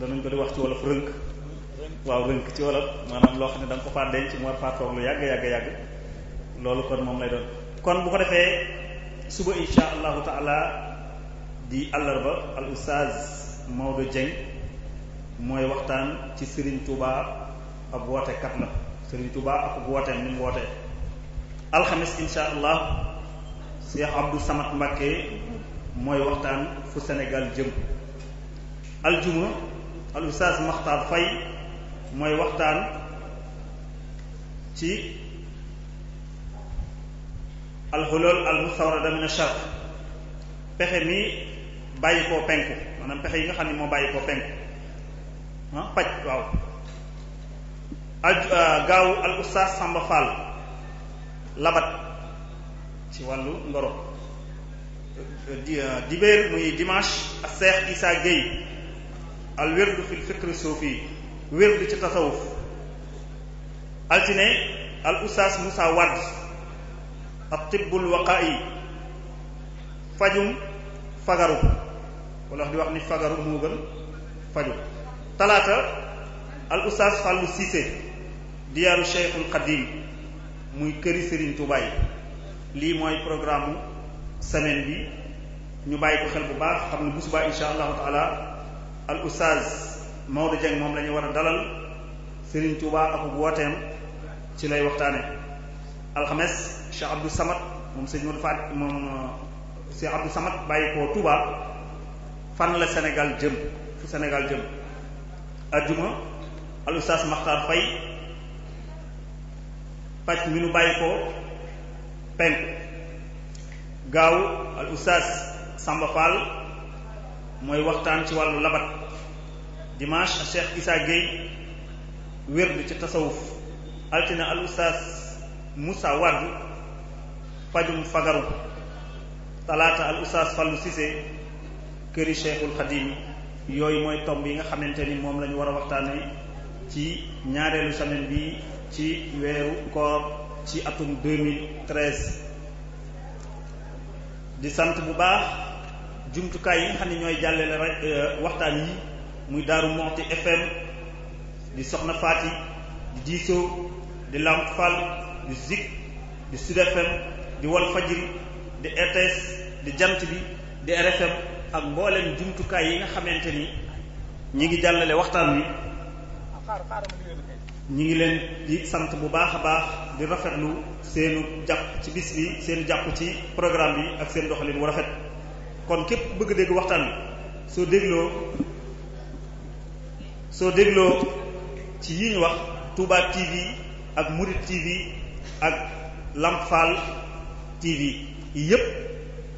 danañ ko di wax ci wolof rënk waaw rënk ci wolof maanaam loo xam ne da ko faa denc mu war faa toog lu yàgg yàgg yàgg loolu kon moom lay doon kon bu ko defee suba insha allahu taala di àllarba al ustaz Maodo Dieng mooy waxtaan ci Serigne bu ab wootekat la Serigne Touba ak wooteem ni mu wootee alxamis insha allah Cheikh Abdou Samad Mbacké mooy waxtaan fu senegal jëm aljuma al ustaas Maxtaar Fay mooy waxtaan ci alxulool almustawrada min ash-sharq pexe mi bàyyi koo penku maanaam pexe yi nga xam ne moo bàyyi koo penku ah paj waaw al euh, gaaw al ustaas Samba Fall labat ci wàllu ngoro euh, di euh, dibéer muy dimanche ak Seex Isaa Guèye al wérdu fil fiqri suufi wérdu ci tasawuf altine al ustaas Moussa Wade ab tibbul waqaa'i fajum fagaru wala di wax ni fagaru moo gën faju talaata al ustaas Fallou Cissé diyaaru Cheikhul Xadim muy këri Serigne Touba lii mooy programme semaine bi ñu bàyyi ko xel bu baax xam ne bu subaa insha allahu taala al ustaz Maodo Dieng moom lañuy war a dalal Serigne Touba ak wooteem ci lay waxtaane alxames Cheikh Abdou Samad moom sëñ Modou Fat moom euh, Cheikh Abdou Samad bàyyi ko Touba fan la Sénégal jëm fu Sénégal jëm ajjuma al ustaz Makhtar Faye pàcc mi nu bàyyi ko penk gaaw al ustaz Samba Fall mooy waxtaan ci wàllu labat dimanche Cheikh Issa Gueye wérd ci tasawuf altine al ustaas Moussa Wade pajum fagaru talaata al ustaas Fallou Cissé këri Cheikhul Khadim yooyu mooy tomb yi nga xamante ni moom lañu ñu war a waxtaane ci ñaareelu semaine bi ci weeru koor ci atum 2013 di sant bu baax jumtukaay yi nga xam ne ñooy jàllale euh, waxtaan yi muy Daaru Muxti FM di Soxna Faati di Diisoo di Lamp Fall di Zik di Sud FM di Wal Fajri di RTS di Jant bi di RFM ak mbooleem jumtukaay yi nga xamante ni ñi ngi jàllale waxtaan wi ñi ngi leen di sant bu baax a baax di rafetlu seenu jàpp ci bis bi seenu jàpp ci programme bi ak seen doxalin wu rafet kon képp bëgg dégg waxtaan wi soo dégloo soo dégloo ci yi ñu wax Touba TV ak Murid TV ak Lamp Fall TV yëpp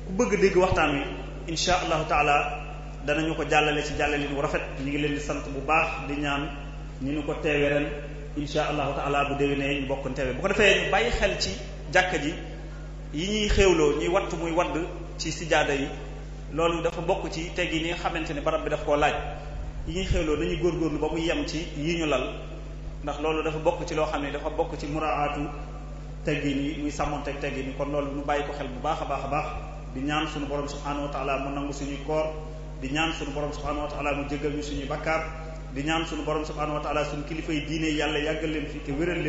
ku bëgg dégg waxtaan wi insha allahu taala danañu ko jàllale ci jàllale bu rafet ñu ngi leen di sant bu baax di ñaan ñu nu ko teewee ren insha allahu taala bu déwénee ñu bokk teewee bu ko defee ñu bàyyi xel ci jàkka ji yi ñuy xewloo ñuy watt muy wadd ci sijaada yi loolu dafa bokk ci teggi ni nga xamante ne barab bi daf koo laaj yi ñuy xewloo dañuy góorgóorlu ba mu yem ci yi ñu lal ndax loolu dafa bokk ci loo xam ne dafa bokk ci muraatu teggi ni muy sàmmonteeg teggi ni kon loolu mu bàyyi ko xel bu baax a baax a baax di ñaan sunu borom subhanahu wa taala mu nangu suñuy koor di ñaan suñu borom subhanahu wa taala mu jéggal ñu suñuy bakkaar di ñaan suñu borom subhanahu wa taala suñu kilifa yi diine yàlla yàggal leen fi te leen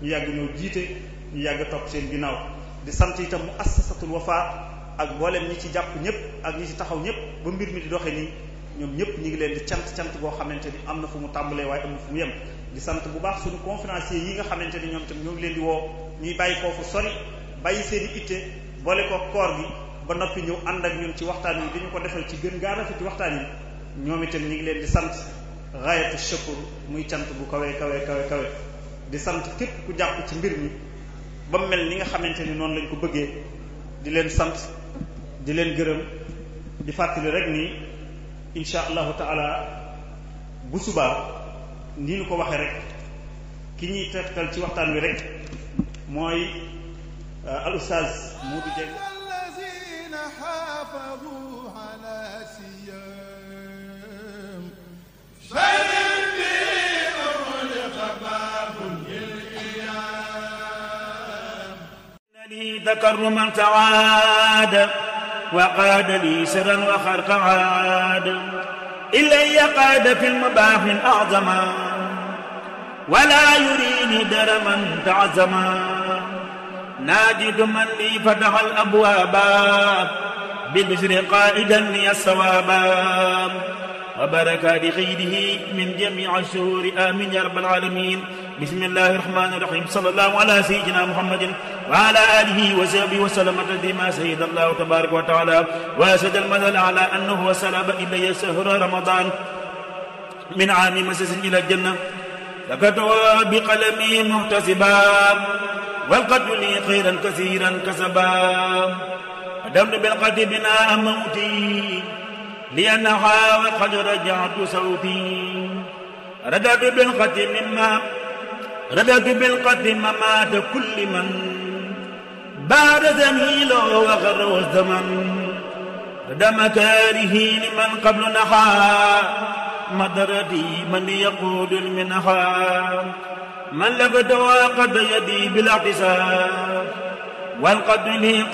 ñu yàgg ñoo jiite ñu yàgg topp seen ginnaaw di sant ak mboolem ñi ci jàpp ñëpp ak ñi ci taxaw ñëpp ba mbir mi di doxe nii ñoom ñëpp ñi ngi leen di cant cant boo xamante ni am na fu mu tàmbalee waaye am na fu mu yem di sant bu baax suñu conférencier yi nga xamante ni ñoom tam ñoo ngi leen woo ñuy bàyyi koo fu sori seen i boole ko koor gi ba noppi ñëw ànd ak ñun ci waxtaan yi dañu ko defal ci gën gaa rafet ci waxtaan ñoom itam ñi ngi leen di sant rayatu shakur muy cant bu kawe kawe kawe kawe di sant képp ku jàpp ci mbir mi ba mu mel ni nga xamante ni noonu lañ ko bëggee di leen sant di leen gërëm di fàttali rek ni insha allahu taala bu subaa nii nu ko waxee rek ki ñuy tegtal ci waxtaan wi rek mooy euh, al ustaz Modou Dieng ذكر من تعاد وقاد لي سرا وخرقا عاد إلي قاد في المباح أعظما ولا يريني درما تعزما ناجد من لي فتح الأبواب ببشر قائدا لي الصوابا wa barakaati xayrihi min jamii ashuhuri amin ya rabbal alamin bismillahi rahmani rahim sallallahu ala sayyidina muhammadin wa ala alihi wa sahbihi wa sallama taslima sayyid allahu tabaraka wa taala wa asad almadal ala annahu wasalaba ilaya sahra ramadan min aami masasin ila aljanna dakatwa biqalami muhtasiba walqatu li xayran kasiran kasaba adamtu bilqati bina mawti لأنها وقد رجعت صوتي رددت بالقتل مما رددت بالقتل ممات كل من بعد زميله وغره الزمن رد مكاره لمن قبل نحى مدرتي من يقود المنحى من لفت وقد يدي بالاعتصام والقد لي